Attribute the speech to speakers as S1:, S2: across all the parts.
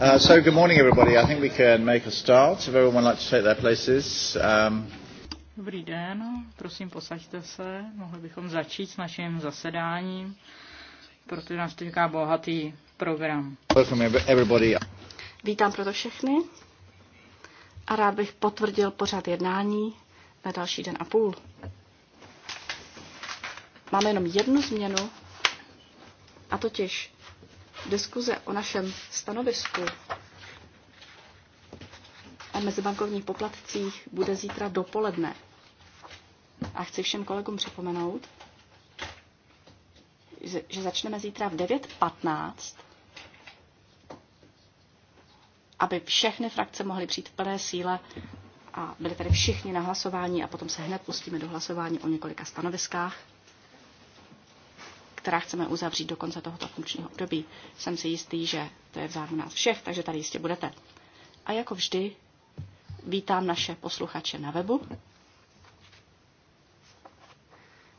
S1: Uh, so good morning everybody. I think we can make a start. If everyone would like to take their places. Um... Dobrý den, prosím posaďte se, mohli bychom začít s naším zasedáním, protože nás čeká bohatý program. Welcome everybody. Vítám proto všechny a rád bych potvrdil pořád jednání
S2: na další den a půl. Máme jenom jednu změnu, a totiž Diskuze o našem stanovisku o mezibankovních poplatcích bude zítra dopoledne. A chci všem kolegům připomenout, že začneme zítra v 9.15, aby všechny frakce mohly přijít v plné síle a byli tady všichni na hlasování a potom se hned pustíme do hlasování o několika stanoviskách která chceme uzavřít do konce tohoto funkčního období. Jsem si jistý, že to je v zájmu nás všech, takže tady jistě budete. A jako vždy vítám naše posluchače na webu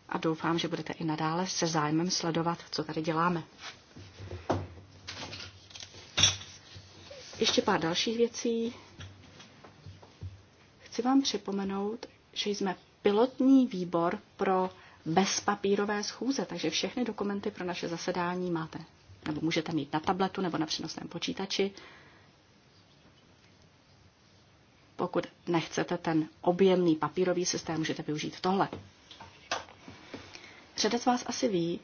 S2: a doufám, že budete i nadále se zájmem sledovat, co tady děláme. Ještě pár dalších věcí. Chci vám připomenout, že jsme pilotní výbor pro bez papírové schůze, takže všechny dokumenty pro naše zasedání máte, nebo můžete mít na tabletu nebo na přenosném počítači. Pokud nechcete ten objemný papírový systém, můžete využít tohle. Řada z vás asi ví,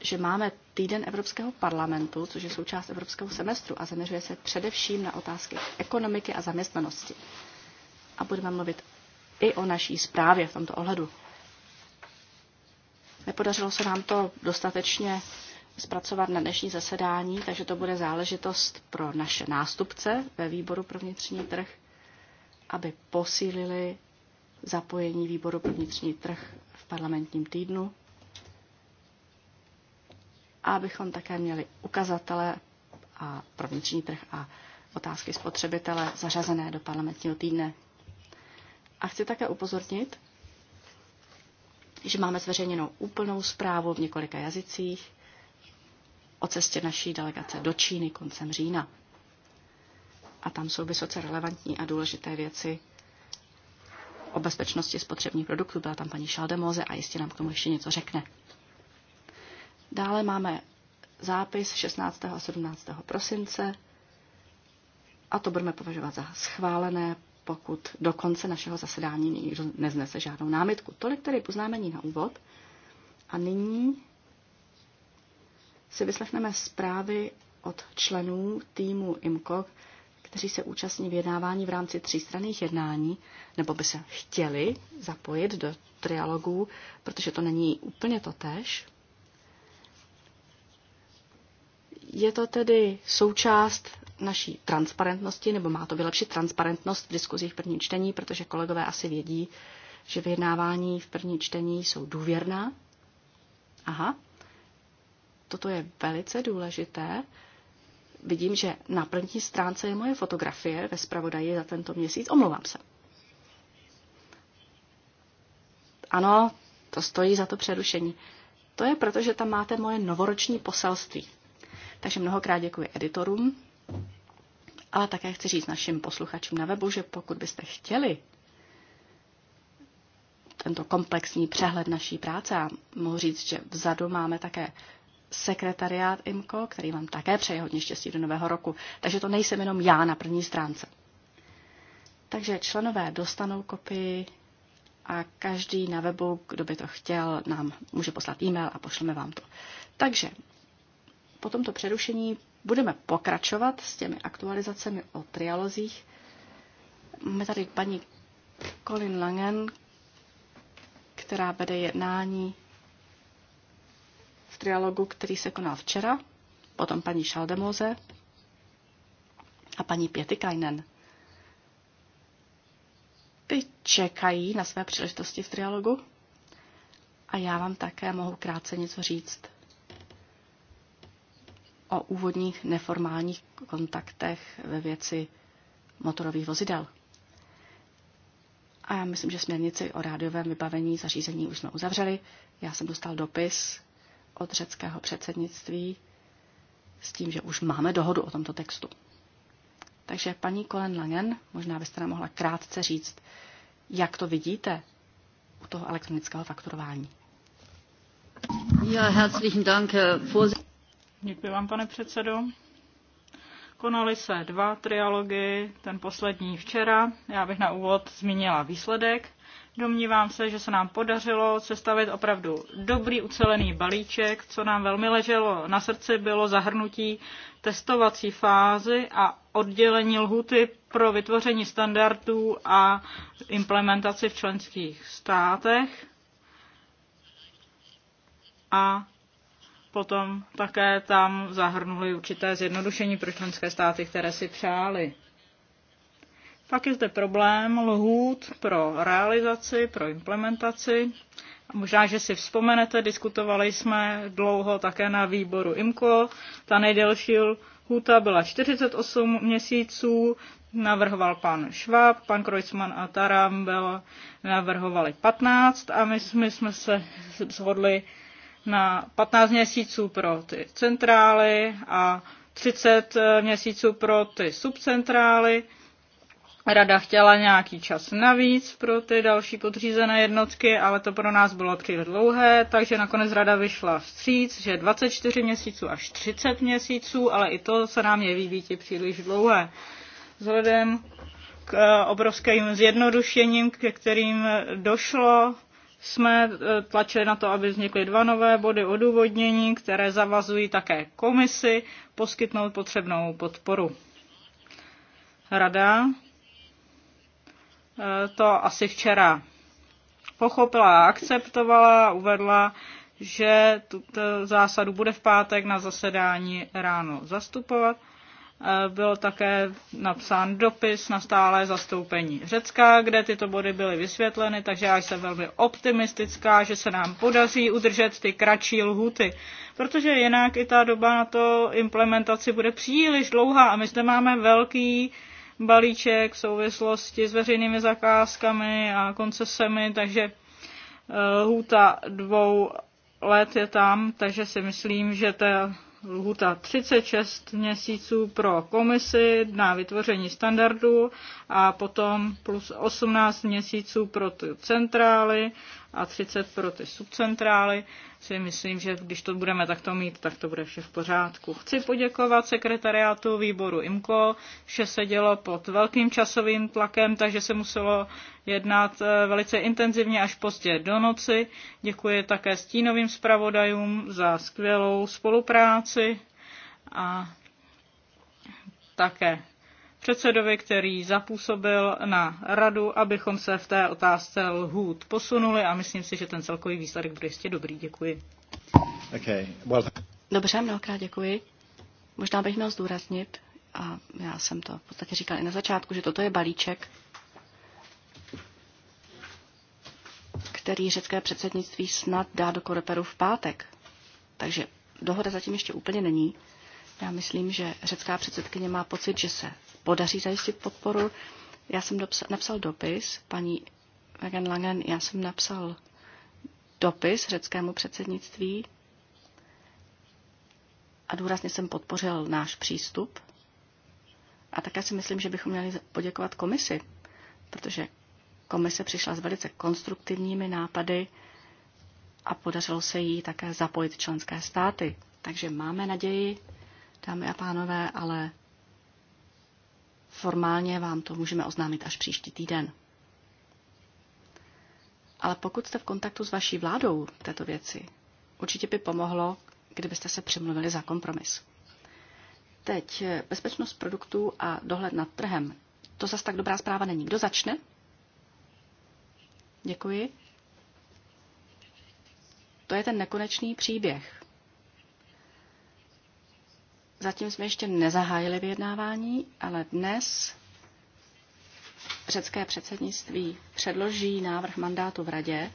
S2: že máme týden Evropského parlamentu, což je součást Evropského semestru a zaměřuje se především na otázky ekonomiky a zaměstnanosti. A budeme mluvit i o naší zprávě v tomto ohledu. Nepodařilo se nám to dostatečně zpracovat na dnešní zasedání, takže to bude záležitost pro naše nástupce ve výboru pro vnitřní trh, aby posílili zapojení výboru pro vnitřní trh v parlamentním týdnu a abychom také měli ukazatele a pro vnitřní trh a otázky spotřebitele zařazené do parlamentního týdne. A chci také upozornit, že máme zveřejněnou úplnou zprávu v několika jazycích o cestě naší delegace do Číny koncem října. A tam jsou vysoce relevantní a důležité věci o bezpečnosti spotřebních produktů. Byla tam paní Šaldemoze a jistě nám k tomu ještě něco řekne. Dále máme zápis 16. a 17. prosince a to budeme považovat za schválené, pokud do konce našeho zasedání nikdo neznese žádnou námitku. Tolik tedy poznámení na úvod. A nyní si vyslechneme zprávy od členů týmu IMCO, kteří se účastní vyjednávání v rámci třístranných jednání, nebo by se chtěli zapojit do trialogů, protože to není úplně to tež. Je to tedy součást naší transparentnosti, nebo má to vylepšit transparentnost v diskuzích v prvním čtení, protože kolegové asi vědí, že vyjednávání v prvním čtení jsou důvěrná. Aha, toto je velice důležité. Vidím, že na první stránce je moje fotografie ve zpravodaji za tento měsíc. Omlouvám se. Ano, to stojí za to přerušení. To je proto, že tam máte moje novoroční poselství. Takže mnohokrát děkuji editorům, ale také chci říct našim posluchačům na webu, že pokud byste chtěli tento komplexní přehled naší práce, a mohu říct, že vzadu máme také sekretariát IMCO, který vám také přeje hodně štěstí do nového roku. Takže to nejsem jenom já na první stránce. Takže členové dostanou kopii a každý na webu, kdo by to chtěl, nám může poslat e-mail a pošleme vám to. Takže po tomto přerušení budeme pokračovat s těmi aktualizacemi o trialozích. Máme tady paní Colin Langen, která vede jednání v trialogu, který se konal včera, potom paní Šaldemoze a paní Pietikainen. Ty čekají na své příležitosti v trialogu a já vám také mohu krátce něco říct o úvodních neformálních kontaktech ve věci motorových vozidel. A já myslím, že směrnici o rádiovém vybavení zařízení už jsme uzavřeli. Já jsem dostal dopis od řeckého předsednictví s tím, že už máme dohodu o tomto textu. Takže paní Kolen Langen, možná byste nám mohla krátce říct, jak to vidíte u toho elektronického fakturování.
S1: Ja, herzlichen Dank, Herr Děkuji vám, pane předsedo. Konaly se dva trialogy, ten poslední včera. Já bych na úvod zmínila výsledek. Domnívám se, že se nám podařilo sestavit opravdu dobrý ucelený balíček. Co nám velmi leželo na srdci, bylo zahrnutí testovací fázy a oddělení lhuty pro vytvoření standardů a implementaci v členských státech. A potom také tam zahrnuli určité zjednodušení pro členské státy, které si přáli. Pak je zde problém lhůt pro realizaci, pro implementaci. A možná, že si vzpomenete, diskutovali jsme dlouho také na výboru IMCO. Ta nejdelší lhůta byla 48 měsíců, navrhoval pan Schwab, pan Kreuzmann a Taram byl, navrhovali 15 a my, my jsme se shodli na 15 měsíců pro ty centrály a 30 eh, měsíců pro ty subcentrály. Rada chtěla nějaký čas navíc pro ty další podřízené jednotky, ale to pro nás bylo příliš dlouhé, takže nakonec rada vyšla vstříc, že 24 měsíců až 30 měsíců, ale i to se nám jeví být příliš dlouhé. Vzhledem k eh, obrovským zjednodušením, ke kterým došlo jsme e, tlačili na to, aby vznikly dva nové body odůvodnění, které zavazují také komisi poskytnout potřebnou podporu. Rada e, to asi včera pochopila a akceptovala, uvedla, že tuto zásadu bude v pátek na zasedání ráno zastupovat Eh, byl také napsán dopis na stále zastoupení Řecka, kde tyto body byly vysvětleny, takže já jsem velmi optimistická, že se nám podaří udržet ty kratší lhuty, protože jinak i ta doba na to implementaci bude příliš dlouhá a my zde máme velký balíček v souvislosti s veřejnými zakázkami a koncesemi, takže eh, lhuta dvou let je tam, takže si myslím, že ta lhuta 36 měsíců pro komisi na vytvoření standardů a potom plus 18 měsíců pro centrály a 30 pro ty subcentrály. Si myslím, že když to budeme takto mít, tak to bude vše v pořádku. Chci poděkovat sekretariátu výboru Imko, že se dělo pod velkým časovým tlakem, takže se muselo jednat eh, velice intenzivně až pozdě do noci. Děkuji také stínovým zpravodajům za skvělou spolupráci a také předsedovi, který zapůsobil na radu, abychom se v té otázce lhůt posunuli a myslím si, že ten celkový výsledek bude jistě dobrý. Děkuji. Okay. Well...
S2: Dobře, mnohokrát děkuji. Možná bych měl zdůraznit, a já jsem to v podstatě říkal i na začátku, že toto je balíček, který řecké předsednictví snad dá do koreperu v pátek. Takže dohoda zatím ještě úplně není. Já myslím, že řecká předsedkyně má pocit, že se podaří zajistit podporu. Já jsem dopsa- napsal dopis, paní Megan Langen, já jsem napsal dopis řeckému předsednictví a důrazně jsem podpořil náš přístup. A také si myslím, že bychom měli poděkovat komisi, protože komise přišla s velice konstruktivními nápady a podařilo se jí také zapojit členské státy. Takže máme naději, dámy a pánové, ale Formálně vám to můžeme oznámit až příští týden. Ale pokud jste v kontaktu s vaší vládou v této věci, určitě by pomohlo, kdybyste se přemluvili za kompromis. Teď eh, bezpečnost produktů a dohled nad trhem. To zas tak dobrá zpráva není. Kdo začne? Děkuji. To je ten nekonečný příběh. Zatím jsme ještě nezahájili vyjednávání, ale dnes řecké předsednictví předloží návrh mandátu v radě.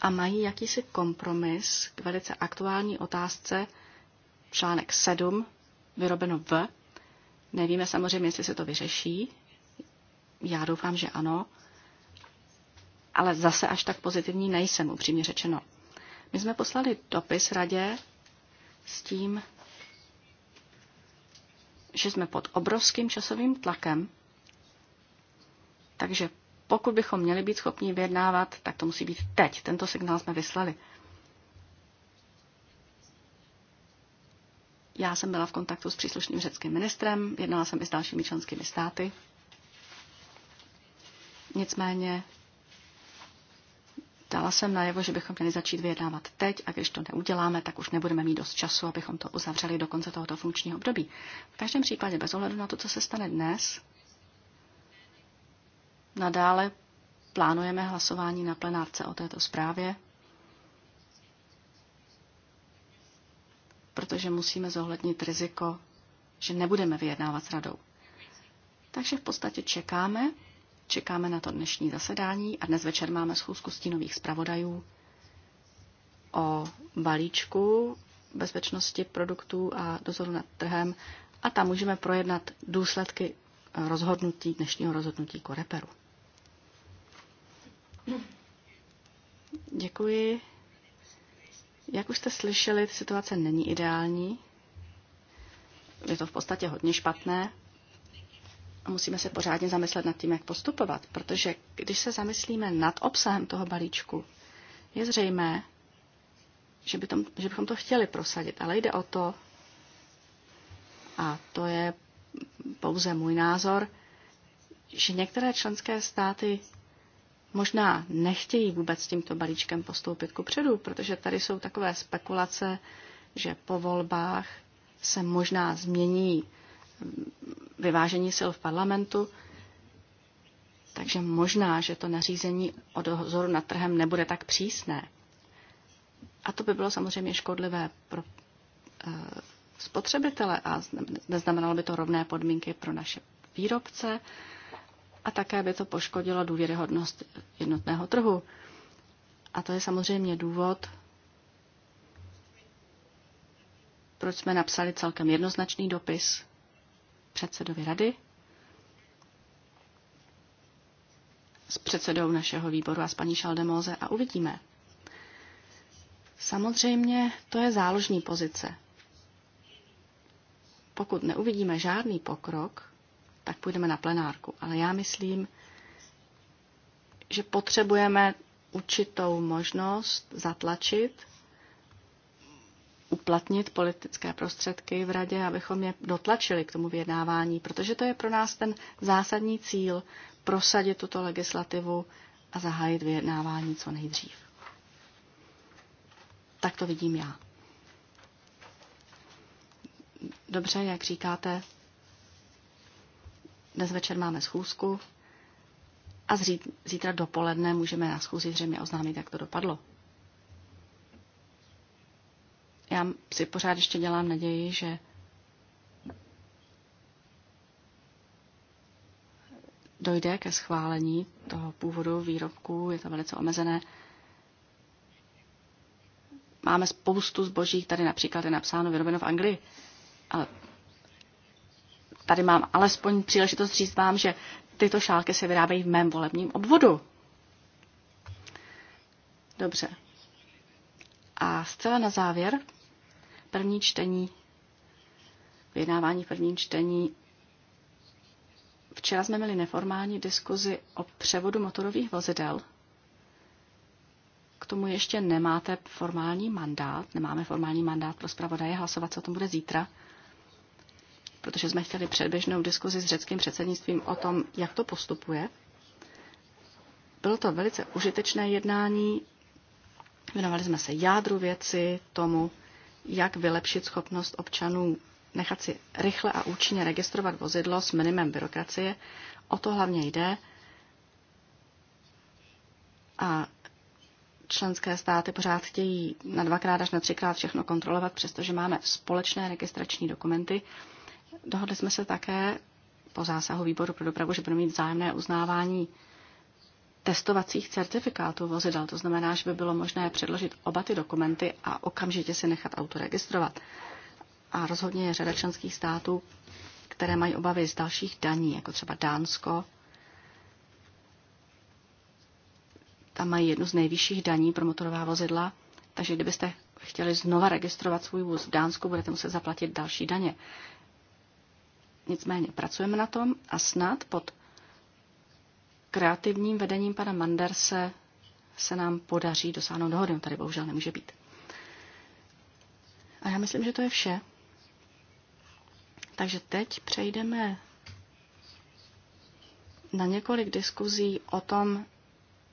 S2: A mají jakýsi kompromis k velice aktuální otázce článek 7, vyrobeno v. Nevíme samozřejmě, jestli se to vyřeší. Já doufám, že ano. Ale zase až tak pozitivní nejsem, upřímně řečeno. My jsme poslali dopis radě s tím, že jsme pod obrovským časovým tlakem, takže pokud bychom měli být schopni vyjednávat, tak to musí být teď. Tento signál jsme vyslali. Já jsem byla v kontaktu s příslušným řeckým ministrem, jednala jsem i s dalšími členskými státy. Nicméně Dala jsem najevo, že bychom měli začít vyjednávat teď a když to neuděláme, tak už nebudeme mít dost času, abychom to uzavřeli do konce tohoto funkčního období. V každém případě, bez ohledu na to, co se stane dnes, nadále plánujeme hlasování na plenárce o této zprávě, protože musíme zohlednit riziko, že nebudeme vyjednávat s radou. Takže v podstatě čekáme, Čekáme na to dnešní zasedání a dnes večer máme schůzku stínových zpravodajů o balíčku bezpečnosti produktů a dozoru nad trhem a tam můžeme projednat důsledky rozhodnutí, dnešního rozhodnutí Koreperu. Děkuji. Jak už jste slyšeli, situace není ideální. Je to v podstatě hodně špatné a musíme se pořádně zamyslet nad tím, jak postupovat, protože když se zamyslíme nad obsahem toho balíčku, je zřejmé, že, by tom, že bychom to chtěli prosadit, ale jde o to, a to je pouze můj názor, že některé členské státy možná nechtějí vůbec s tímto balíčkem postoupit ku předu, protože tady jsou takové spekulace, že po volbách se možná změní vyvážení sil v parlamentu, takže možná, že to nařízení o dozoru nad trhem nebude tak přísné. A to by bylo samozřejmě škodlivé pro eh, spotřebitele a neznamenalo by to rovné podmínky pro naše výrobce a také by to poškodilo důvěryhodnost jednotného trhu. A to je samozřejmě důvod, proč jsme napsali celkem jednoznačný dopis předsedovi rady, s předsedou našeho výboru a s paní Šaldemóze a uvidíme. Samozřejmě to je záložní pozice. Pokud neuvidíme žádný pokrok, tak půjdeme na plenárku. Ale já myslím, že potřebujeme určitou možnost zatlačit uplatnit politické prostředky v radě, abychom je dotlačili k tomu vyjednávání, protože to je pro nás ten zásadní cíl prosadit tuto legislativu a zahájit vyjednávání co nejdřív. Tak to vidím já. Dobře, jak říkáte, dnes večer máme schůzku a zítra dopoledne můžeme na schůzi zřejmě oznámit, jak to dopadlo. Já si pořád ještě dělám naději, že dojde ke schválení toho původu výrobku, je to velice omezené. Máme spoustu zboží, tady například je napsáno vyrobeno v Anglii, ale tady mám alespoň příležitost říct vám, že tyto šálky se vyrábějí v mém volebním obvodu. Dobře. A zcela na závěr První čtení, vyjednávání prvním čtení. Včera jsme měli neformální diskuzi o převodu motorových vozidel. K tomu ještě nemáte formální mandát, nemáme formální mandát pro zpravodaje, hlasovat co o tom bude zítra, protože jsme chtěli předběžnou diskuzi s řeckým předsednictvím o tom, jak to postupuje. Bylo to velice užitečné jednání, věnovali jsme se jádru věci, tomu, jak vylepšit schopnost občanů nechat si rychle a účinně registrovat vozidlo s minimem byrokracie. O to hlavně jde. A členské státy pořád chtějí na dvakrát až na třikrát všechno kontrolovat, přestože máme společné registrační dokumenty. Dohodli jsme se také po zásahu výboru pro dopravu, že budeme mít vzájemné uznávání testovacích certifikátů vozidel. To znamená, že by bylo možné předložit oba ty dokumenty a okamžitě si nechat auto registrovat. A rozhodně je řada členských států, které mají obavy z dalších daní, jako třeba Dánsko. Tam mají jednu z nejvyšších daní pro motorová vozidla, takže kdybyste chtěli znova registrovat svůj vůz v Dánsku, budete muset zaplatit další daně. Nicméně pracujeme na tom a snad pod kreativním vedením pana Manderse se nám podaří dosáhnout dohody. On tady bohužel nemůže být. A já myslím, že to je vše. Takže teď přejdeme na několik diskuzí o tom,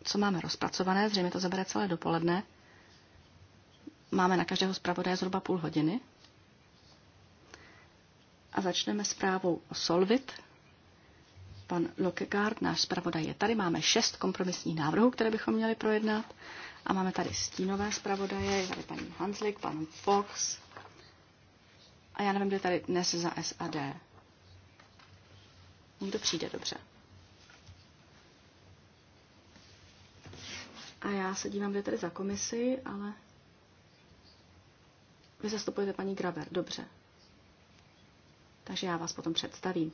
S2: co máme rozpracované. Zřejmě to zabere celé dopoledne. Máme na každého zpravodaje zhruba půl hodiny. A začneme zprávou o Solvit, Pan Lokegaard, náš zpravodaj, je tady. Máme šest kompromisních návrhů, které bychom měli projednat. A máme tady stínové zpravodaje, je tady paní Hanslik, pan Fox. A já nevím, kde tady dnes za SAD. Někdo přijde, dobře. A já se dívám, kde tady za komisi, ale... Vy zastupujete paní Graber, dobře. Takže já vás potom představím.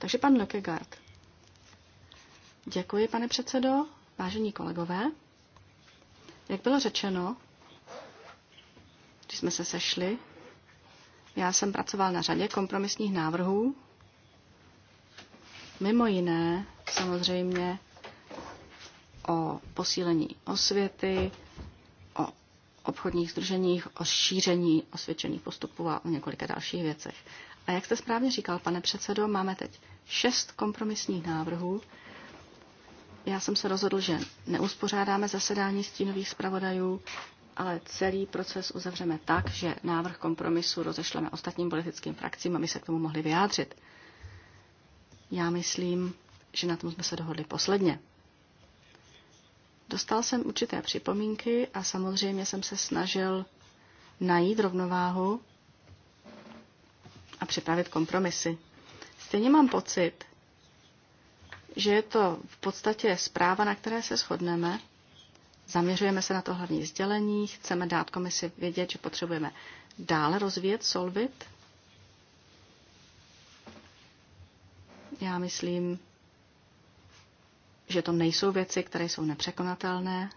S2: Takže pan Lökegaard. Děkuji, pane předsedo, vážení kolegové. Jak bylo řečeno, když jsme se sešli, já jsem pracoval na řadě kompromisních návrhů. Mimo jiné, samozřejmě, o posílení osvěty, o obchodních združeních, o šíření osvědčených postupů a o několika dalších věcech. A jak jste správně říkal, pane předsedo, máme teď šest kompromisních návrhů. Já jsem se rozhodl, že neuspořádáme zasedání stínových zpravodajů, ale celý proces uzavřeme tak, že návrh kompromisu rozešleme ostatním politickým frakcím, aby se k tomu mohli vyjádřit. Já myslím, že na tom jsme se dohodli posledně. Dostal jsem určité připomínky a samozřejmě jsem se snažil najít rovnováhu připravit kompromisy. Stejně mám pocit, že je to v podstatě zpráva, na které se shodneme. Zaměřujeme se na to hlavní sdělení, chceme dát komisi vědět, že potřebujeme dále rozvíjet Solvit. Já myslím, že to nejsou věci, které jsou nepřekonatelné.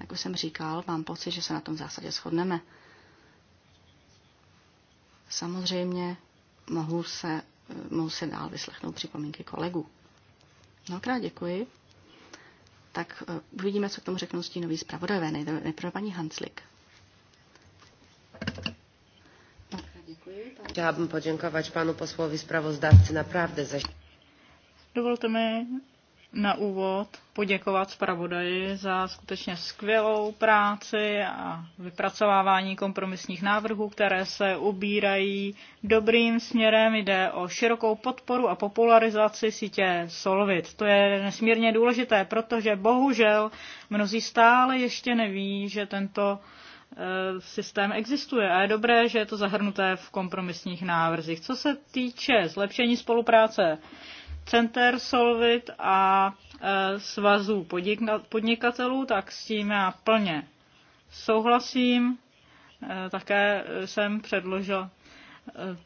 S2: Jak už jsem říkal, mám pocit, že se na tom v zásadě shodneme. Samozřejmě mohu se, mohu se dál vyslechnout připomínky kolegů. Mnohokrát děkuji. Tak eh, uvidíme, co k tomu řeknou stínoví zpravodajové. Nejprve paní Hanslik.
S3: bych poděkovat panu poslovi zpravodajci naprawdę za...
S1: Dovolte mi na úvod poděkovat zpravodaji za skutečně skvělou práci a vypracovávání kompromisních návrhů, které se ubírají dobrým směrem. Jde o širokou podporu a popularizaci sítě Solvit. To je nesmírně důležité, protože bohužel mnozí stále ještě neví, že tento eh, systém existuje a je dobré, že je to zahrnuté v kompromisních návrzích. Co se týče zlepšení spolupráce center Solvit a e, svazů podnikatelů, tak s tím já plně souhlasím. E, také jsem předložil e,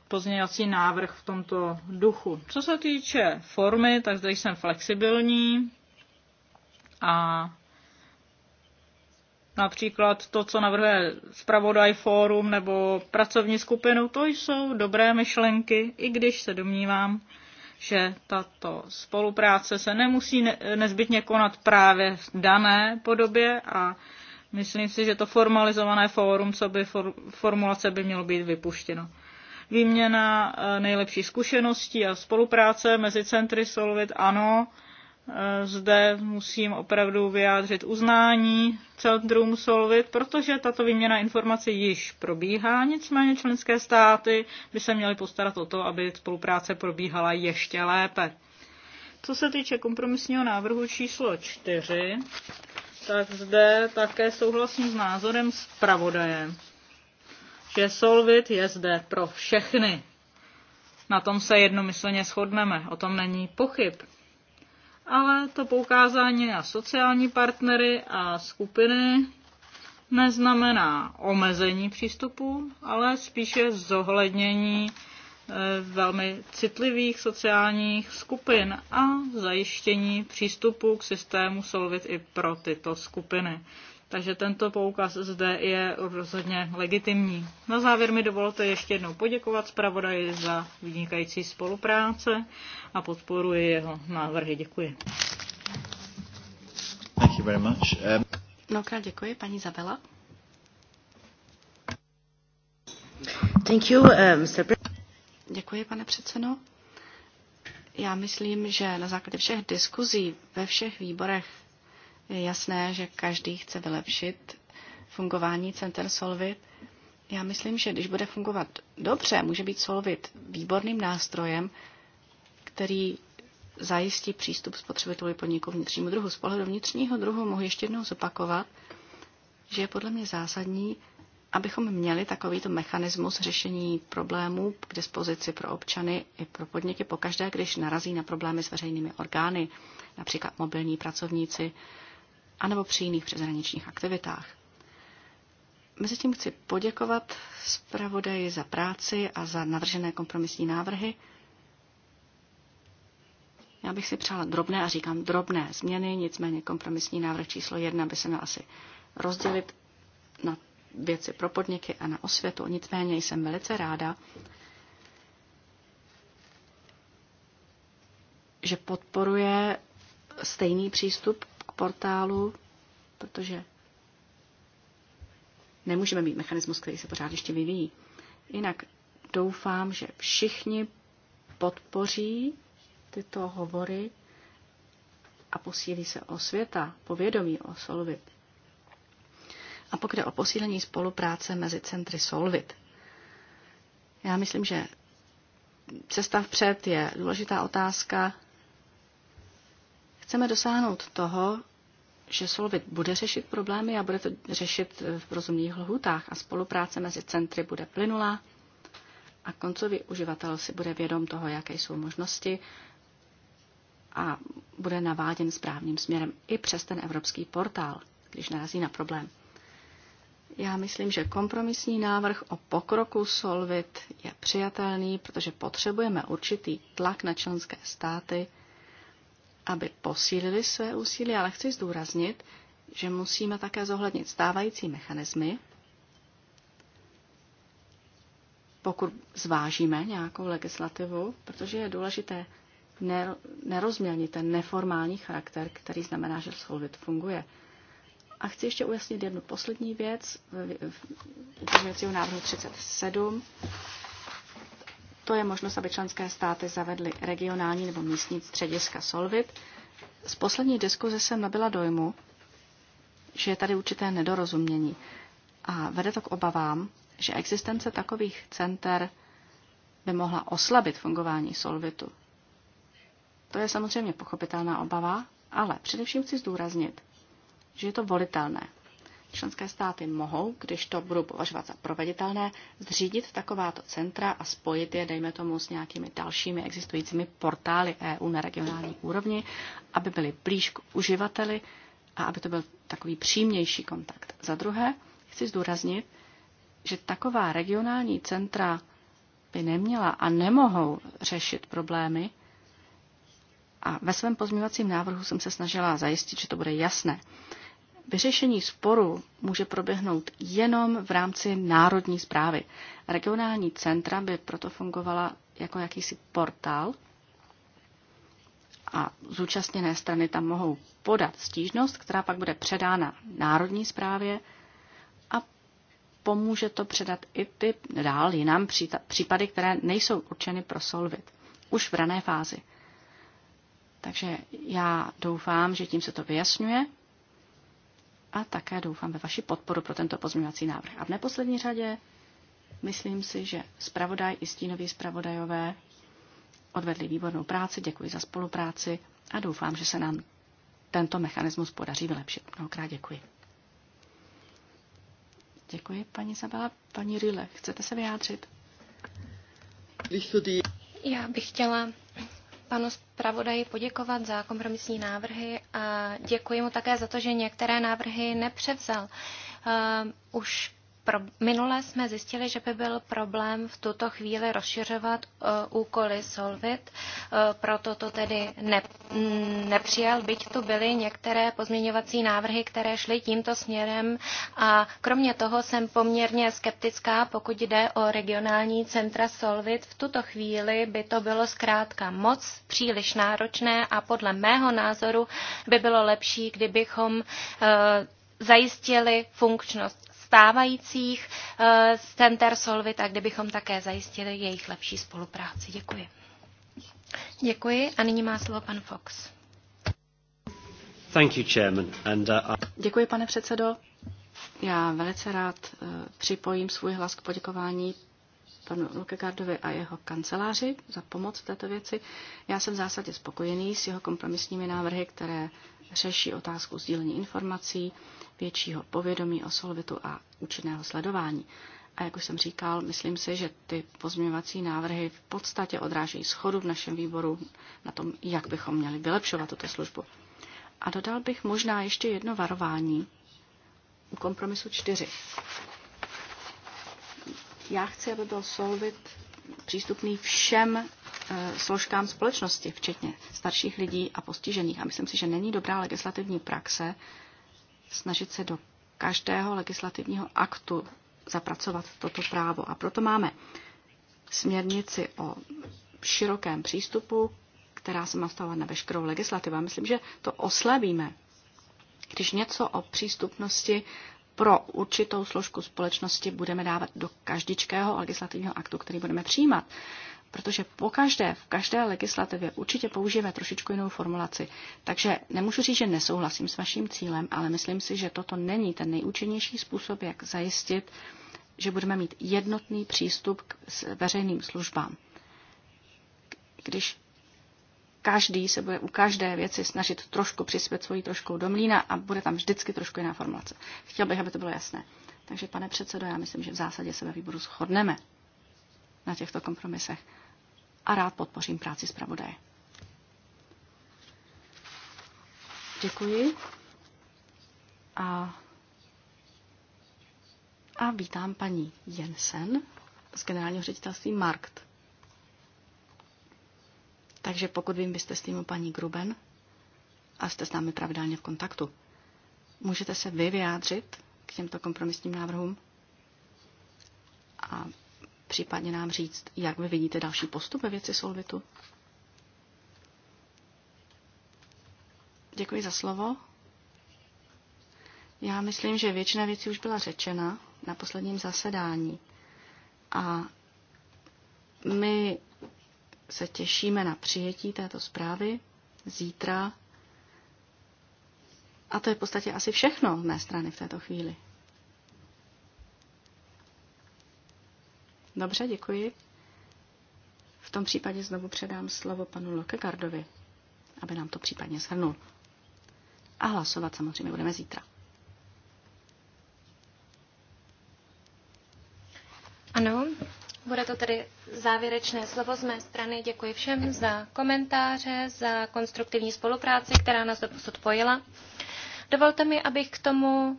S1: pozměňovací návrh v tomto duchu. Co se týče formy, tak zde jsem flexibilní a například to, co navrhuje zpravodaj fórum nebo pracovní skupinu, to jsou dobré myšlenky, i když se domnívám, že tato spolupráce se nemusí nezbytně konat právě v dané podobě a myslím si, že to formalizované fórum, co by for, formulace by mělo být vypuštěno. Výměna eh, nejlepších zkušeností a spolupráce mezi centry Solvit, ano, Eh, zde musím opravdu vyjádřit uznání centrum Solvit, protože tato výměna informací již probíhá, nicméně členské státy by se měly postarat o to, aby spolupráce probíhala ještě lépe. Co se týče kompromisního návrhu číslo 4, tak zde také souhlasím s názorem zpravodaje, že Solvit je zde pro všechny. Na tom se jednomyslně shodneme, o tom není pochyb ale to poukázání na sociální partnery a skupiny neznamená omezení přístupu, ale spíše zohlednění e, velmi citlivých sociálních skupin a zajištění přístupu k systému Solvit i pro tyto skupiny. Takže tento poukaz zde je rozhodně legitimní. Na závěr mi dovolte ještě jednou poděkovat zpravodaji za vynikající spolupráce a podporuji jeho návrhy. Děkuji.
S4: Thank you very much. Um...
S1: Mnohokrát děkuji, paní Zabela.
S2: Thank you, um, uh, Mr. Děkuji, pane předsedo. Já myslím, že na základě všech diskuzí ve všech výborech je jasné, že každý chce vylepšit fungování center Solvit. Já myslím, že když bude fungovat dobře, může být Solvit výborným nástrojem, který zajistí přístup spotřebitelů podniku vnitřnímu druhu. Z pohledu vnitřního druhu mohu ještě jednou zopakovat, že je podle mě zásadní, abychom měli takovýto mechanismus řešení problémů k dispozici pro občany i pro podniky pokaždé, když narazí na problémy s veřejnými orgány, například mobilní pracovníci anebo při jiných přeshraničních aktivitách. Mezitím chci poděkovat zpravodaji za práci a za navržené kompromisní návrhy. Já bych si přála drobné, a říkám drobné změny, nicméně kompromisní návrh číslo jedna by se měl asi rozdělit na věci pro podniky a na osvětu. Nicméně jsem velice ráda, že podporuje stejný přístup portálu, protože nemůžeme mít mechanismus, který se pořád ještě vyvíjí. Jinak doufám, že všichni podpoří tyto hovory a posílí se o světa, povědomí o Solvit. A pokud je o posílení spolupráce mezi centry Solvit, já myslím, že cesta vpřed je důležitá otázka. Chceme dosáhnout toho, že Solvit bude řešit problémy a bude to řešit v rozumných lhutách a spolupráce mezi centry bude plynulá a koncový uživatel si bude vědom toho, jaké jsou možnosti a bude naváděn správným směrem i přes ten evropský portál, když narazí na problém. Já myslím, že kompromisní návrh o pokroku Solvit je přijatelný, protože potřebujeme určitý tlak na členské státy, aby posílili své úsilí, ale chci zdůraznit, že musíme také zohlednit stávající mechanismy, pokud zvážíme nějakou legislativu, protože je důležité nerozmělnit ten neformální charakter, který znamená, že Solvit funguje. A chci ještě ujasnit jednu poslední věc v, návrhu 37. To je možnost, aby členské státy zavedly regionální nebo místní střediska Solvit. Z poslední diskuze jsem nabyla dojmu, že je tady určité nedorozumění a vede to k obavám, že existence takových center by mohla oslabit fungování Solvitu. To je samozřejmě pochopitelná obava, ale především chci zdůraznit, že je to volitelné. Členské státy mohou, když to budou považovat za proveditelné, zřídit takováto centra a spojit je, dejme tomu, s nějakými dalšími existujícími portály EU na regionální úrovni, aby byly blíž k uživateli a aby to byl takový přímější kontakt. Za druhé, chci zdůraznit, že taková regionální centra by neměla a nemohou řešit problémy. A ve svém pozměvacím návrhu jsem se snažila zajistit, že to bude jasné. Vyřešení sporu může proběhnout jenom v rámci národní zprávy. Regionální centra by proto fungovala jako jakýsi portál a zúčastněné strany tam mohou podat stížnost, která pak bude předána národní zprávě a pomůže to předat i ty dál jinam případy, které nejsou určeny pro solvit. Už v rané fázi. Takže já doufám, že tím se to vyjasňuje a také doufám ve vaši podporu pro tento pozměňovací návrh. A v neposlední řadě myslím si, že zpravodaj i stínoví zpravodajové odvedli výbornou práci, děkuji za spolupráci a doufám, že se nám tento mechanismus podaří vylepšit. Mnohokrát děkuji. Děkuji, paní Zabela. Paní Rile, chcete se vyjádřit?
S4: Já bych chtěla panu zpravodaji poděkovat za kompromisní návrhy a děkuji mu také za to, že některé návrhy nepřevzal. Eh, už pro, minule jsme zjistili, že by byl problém v tuto chvíli rozšiřovat uh, úkoly Solvit, uh, proto to tedy ne, m, mm, nepřijal, byť tu byly některé pozměňovací návrhy, které šly tímto směrem a kromě toho jsem poměrně skeptická, pokud jde o regionální centra Solvit. V tuto chvíli by to bylo zkrátka moc příliš náročné a podle mého názoru by bylo lepší, kdybychom uh, zajistili funkčnost stávajících eh, center Solvit a kdybychom také zajistili jejich lepší spolupráci. Děkuji. Děkuji a nyní má slovo pan Fox. Thank you, Chairman. And, uh,
S2: Děkuji, pane předsedo. Já velice rád uh, připojím svůj hlas k poděkování panu Lukegardovi a jeho kanceláři za pomoc v této věci. Já jsem v zásadě spokojený s jeho kompromisními návrhy, které řeší otázku sdílení informací, většího povědomí o solvitu a účinného sledování. A jak už jsem říkal, myslím si, že ty pozměňovací návrhy v podstatě odrážejí schodu v našem výboru na tom, jak bychom měli vylepšovat tuto službu. A dodal bych možná ještě jedno varování u kompromisu 4. Já chci, aby byl Solvit přístupný všem eh, složkám společnosti, včetně starších lidí a postižených. A myslím si, že není dobrá legislativní praxe, snažit se do každého legislativního aktu zapracovat toto právo. A proto máme směrnici o širokém přístupu, která se má stahovat na veškerou legislativu. A myslím, že to oslabíme, když něco o přístupnosti pro určitou složku společnosti budeme dávat do každičkého legislativního aktu, který budeme přijímat protože po každé, v každé legislativě určitě použijeme trošičku jinou formulaci. Takže nemůžu říct, že nesouhlasím s vaším cílem, ale myslím si, že toto není ten nejúčinnější způsob, jak zajistit, že budeme mít jednotný přístup k veřejným službám. Když každý se bude u každé věci snažit trošku přispět svoji troškou do mlína a bude tam vždycky trošku jiná formulace. Chtěl bych, aby to bylo jasné. Takže, pane předsedo, já myslím, že v zásadě se ve výboru shodneme na těchto kompromisech a rád podpořím práci zpravodaje. Děkuji a, a vítám paní Jensen z generálního ředitelství Markt. Takže pokud vím, byste s týmu paní Gruben a jste s námi pravidelně v kontaktu. Můžete se vy vyjádřit k těmto kompromisním návrhům a případně nám říct, jak vy vidíte další postup ve věci Solvitu? Děkuji za slovo. Já myslím, že většina věcí už byla řečena na posledním zasedání. A my se těšíme na přijetí této zprávy zítra. A to je v podstatě asi všechno z mé strany v této chvíli. Dobře, děkuji. V tom případě znovu předám slovo panu Lokegardovi, aby nám to případně shrnul. A hlasovat samozřejmě budeme zítra.
S4: Ano, bude to tedy závěrečné slovo z mé strany. Děkuji všem za komentáře, za konstruktivní spolupráci, která nás doposud pojila. Dovolte mi, abych k tomu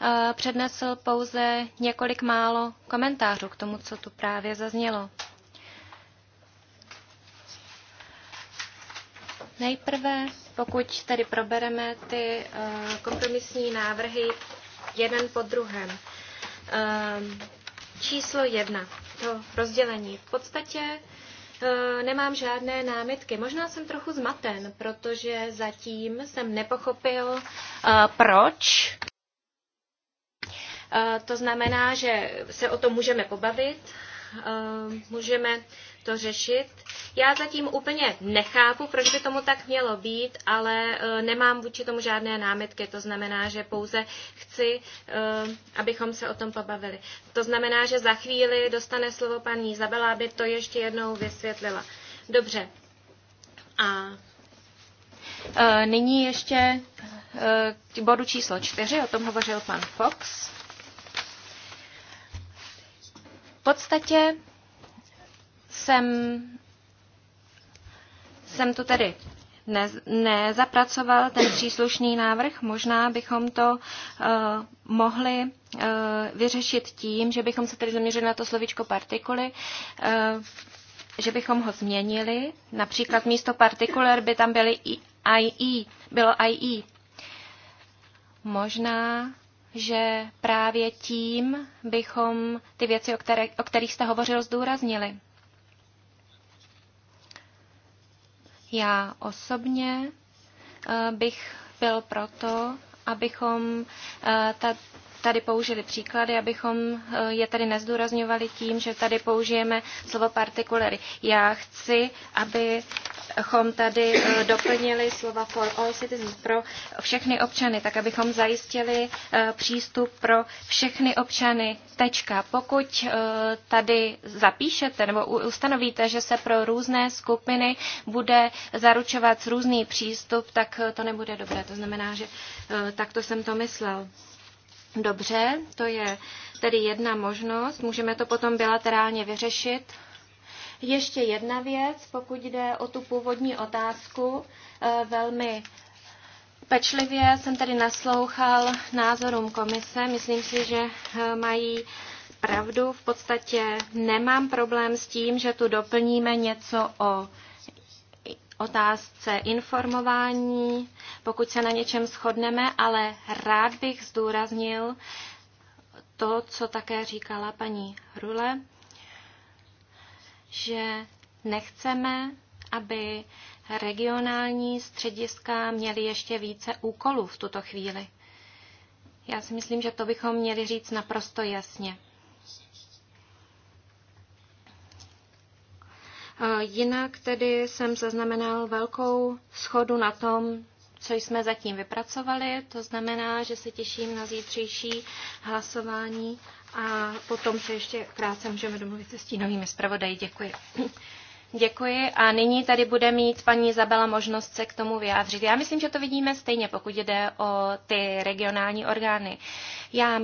S4: Eh, přednesl pouze několik málo komentářů k tomu, co tu právě zaznělo. Nejprve, pokud tady probereme ty eh, kompromisní návrhy jeden po druhém. Eh, číslo jedna, to rozdělení. V podstatě nemám žádné námitky. Možná jsem trochu zmaten, protože zatím jsem nepochopil, proč Eh, to znamená, že se o tom můžeme pobavit, eh, můžeme to řešit. Já zatím úplně nechápu, proč by tomu tak mělo být, ale eh, nemám vůči tomu žádné námitky. To znamená, že pouze chci, abychom se o tom pobavili. To znamená, že za chvíli dostane slovo paní Izabela, aby to ještě jednou vysvětlila. Dobře. A nyní ještě k bodu číslo čtyři, o tom hovořil pan Fox podstatě jsem, jsem tu tedy ne, nezapracoval ten příslušný návrh. Možná bychom to uh, mohli uh, vyřešit tím, že bychom se tedy zaměřili na to slovičko partikuly, uh, že bychom ho změnili. Například místo partikular by tam byly IE, bylo IE. Možná že právě tím bychom ty věci, o, které, o kterých jste hovořil, zdůraznili. Já osobně eh, bych byl proto, abychom eh, ta tady použili příklady, abychom eh, je tady nezdůrazňovali tím, že tady použijeme slovo particulary. Já chci, abychom tady eh, doplnili slova for all citizens, pro všechny občany, tak abychom zajistili eh, přístup pro všechny občany. Tečka. Pokud tady zapíšete nebo ustanovíte, že se pro různé skupiny bude zaručovat různý přístup, tak to nebude dobré. To znamená, že takto jsem to myslel. Dobře, to je tedy jedna možnost, můžeme to potom bilaterálně vyřešit. Ještě jedna věc, pokud jde o tu původní otázku, e, velmi pečlivě jsem tady naslouchal názorům komise. Myslím si, že e, mají pravdu. V podstatě nemám problém s tím, že tu doplníme něco o otázce informování, pokud se na něčem shodneme, ale rád bych zdůraznil to, co také říkala paní Hrule, že nechceme, aby regionální střediska měly ještě více úkolů v tuto chvíli. Já si myslím, že to bychom měli říct naprosto jasně. Jinak tedy jsem zaznamenal velkou schodu na tom, co jsme zatím vypracovali. To znamená, že se těším na zítřejší hlasování a potom se ještě krátce můžeme domluvit se stínovými zpravodaji. Děkuji. Děkuji a nyní tady bude mít paní Izabela možnost se k tomu vyjádřit. Já myslím, že to vidíme stejně, pokud jde o ty regionální orgány. Já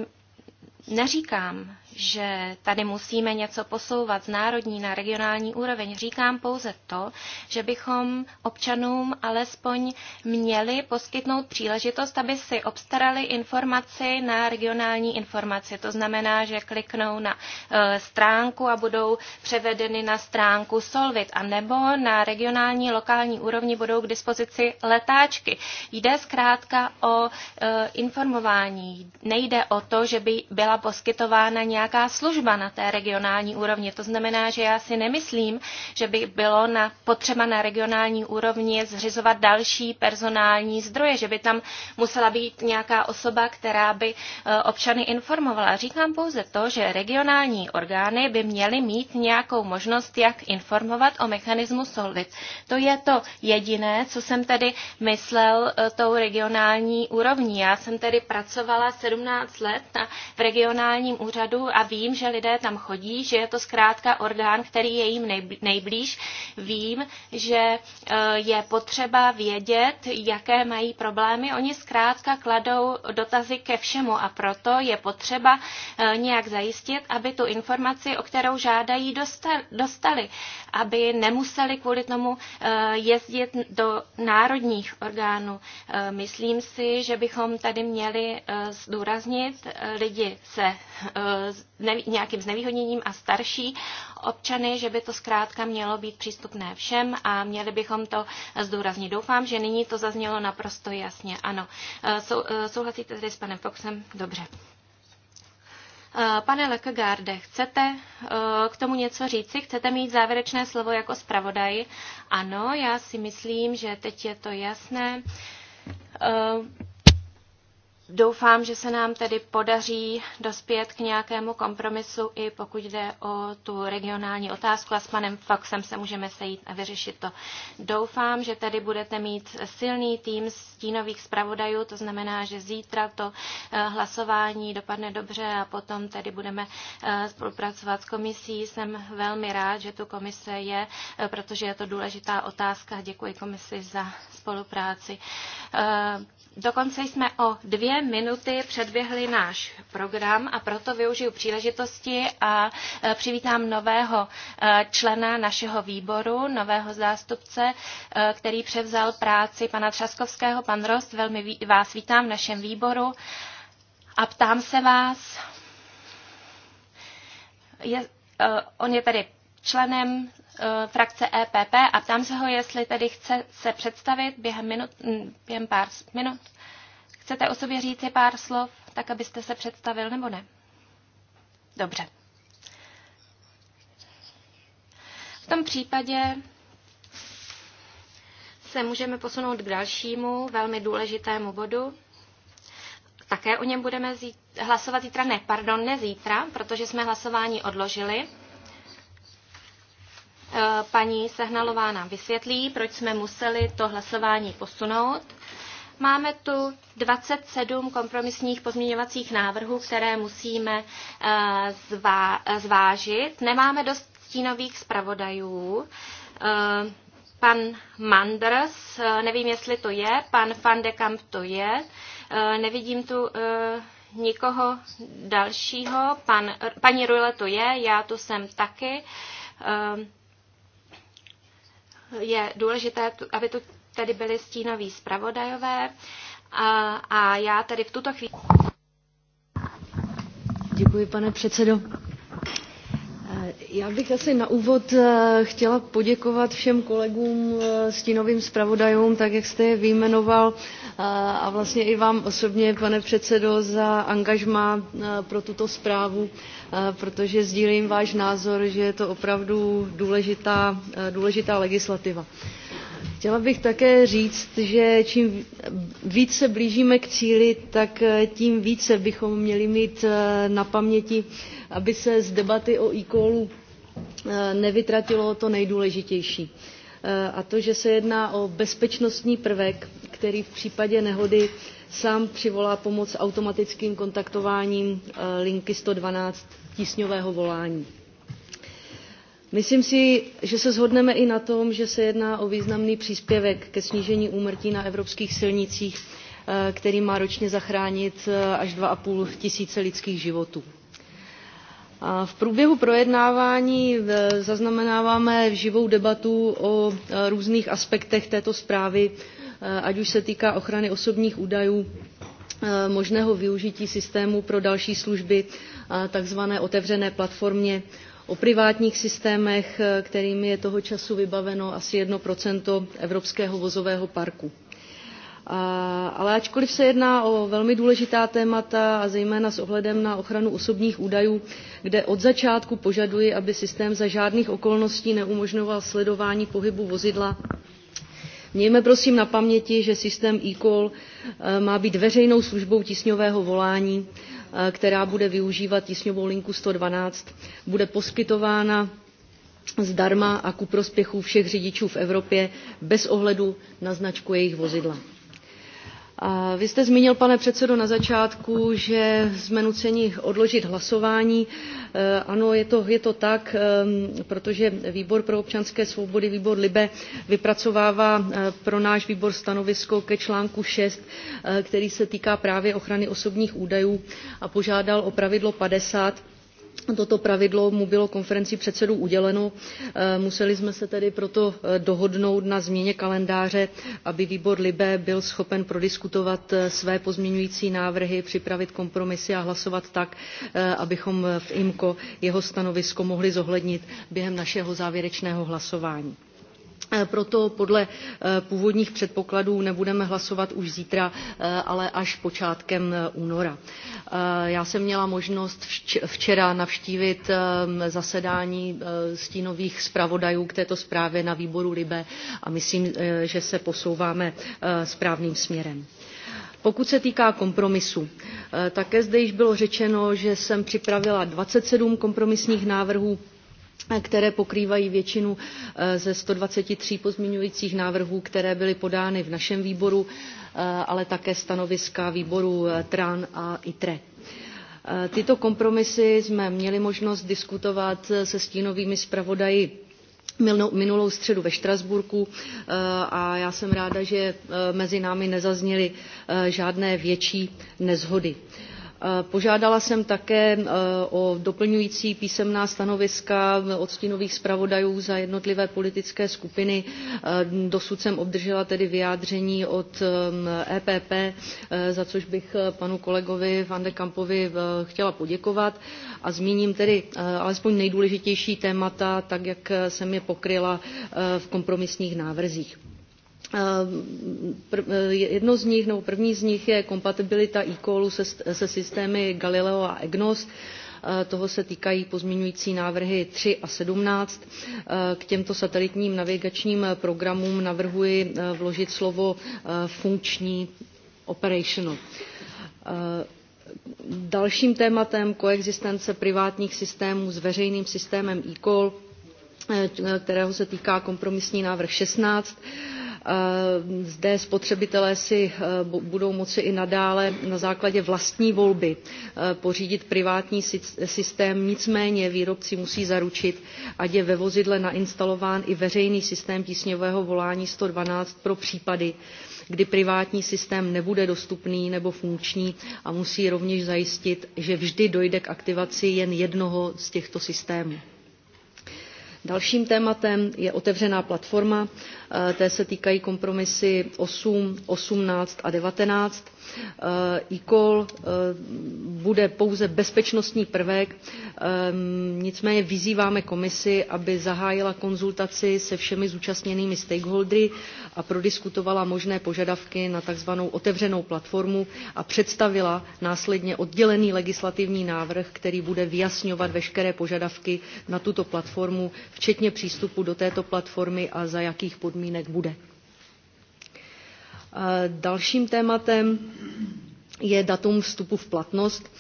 S4: Neříkám, že tady musíme něco posouvat z národní na regionální úroveň. Říkám pouze to, že bychom občanům alespoň měli poskytnout příležitost, aby si obstarali informaci na regionální informaci. To znamená, že kliknou na e, stránku a budou převedeny na stránku Solvit, a nebo na regionální lokální úrovni budou k dispozici letáčky. Jde zkrátka o e, informování. Nejde o to, že by byla poskytována nějaká služba na té regionální úrovni. To znamená, že já si nemyslím, že by bylo na, potřeba na regionální úrovni zřizovat další personální zdroje, že by tam musela být nějaká osoba, která by eh, občany informovala. Říkám pouze to, že regionální orgány by měly mít nějakou možnost, jak informovat o mechanismu Solvit. To je to jediné, co jsem tedy myslel eh, tou regionální úrovní. Já jsem tedy pracovala 17 let na, v regionální regionálním úřadu a vím, že lidé tam chodí, že je to zkrátka orgán, který je jim nejblíž. Vím, že eh, je potřeba vědět, jaké mají problémy. Oni zkrátka kladou dotazy ke všemu a proto je potřeba eh, nějak zajistit, aby tu informaci, o kterou žádají, dostali, aby nemuseli kvůli tomu eh, jezdit do národních orgánů. Myslím si, že bychom tady měli zdůraznit lidi se eh, nějakým znevýhodněním a starší občany, že by to zkrátka mělo být přístupné všem a měli bychom to zdůraznit. Doufám, že nyní to zaznělo naprosto jasně. Ano, eh, eh, souhlasíte tedy s panem Foxem? Dobře. Pane Lekegarde, chcete k tomu něco říci? Chcete mít závěrečné slovo jako zpravodaj? Ano, já si myslím, že teď je to jasné. Doufám, že se nám tedy podaří dospět k nějakému kompromisu, i pokud jde o tu regionální otázku a s panem Foxem se můžeme sejít a vyřešit to. Doufám, že tady budete mít silný tým stínových zpravodajů, to znamená, že zítra to eh, hlasování dopadne dobře a potom tedy budeme eh, spolupracovat s komisí. Jsem velmi rád, že tu komise je, eh, protože je to důležitá otázka. Děkuji komisi za spolupráci. Dokonce jsme o dvě minuty předběhli náš program a proto využiju příležitosti a e, přivítám nového e, člena našeho výboru, nového zástupce, e, který převzal práci pana Třaskovského. Pan Rost, velmi vás vítám v našem výboru a ptám se vás, je, on je tady? členem eh, frakce EPP a ptám se ho, jestli tedy chce se představit během, minut, hm, během pár minut. Chcete o sobě říct si pár slov, tak abyste se představil, nebo ne? Dobře. V tom případě se můžeme posunout k dalšímu velmi důležitému bodu. Také o něm budeme zít, hlasovat zítra, ne, pardon, ne zítra, protože jsme hlasování odložili. Eh, paní Sehnalová nám vysvětlí, proč jsme museli to hlasování posunout. Máme tu 27 kompromisních pozměňovacích návrhů, které musíme eh, zvážit. Nemáme dost stínových zpravodajů. Eh, pan Manders, nevím, jestli to je, pan Van de Kamp to je, nevidím tu nikoho dalšího, pan, paní Rule to je, já tu jsem taky je důležité, aby tu tady byli stínoví zpravodajové a, a já tady v tuto chvíli.
S3: Děkuji, pane předsedo. Já bych asi na úvod eh, chtěla poděkovat všem kolegům, eh, stínovým zpravodajům, tak jak jste je vyjmenoval, eh, a vlastně i vám osobně, pane předsedo, za angažma pro tuto zprávu, protože sdílím váš názor, že je to opravdu důležitá, důležitá legislativa. Chtěla bych také říct, že čím víc se blížíme k cíli, tak eh, tím více bychom měli mít eh, na paměti, aby se z debaty o e-callu eh, nevytratilo to nejdůležitější. A to, že se jedná o bezpečnostní prvek, který v případě nehody sám přivolá pomoc automatickým kontaktováním linky 112 tísňového volání. Myslím si, že se shodneme i na tom, že se jedná o významný příspěvek ke snížení úmrtí na evropských silnicích, eh, který má ročně zachránit eh, až 2,5 tisíce lidských životů. V průběhu projednávání eh, zaznamenáváme živou debatu o různých aspektech této zprávy, ať už se týká ochrany osobních údajů, možného využití systému pro další služby, takzvané otevřené platformě, o privátních systémech, eh, kterými je toho času vybaveno asi 1% evropského vozového parku. Ale ačkoliv se jedná o velmi důležitá témata a zejména s ohledem na ochranu osobních údajů, kde od začátku požaduji, aby systém za žádných okolností neumožňoval sledování pohybu vozidla, Mějme prosím na paměti, že systém eCall eh, má být veřejnou službou tísňového volání Eh, která bude využívat tísňovou linku 112, bude poskytována zdarma a ku prospěchu všech řidičů v Evropě bez ohledu na značku jejich vozidla. Vy jste zmínil, pane předsedo, na začátku, že jsme nuceni odložit hlasování. E, ano, je to, je to tak, e, protože výbor pro občanské svobody, výbor LIBE, vypracovává e, pro náš výbor stanovisko ke článku 6, který se týká právě ochrany osobních údajů a požádal o pravidlo 50 toto pravidlo mu bylo konferencí předsedů uděleno eh, museli jsme se tedy proto eh, dohodnout na změně kalendáře aby výbor libe byl schopen prodiskutovat eh, své pozměňující návrhy připravit kompromisy a hlasovat tak abychom v imco jeho stanovisko mohli zohlednit během našeho závěrečného hlasování. Eh, proto podle eh, původních předpokladů nebudeme hlasovat už zítra eh, ale až počátkem února. já jsem měla možnost včera navštívit zasedání stínových zpravodajů k této zprávě na výboru libe a myslím že se posouváme správným směrem. Pokud se týká kompromisu, také zde již bylo řečeno, že jsem připravila 27 kompromisních návrhů které pokrývají většinu eh, ze 123 pozměňujících návrhů, které byly podány v našem výboru, eh, ale také stanoviska výboru eh, TRAN a ITRE. Tyto kompromisy jsme měli možnost diskutovat se stínovými zpravodaji minulou středu ve Štrasburku a já jsem ráda, že mezi námi nezazněly žádné větší nezhody. Požádala jsem také e, o doplňující písemná stanoviska od stínových zpravodajů za jednotlivé politické skupiny. E, dosud jsem obdržela tedy vyjádření od EPP, e za což bych panu kolegovi Van de Kampovi chtěla poděkovat. A zmíním tedy alespoň nejdůležitější témata, tak jak jsem je pokryla v kompromisních návrzích. Eh, eh, jedno z nich, nebo první z nich je kompatibilita e-callu se, se systémy Galileo a EGNOS. Eh, toho se týkají pozměňující návrhy 3 a 17. K těmto satelitním navigačním programům navrhuji vložit slovo funkční operational. Dalším tématem koexistence privátních systémů s veřejným systémem e-call, kterého se týká kompromisní návrh 16, Eh, zde spotřebitelé si eh, budou moci i nadále na základě vlastní volby eh, pořídit privátní systém, nicméně výrobci musí zaručit, ať je ve vozidle nainstalován i veřejný systém tísňového volání 112 pro případy, kdy privátní systém nebude dostupný nebo funkční a musí rovněž zajistit, že vždy dojde k aktivaci jen jednoho z těchto systémů. Dalším tématem je otevřená platforma, eh, té se týkají kompromisy 8, 18 a 19 Eh, ecall eh, bude pouze bezpečnostní prvek, ehm, nicméně vyzýváme komisi, aby zahájila konzultaci se všemi zúčastněnými stakeholdery a prodiskutovala možné požadavky na tzv. otevřenou platformu a představila následně oddělený legislativní návrh, který bude vyjasňovat veškeré požadavky na tuto platformu, včetně přístupu do této platformy a za jakých podmínek bude. Eh, dalším tématem je datum vstupu v platnost,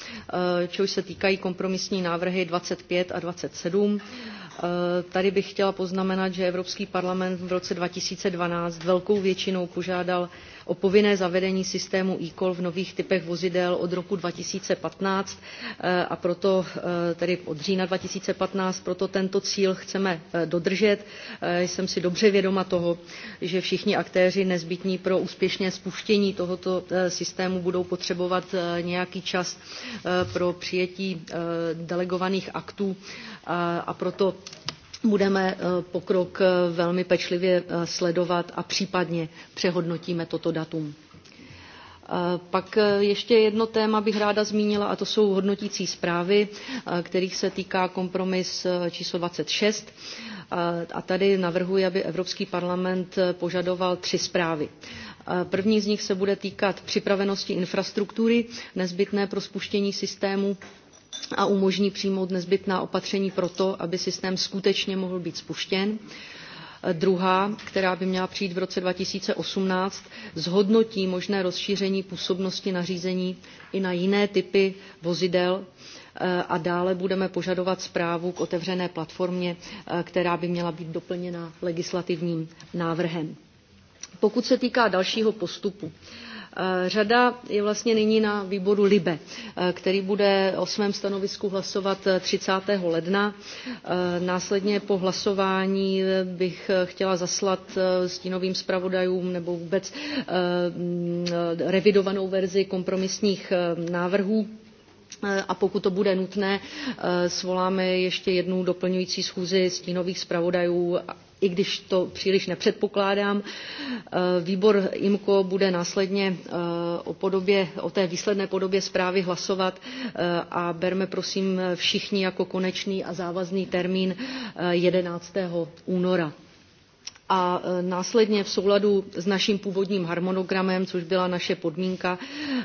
S3: čehož se týkají kompromisní návrhy 25 a 27. Eh, tady bych chtěla poznamenat, že Evropský parlament v roce 2012 velkou většinou požádal o povinné zavedení systému ecall v nových typech vozidel od roku 2015 eh, a proto eh, tedy od října 2015, proto tento cíl chceme eh, dodržet. Jsem si dobře vědoma toho, že všichni aktéři nezbytní pro úspěšné spuštění tohoto systému budou potřebovat nějaký čas pro přijetí delegovaných aktů a proto budeme eh, pokrok eh, velmi pečlivě eh, sledovat a případně přehodnotíme toto datum. Pak ještě jedno téma bych ráda zmínila, a to jsou hodnotící zprávy, kterých se týká kompromis číslo 26. A tady navrhuji, aby Evropský parlament požadoval tři zprávy. První z nich se bude týkat připravenosti infrastruktury nezbytné pro spuštění systému a umožní přijmout nezbytná opatření pro to, aby systém skutečně mohl být spuštěn. Eh, druhá, která by měla přijít v roce 2018, zhodnotí možné rozšíření působnosti nařízení i na jiné typy vozidel eh, a dále budeme požadovat zprávu k otevřené platformě, eh, která by měla být doplněna legislativním návrhem. Pokud se týká dalšího postupu, Eh, řada je vlastně nyní na výboru LIBE, eh, který bude o svém stanovisku hlasovat 30. Eh, ledna. Následně po hlasování bych chtěla zaslat stínovým zpravodajům nebo vůbec mm, revidovanou verzi kompromisních návrhů a pokud to bude nutné, svoláme ještě jednu doplňující schůzi stínových zpravodajů i když to příliš nepředpokládám. Eh, výbor IMCO bude následně eh, o, podobě, o té výsledné podobě zprávy hlasovat eh, a berme prosím všichni jako konečný a závazný termín 11. února a e, následně v souladu s naším původním harmonogramem, což byla naše podmínka,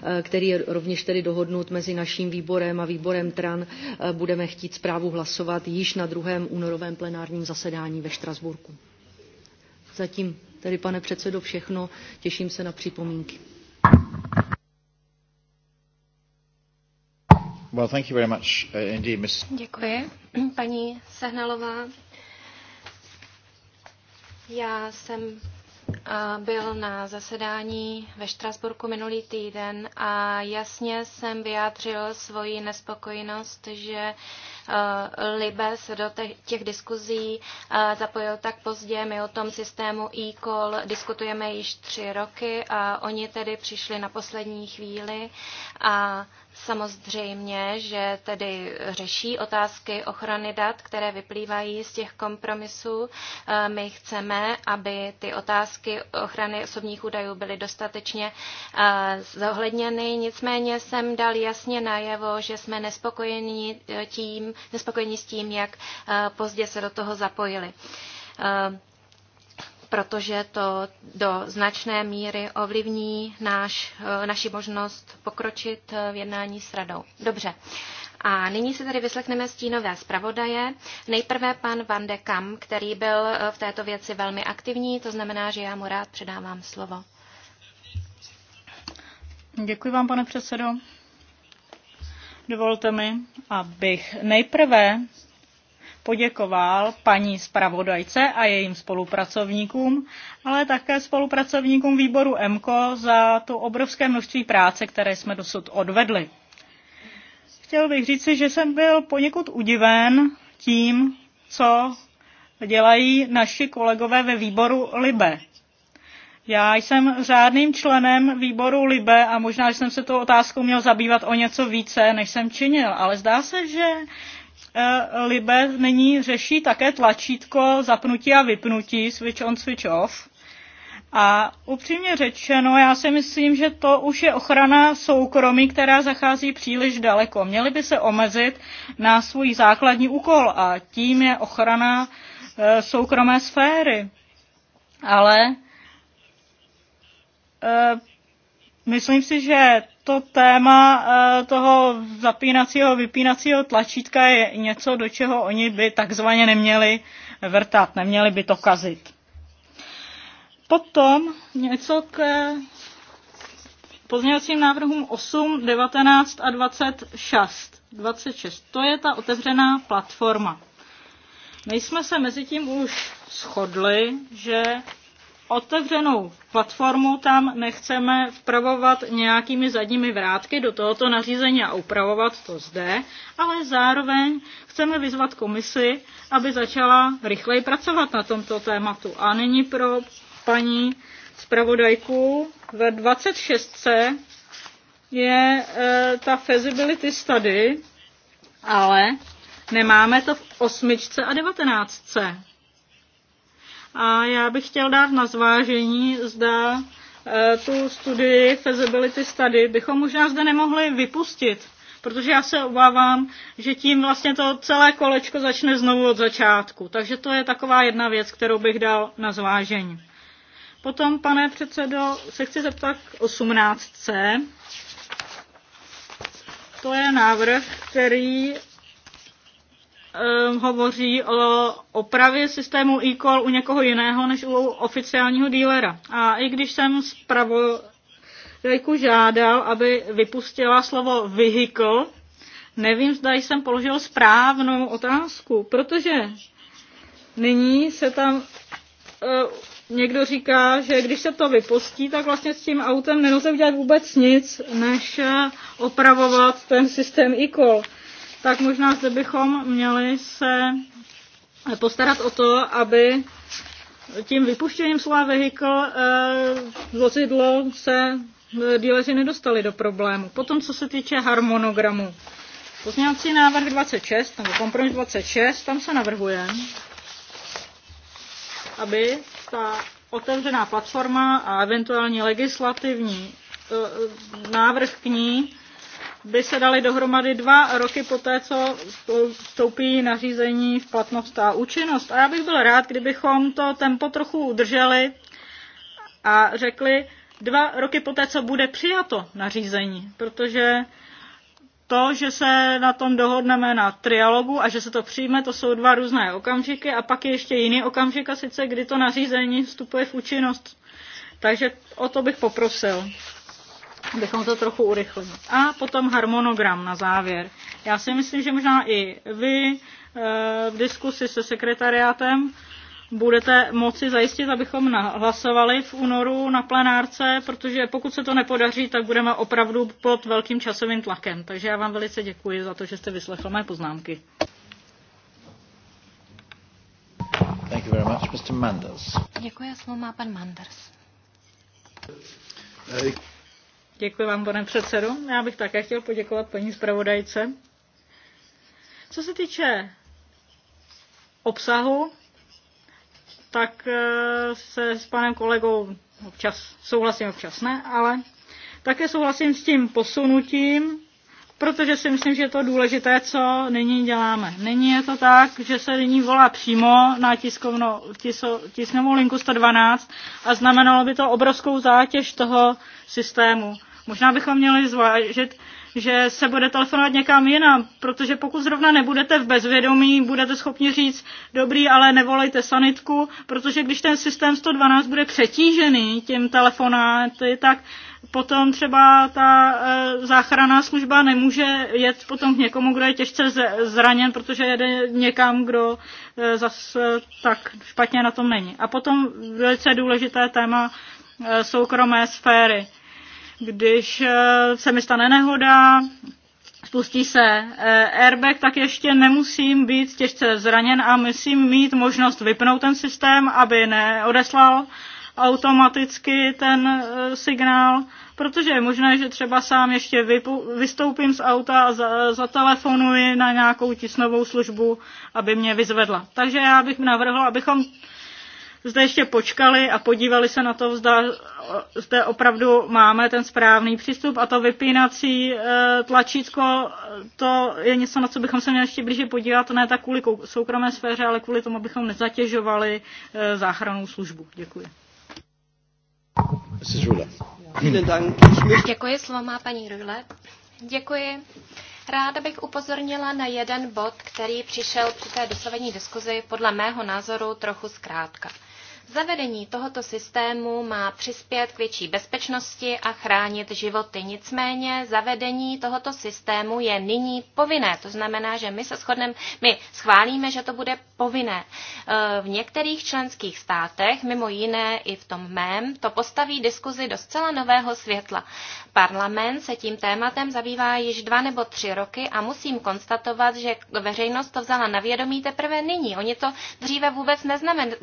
S3: e, který je rovněž tedy dohodnut mezi naším výborem a výborem TRAN, e, budeme chtít zprávu hlasovat již na druhém únorovém plenárním zasedání ve Štrasburku. Zatím tedy, pane předsedo, všechno. Těším se na připomínky.
S1: Well, thank you very much, uh, indeed, Děkuji.
S4: Paní Sehnalová, já jsem byl na zasedání ve Štrasburku minulý týden a jasně jsem vyjádřil svoji nespokojenost, že e, Libe se do těch diskuzí e, zapojil tak pozdě. My o tom systému e-call diskutujeme již tři roky a oni tedy přišli na poslední chvíli a Samozřejmě, že tedy řeší otázky ochrany dat, které vyplývají z těch kompromisů. Eh, my chceme, aby ty otázky ochrany osobních údajů byly dostatečně eh, zohledněny. Nicméně jsem dal jasně najevo, že jsme nespokojení, eh, tím, nespokojení s tím, jak pozdě se do toho zapojili protože to do značné míry ovlivní náš, eh, naši možnost pokročit eh, v jednání s radou. Dobře. A nyní si tady vyslechneme stínové zpravodaje. Nejprve pan Van de Kam, který byl eh, v této věci velmi aktivní, to znamená, že já mu rád předávám slovo.
S1: Děkuji vám, pane předsedo.
S4: Dovolte mi, abych nejprve
S1: poděkoval paní zpravodajce a jejím spolupracovníkům, ale také spolupracovníkům výboru MKO za to obrovské množství práce, které jsme dosud odvedli. Chtěl bych říci, že jsem byl poněkud udiven tím, co dělají naši kolegové ve výboru LIBE. Já jsem řádným členem výboru LIBE a možná, že jsem se tou otázkou měl zabývat o něco více, než jsem činil, ale zdá se, že Eh, Libe nyní řeší také tlačítko zapnutí a vypnutí, switch on, switch off. A upřímně řečeno, já si myslím, že to už je ochrana soukromí, která zachází příliš daleko. Měli by se omezit na svůj základní úkol a tím je ochrana e, soukromé sféry. Ale e, myslím si, že to téma eh, toho zapínacího, vypínacího tlačítka je něco, do čeho oni by takzvaně neměli vrtat, neměli by to kazit. Potom něco k eh, pozměňovacím návrhům 8, 19 a 26. 26. To je ta otevřená platforma. My jsme se mezi tím už shodli, že otevřenou platformu tam nechceme vpravovat nějakými zadními vrátky do tohoto nařízení a upravovat to zde, ale zároveň chceme vyzvat komisi, aby začala rychleji pracovat na tomto tématu. A nyní pro paní zpravodajku ve 26. je e, ta feasibility study, ale nemáme to v osmičce a devatenáctce a já bych chtěl dát na zvážení, zda eh, tu studii feasibility study bychom možná zde nemohli vypustit, protože já se obávám, že tím vlastně to celé kolečko začne znovu od začátku. Takže to je taková jedna věc, kterou bych dal na zvážení. Potom, pane předsedo, se chci zeptat k 18C. To je návrh, který um, hovoří o opravě systému e u někoho jiného než u oficiálního dílera. A i když jsem zpravo Jejku žádal, aby vypustila slovo vehicle. Nevím, zda jsem položil správnou otázku, protože nyní se tam uh, někdo říká, že když se to vypustí, tak vlastně s tím autem nelze udělat vůbec nic, než eh, opravovat ten systém e -call tak možná zde bychom měli se postarat o to, aby tím vypuštěním slova vehicle eh, vozidlo se eh, díleři nedostali do problému. Potom, co se týče harmonogramu. Pozměňovací návrh 26, nebo kompromis 26, tam se navrhuje, aby ta otevřená platforma a eventuální legislativní eh, návrh k ní by se daly dohromady dva roky poté, co vstoupí nařízení v platnost a účinnost. A já bych byl rád, kdybychom to tempo trochu udrželi a řekli dva roky poté, co bude přijato nařízení, protože to, že se na tom dohodneme na trialogu a že se to přijme, to jsou dva různé okamžiky a pak je ještě jiný okamžik a sice kdy to nařízení vstupuje v účinnost. Takže o to bych poprosil abychom to trochu urychlili. A potom harmonogram na závěr. Já si myslím, že možná i vy eh, v diskusi se sekretariátem budete moci zajistit, abychom hlasovali v únoru na plenárce, protože pokud se to nepodaří, tak budeme opravdu pod velkým časovým tlakem. Takže já vám velice děkuji za to, že jste vyslechl mé poznámky. Thank you very much, Mr. Manders.
S4: Děkuji, slovo má pan Manders. Hey. Eh, Děkuji vám, pane
S1: předsedu. Já bych také chtěl poděkovat paní zpravodajce. Co se týče obsahu, tak eh, se s panem kolegou občas souhlasím, občas ne, ale také souhlasím s tím posunutím protože si myslím, že je to důležité, co nyní děláme. Nyní je to tak, že se nyní volá přímo na tiskovno, tiso, tisnovou linku 112 a znamenalo by to obrovskou zátěž toho systému. Možná bychom měli zvážit, že se bude telefonovat někam jinam, protože pokud zrovna nebudete v bezvědomí, budete schopni říct, dobrý, ale nevolejte sanitku, protože když ten systém 112 bude přetížený tím telefonáty, tak potom třeba ta eh, záchranná služba nemůže jet potom k někomu, kdo je těžce zraněn, protože jede někam, kdo eh, zas eh, tak špatně na tom není. A potom velice důležité téma soukromé sféry. Když se mi stane nehoda, spustí se airbag, tak ještě nemusím být těžce zraněn a musím mít možnost vypnout ten systém, aby neodeslal automaticky ten e, signál, protože je možné, že třeba sám ještě vypu- vystoupím z auta a za- zatelefonuji na nějakou tisnovou službu, aby mě vyzvedla. Takže já bych navrhla, abychom zde ještě počkali a podívali se na to, zda e, zde opravdu máme ten správný přístup a to vypínací e, tlačítko, to je něco, na co bychom se měli ještě blíže podívat, ne tak kvůli soukromé sféře, ale kvůli tomu, abychom nezatěžovali záchrannou službu. Děkuji.
S4: Děkuji, slovo má paní Rühle. Děkuji. Ráda bych upozornila na jeden bod, který přišel při té dosavadní diskuzi podle mého názoru trochu zkrátka. Zavedení tohoto systému má přispět k větší bezpečnosti a chránit životy. Nicméně zavedení tohoto systému je nyní povinné. To znamená, že my se shodneme, my schválíme, že to bude povinné. E, v některých členských státech, mimo jiné i v tom mém, to postaví diskuzi do zcela nového světla. Parlament se tím tématem zabývá již dva nebo tři roky a musím konstatovat, že veřejnost to vzala na vědomí teprve nyní. Oni to dříve vůbec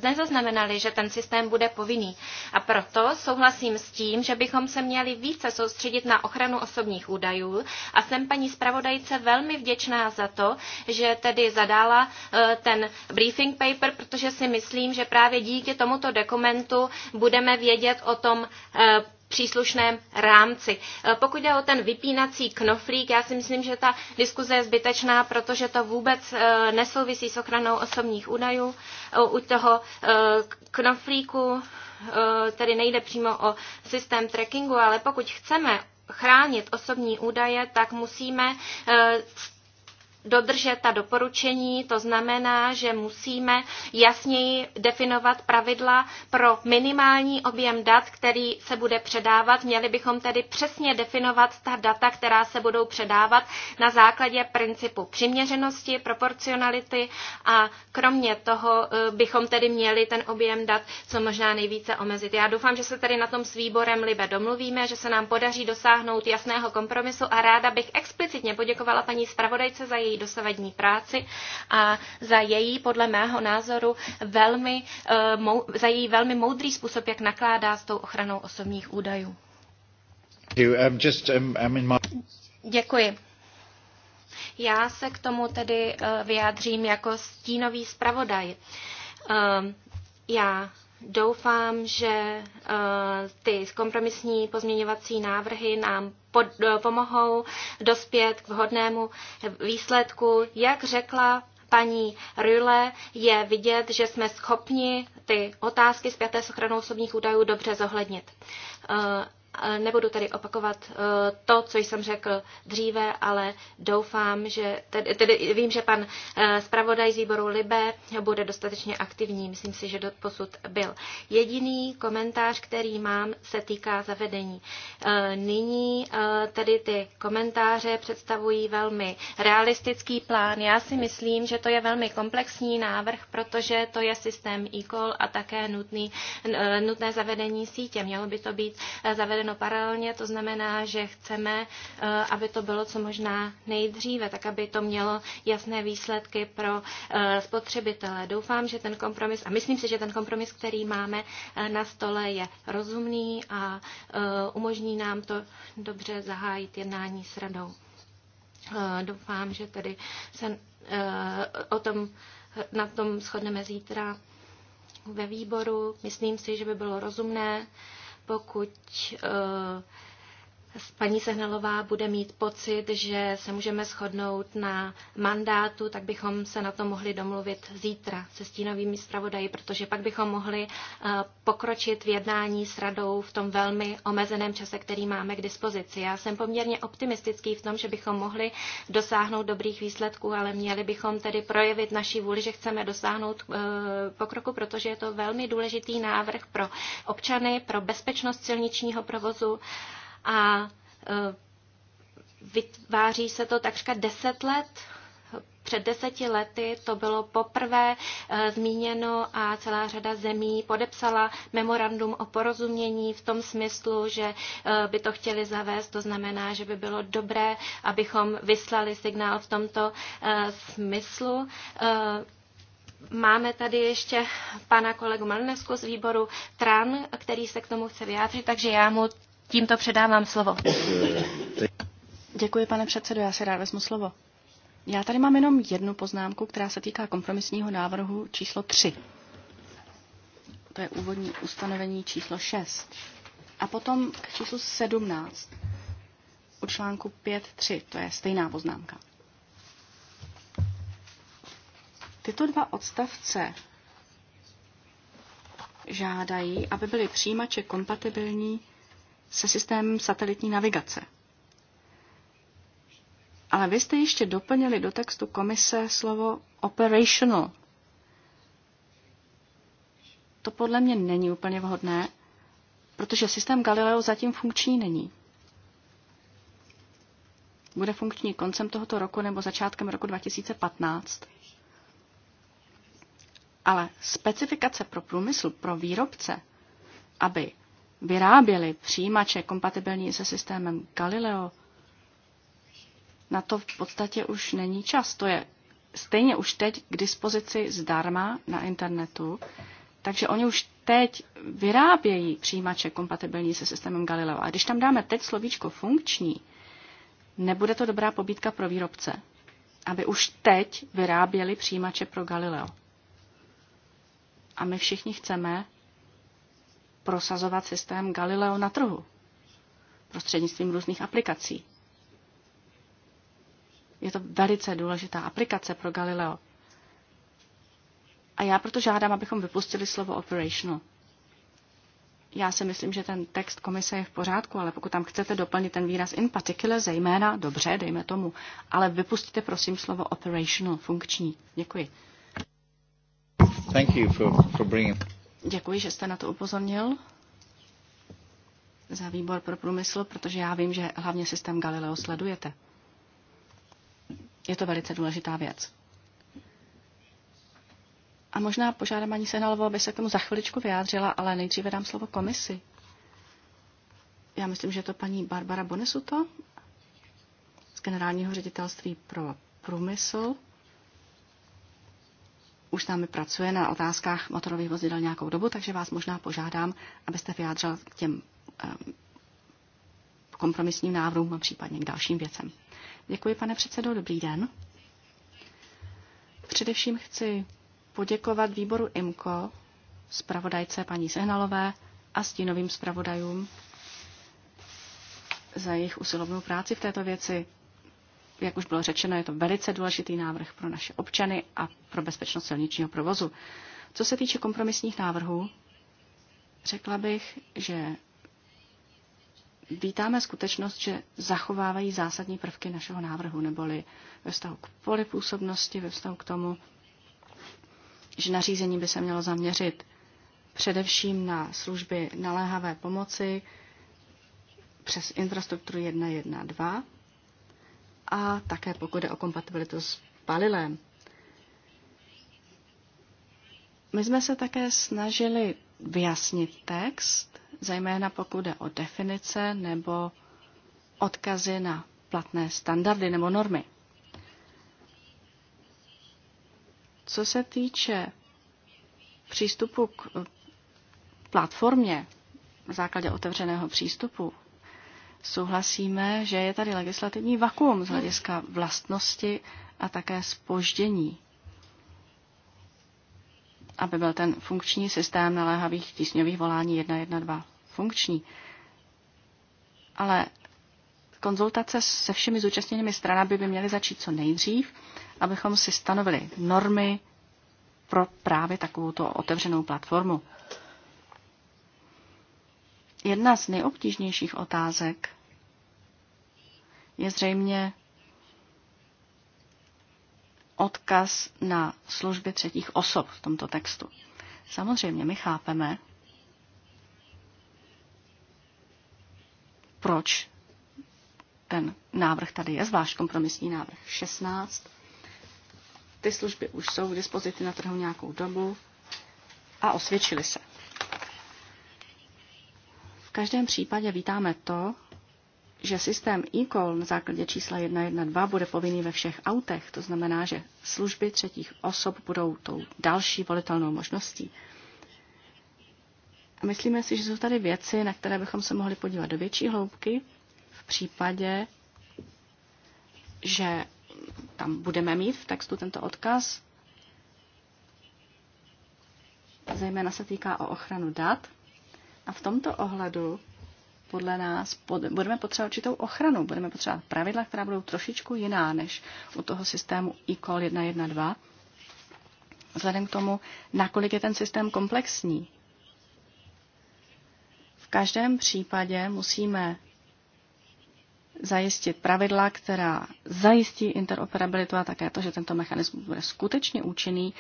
S4: nezaznamenali, že že ten systém bude povinný. A proto souhlasím s tím, že bychom se měli více soustředit na ochranu osobních údajů a jsem paní zpravodajce velmi vděčná za to, že tedy zadala eh, ten briefing paper, protože si myslím, že právě díky tomuto dokumentu budeme vědět o tom eh, příslušném rámci. Eh, pokud jde o ten vypínací knoflík, já si myslím, že ta diskuze je zbytečná, protože to vůbec eh, nesouvisí s ochranou osobních údajů. Eh, u toho knoflíku tedy nejde přímo o systém trackingu, ale pokud chceme chránit osobní údaje, tak musíme dodržet ta doporučení, to znamená, že musíme jasněji definovat pravidla pro minimální objem dat, který se bude předávat. Měli bychom tedy přesně definovat ta data, která se budou předávat na základě principu přiměřenosti, proporcionality a kromě toho eh, bychom tedy měli ten objem dat co možná nejvíce omezit. Já doufám, že se tedy na tom s výborem Libe domluvíme, že se nám podaří dosáhnout jasného kompromisu a ráda bych explicitně poděkovala paní zpravodajce za její její dosavadní práci a za její, podle mého názoru, velmi, eh, za její velmi moudrý způsob, jak nakládá s tou ochranou osobních údajů.
S1: Um, um,
S4: Děkuji. Já se k tomu tedy eh, vyjádřím jako stínový zpravodaj. Eh, já Doufám, že eh, ty kompromisní pozměňovací návrhy nám pod, eh, pomohou dospět k vhodnému výsledku. Jak řekla paní Rüle, je vidět, že jsme schopni ty otázky zpěté s ochranou osobních údajů dobře zohlednit. Eh, Nebudu tady opakovat eh, to, co jsem řekl dříve, ale doufám, že tedy, tedy vím, že pan eh, zpravodaj z výboru Libe bude dostatečně aktivní. Myslím si, že do posud byl. Jediný komentář, který mám, se týká zavedení. Eh, nyní tedy ty komentáře představují velmi realistický plán. Já si myslím, že to je velmi komplexní návrh, protože to je systém e-call a také nutný, nutné zavedení sítě. Mělo by to být zavedení vedeno paralelně, to znamená, že chceme, eh, aby to bylo co možná nejdříve, tak aby to mělo jasné výsledky pro eh, spotřebitele. Doufám, že ten kompromis, a myslím si, že ten kompromis, který máme eh, na stole, je rozumný a umožní nám to dobře zahájit jednání s radou. Doufám, že tedy se o tom, na tom shodneme zítra ve výboru. Myslím si, že by bylo rozumné pokud uh, paní Sehnalová bude mít pocit, že se můžeme shodnout na mandátu, tak bychom se na to mohli domluvit zítra se stínovými zpravodaji, protože pak bychom mohli eh, pokročit v jednání s radou v tom velmi omezeném čase, který máme k dispozici. Já jsem poměrně optimistický v tom, že bychom mohli dosáhnout dobrých výsledků, ale měli bychom tedy projevit naši vůli, že chceme dosáhnout eh, pokroku, protože je to velmi důležitý návrh pro občany, pro bezpečnost silničního provozu a e, vytváří se to takřka deset let. Před deseti lety to bylo poprvé e, zmíněno a celá řada zemí podepsala memorandum o porozumění v tom smyslu, že e, by to chtěli zavést. To znamená, že by bylo dobré, abychom vyslali signál v tomto smyslu. Máme tady ještě pana kolegu Malnesku z výboru TRAN, který se k tomu chce vyjádřit, takže já mu Tímto předávám slovo.
S2: Děkuji, pane předsedo, já si rád vezmu slovo. Já tady mám jenom jednu poznámku, která se týká kompromisního návrhu číslo 3. To je úvodní ustanovení číslo 6. A potom k číslu 17 u článku 5.3, to je stejná poznámka. Tyto dva odstavce žádají, aby byly přijímače kompatibilní se systémem satelitní navigace. Ale vy jste ještě doplnili do textu komise slovo operational. To podle mě není úplně vhodné, protože systém Galileo zatím funkční není. Bude funkční koncem tohoto roku nebo začátkem roku 2015. Ale specifikace pro průmysl, pro výrobce, aby vyráběli přijímače kompatibilní se systémem Galileo, na to v podstatě už není čas. To je stejně už teď k dispozici zdarma na internetu, takže oni už teď vyrábějí přijímače kompatibilní se systémem Galileo. A když tam dáme teď slovíčko funkční, nebude to dobrá pobídka pro výrobce, aby už teď vyráběli přijímače pro Galileo. A my všichni chceme, prosazovat systém Galileo na trhu prostřednictvím různých aplikací. Je to velice důležitá aplikace pro Galileo. A já proto žádám, abychom vypustili slovo operational. Já si myslím, že ten text komise je v pořádku, ale pokud tam chcete doplnit ten výraz in particular, zejména, dobře, dejme tomu, ale vypustíte prosím slovo operational, funkční. Děkuji.
S1: Thank you for, for bringing...
S2: Děkuji, že jste na to upozornil za výbor pro průmysl, protože já vím, že hlavně systém Galileo sledujete. Je to velice důležitá věc. A možná požádám ani Sehnalovou, aby se k tomu za chviličku vyjádřila, ale nejdříve dám slovo komisi. Já myslím, že je to paní Barbara Bonesuto z Generálního ředitelství pro průmysl už s námi pracuje na otázkách motorových vozidel nějakou dobu, takže vás možná požádám, abyste vyjádřil k těm eh, kompromisním návrhům a případně k dalším věcem. Děkuji, pane předsedo, dobrý den. Především chci poděkovat výboru IMCO, zpravodajce paní Sehnalové a stínovým zpravodajům za jejich usilovnou práci v této věci jak už bylo řečeno, je to velice důležitý návrh pro naše občany a pro bezpečnost silničního provozu. Co se týče kompromisních návrhů, řekla bych, že vítáme skutečnost, že zachovávají zásadní prvky našeho návrhu, neboli ve vztahu k polipůsobnosti, ve vztahu k tomu, že nařízení by se mělo zaměřit především na služby naléhavé pomoci přes infrastrukturu 112, a také pokud je o kompatibilitu s palilem. My jsme se také snažili vyjasnit text, zejména pokud jde o definice nebo odkazy na platné standardy nebo normy. Co se týče přístupu k platformě na základě otevřeného přístupu, souhlasíme, že je tady legislativní vakuum z hlediska vlastnosti a také spoždění, aby byl ten funkční systém naléhavých tísňových volání 112 funkční. Ale konzultace se všemi zúčastněnými stranami by měly začít co nejdřív, abychom si stanovili normy pro právě takovouto otevřenou platformu. Jedna z nejobtížnějších otázek je zřejmě odkaz na služby třetích osob v tomto textu. Samozřejmě my chápeme, proč ten návrh tady je, zvlášť kompromisní návrh 16. Ty služby už jsou k dispozici na trhu nějakou dobu a osvědčily se. V každém případě vítáme to, že systém e-call na základě čísla 112 bude povinný ve všech autech. To znamená, že služby třetích osob budou tou další volitelnou možností. A myslíme si, že jsou tady věci, na které bychom se mohli podívat do větší hloubky v případě, že tam budeme mít v textu tento odkaz. Zejména se týká o ochranu dat a v tomto ohledu podle nás pod, budeme potřebovat určitou ochranu, budeme potřebovat pravidla, která budou trošičku jiná než u toho systému e-call 112, vzhledem k tomu, nakolik je ten systém komplexní. V každém případě musíme zajistit pravidla, která zajistí interoperabilitu a také to, že tento mechanismus bude skutečně účinný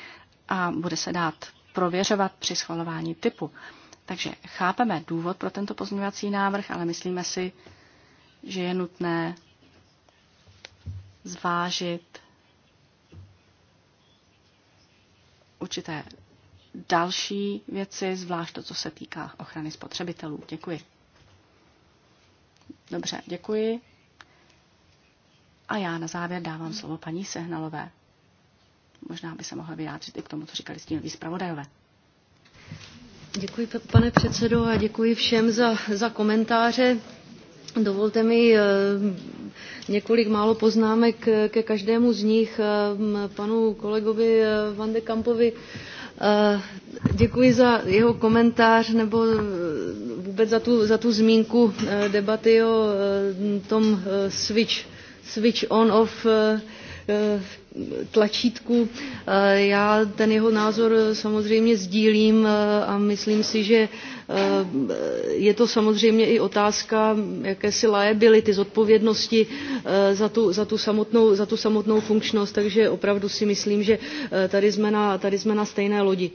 S2: a bude se dát prověřovat při schvalování typu. Takže chápeme důvod pro tento pozměňovací návrh, ale myslíme si, že je nutné zvážit určité další věci, zvlášť to, co se týká ochrany spotřebitelů. Děkuji. Dobře, děkuji. A já na závěr dávám slovo paní Sehnalové. Možná by se mohla vyjádřit i k tomu, co říkali stínoví zpravodajové. Děkuji, pane předsedo,
S3: a děkuji všem za, za komentáře. Dovolte mi eh, několik málo poznámek eh, ke každému z nich. Eh, panu kolegovi Van de Kampovi děkuji za jeho komentář nebo vůbec za tu, za tu zmínku debaty o tom switch, switch on-off Eh, tlačítku. Eh, já ten jeho názor samozřejmě sdílím eh, a myslím si, že je to samozřejmě i otázka jakési liability, zodpovědnosti za tu, za tu, samotnou, za tu samotnou funkčnost, takže opravdu si myslím, že tady jsme na, tady jsme na stejné lodi.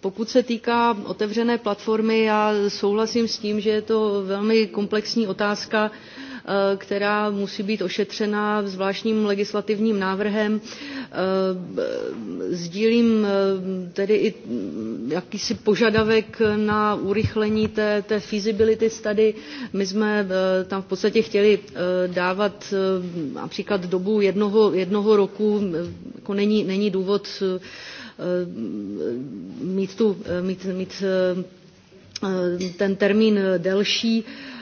S3: Pokud se týká otevřené platformy, já souhlasím s tím, že je to velmi komplexní otázka. Eh, která musí být ošetřena zvláštním legislativním návrhem. Eh, sdílím eh, tedy i mm, jakýsi požadavek na urychlení té, té feasibility study. My jsme tam v podstatě chtěli dávat například dobu jednoho, jednoho roku, jako není, není důvod mít, tu, mít, mít ten termín delší. Uh,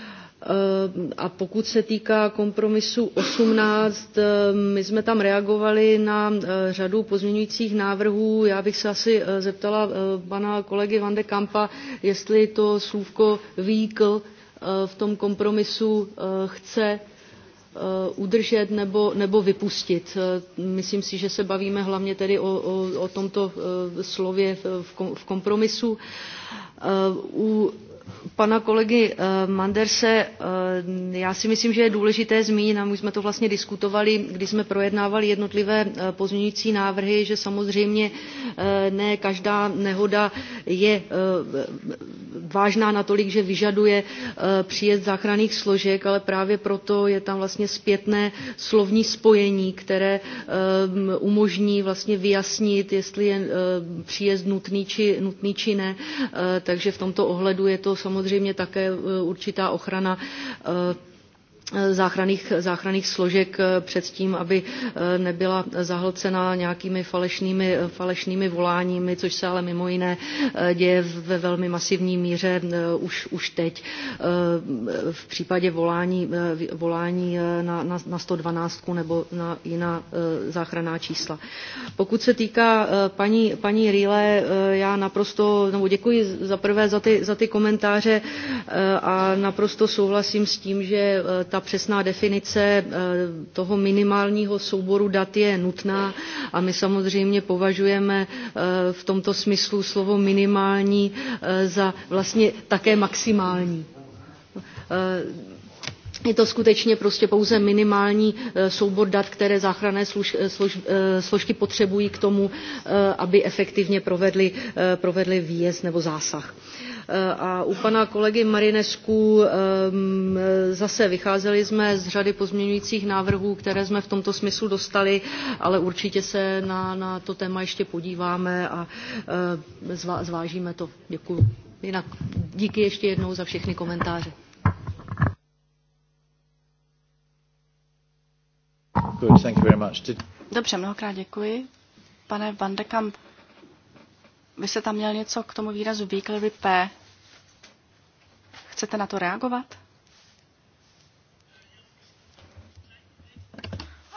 S3: Eh, a pokud se týká kompromisu 18, eh, my jsme tam reagovali na eh, řadu pozměňujících návrhů. Já bych se asi zeptala pana kolegy Van de Kampa, jestli to slůvko výkl v tom kompromisu chce udržet nebo, nebo vypustit. Myslím si, že se bavíme hlavně tedy o, o, o tomto slově v kompromisu. U pana kolegy eh, Manderse, eh, já si myslím, že je důležité zmínit, a my jsme to vlastně diskutovali, když jsme projednávali jednotlivé eh, pozměňující návrhy, že samozřejmě ne každá nehoda je vážná natolik, že vyžaduje příjezd záchranných složek, ale právě proto je tam vlastně zpětné slovní spojení, které umožní vlastně vyjasnit, jestli je příjezd nutný či, nutný či ne. Takže v tomto ohledu je to samozřejmě také e, určitá ochrana e, záchranných, záchranných složek eh, před tím, aby eh, nebyla zahlcena nějakými falešnými, falešnými voláními, což se ale mimo jiné eh, děje ve velmi masivní míře už, už teď. V případě volání, volání na, na, na 112 nebo na jiná záchranná čísla. Pokud se týká paní, paní Rýle, já naprosto, nebo děkuji za prvé za ty, za ty komentáře a naprosto souhlasím s tím, že ta přesná definice eh, toho minimálního souboru dat je nutná a my samozřejmě považujeme eh, v tomto smyslu slovo minimální eh, za vlastně také maximální je to skutečně prostě pouze minimální soubor dat, které záchranné služ, složky potřebují k tomu, aby efektivně provedly, provedly výjezd nebo zásah. Eh, a u pana kolegy Marinesku ehm, zase vycházeli jsme z řady pozměňujících návrhů, které jsme v tomto smyslu dostali, ale určitě se na, na to téma ještě podíváme a eh, zvážíme to. Děkuji. Jinak díky ještě jednou za všechny komentáře.
S2: Dobře, mnohokrát děkuji. Pane Van de Kamp, vy jste tam měl něco k tomu výrazu weekly repair. Chcete na to reagovat?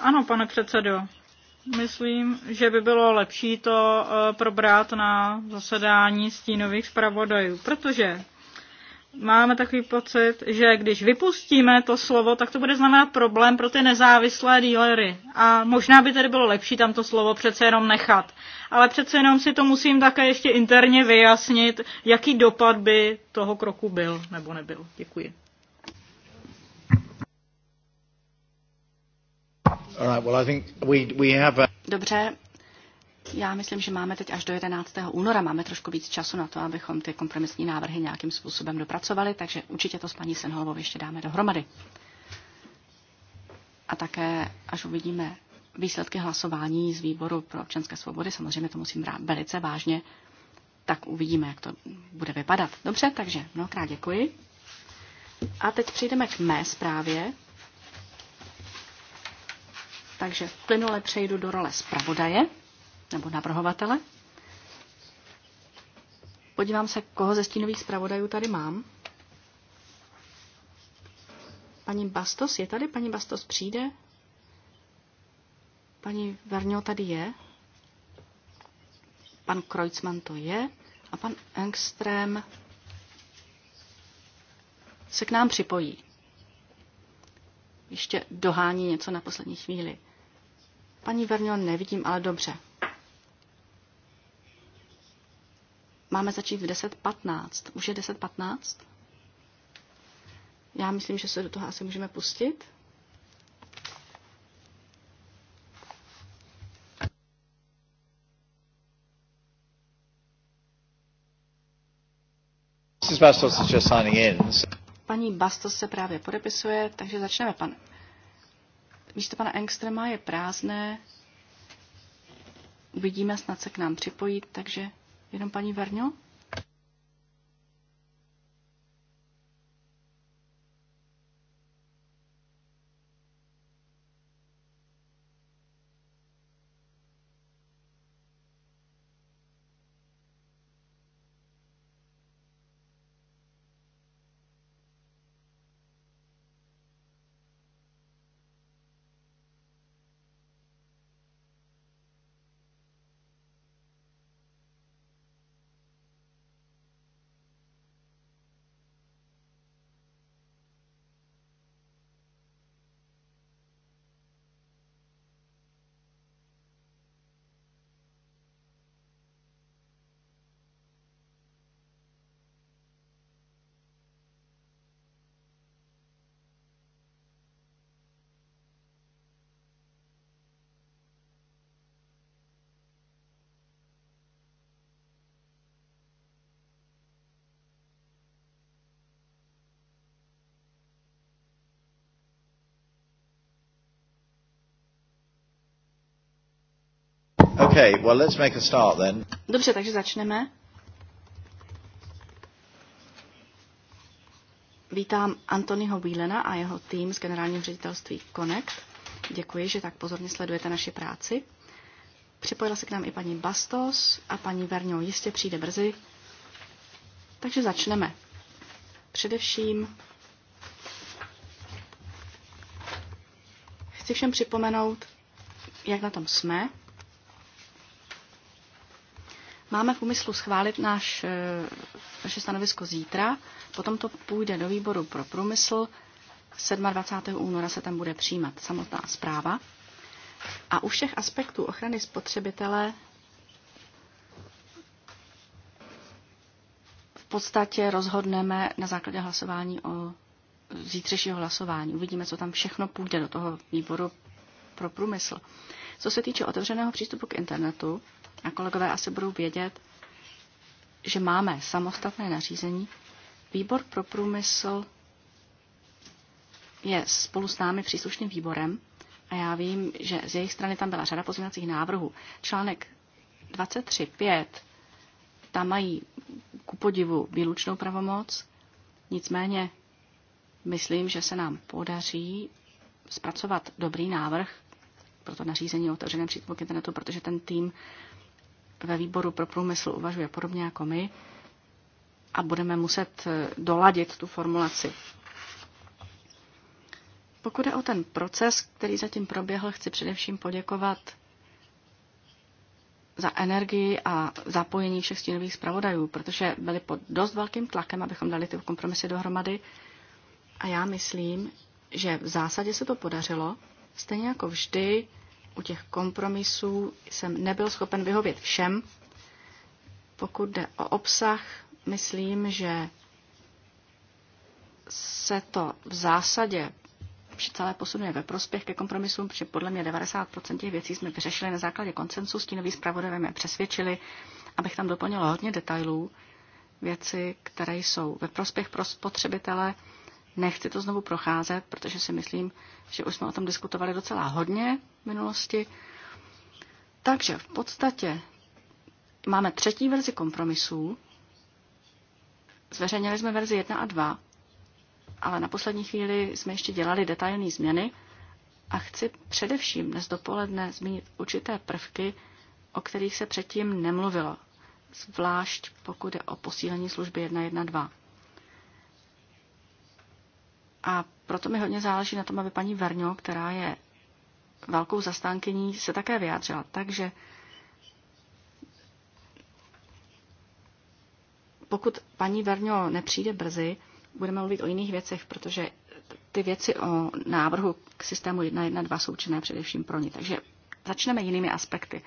S1: Ano, pane předsedo. Myslím, že by bylo lepší to eh, probrat na zasedání stínových zpravodajů, protože máme takový pocit, že když vypustíme to slovo, tak to bude znamenat problém pro ty nezávislé dílery. A možná by tedy bylo lepší tam to slovo přece jenom nechat. Ale přece jenom si to musím také ještě interně vyjasnit, jaký dopad by toho kroku byl nebo nebyl. Děkuji. Dobře,
S2: já myslím, že máme teď až do 11. února, máme trošku víc času na to, abychom ty kompromisní návrhy nějakým způsobem dopracovali, takže určitě to s paní Senholovou ještě dáme dohromady. A také, až uvidíme výsledky hlasování z výboru pro občanské svobody, samozřejmě to musím brát velice vážně, tak uvidíme, jak to bude vypadat. Dobře, takže mnohokrát děkuji. A teď přejdeme k mé zprávě. Takže plynule přejdu do role zpravodaje nebo navrhovatele. Podívám se, koho ze stínových zpravodajů tady mám. Paní Bastos je tady? Paní Bastos přijde? Paní Verňo tady je? Pan Kreuzmann to je? A pan Engström se k nám připojí. Ještě dohání něco na poslední chvíli. Paní Verňo nevidím, ale dobře. Máme začít v 10.15. Už je 10.15? Já myslím, že se do toho asi můžeme pustit. Paní Bastos se právě podepisuje, takže začneme, pane. Místo pana Engstrema je prázdné. Uvidíme, snad se k nám připojit, takže Jenom paní Verňo?
S4: Okay, well, let's make a start then.
S2: Dobře, takže začneme. Vítám Antonyho Bílena a jeho tým z generálního ředitelství Connect. Děkuji, že tak pozorně sledujete naši práci. Připojila se k nám i paní Bastos a paní Verňou jistě přijde brzy. Takže začneme. Především chci všem připomenout, jak na tom jsme Máme v úmyslu schválit náš, eh, naše stanovisko zítra, potom to půjde do výboru pro průmysl, 27. února se tam bude přijímat samotná zpráva. A u všech aspektů ochrany spotřebitele v podstatě rozhodneme na základě hlasování o zítřejšího hlasování. Uvidíme, co tam všechno půjde do toho výboru pro průmysl. Co se týče otevřeného přístupu k internetu, a kolegové asi budou vědět, že máme samostatné nařízení. Výbor pro průmysl je spolu s námi příslušným výborem a já vím, že z jejich strany tam byla řada pozměňovacích návrhů. Článek 23.5, tam mají ku podivu výlučnou pravomoc, nicméně myslím, že se nám podaří zpracovat dobrý návrh pro to nařízení o otevřeném přístupu k internetu, protože ten tým ve výboru pro průmysl uvažuje podobně jako my a budeme muset eh, doladit tu formulaci. Pokud je o ten proces, který zatím proběhl, chci především poděkovat za energii a zapojení všech stínových zpravodajů, protože byli pod dost velkým tlakem, abychom dali ty kompromisy dohromady. A já myslím, že v zásadě se to podařilo. Stejně jako vždy, u těch kompromisů jsem nebyl schopen vyhovět všem. Pokud jde o obsah, myslím, že se to v zásadě celé posunuje ve prospěch ke kompromisům, protože podle mě 90% těch věcí jsme vyřešili na základě koncensu, stínový zpravodajem je přesvědčili, abych tam doplnila hodně detailů, věci, které jsou ve prospěch pro spotřebitele, Nechci to znovu procházet, protože si myslím, že už jsme o tom diskutovali docela hodně v minulosti. Takže v podstatě máme třetí verzi kompromisů. Zveřejnili jsme verzi 1 a 2, ale na poslední chvíli jsme ještě dělali detailní změny a chci především dnes dopoledne zmínit určité prvky, o kterých se předtím nemluvilo, zvlášť pokud je o posílení služby 112. A proto mi hodně záleží na tom, aby paní Verňo, která je velkou zastánkyní, se také vyjádřila. Takže pokud paní Verňo nepřijde brzy, budeme mluvit o jiných věcech, protože ty věci o návrhu k systému 1.1.2 jsou činné především pro ní. Takže začneme jinými aspekty.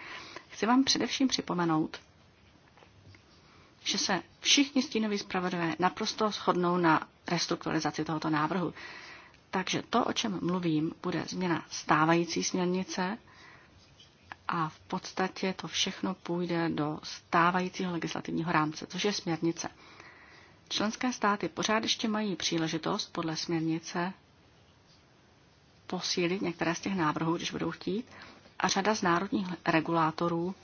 S2: Chci vám především připomenout, že se všichni stínoví zpravodajové naprosto shodnou na restrukturalizaci tohoto návrhu. Takže to, o čem mluvím, bude změna stávající směrnice a v podstatě to všechno půjde do stávajícího legislativního rámce, což je směrnice. Členské státy pořád ještě mají příležitost podle směrnice posílit některé z těch návrhů, když budou chtít, a řada z národních regulátorů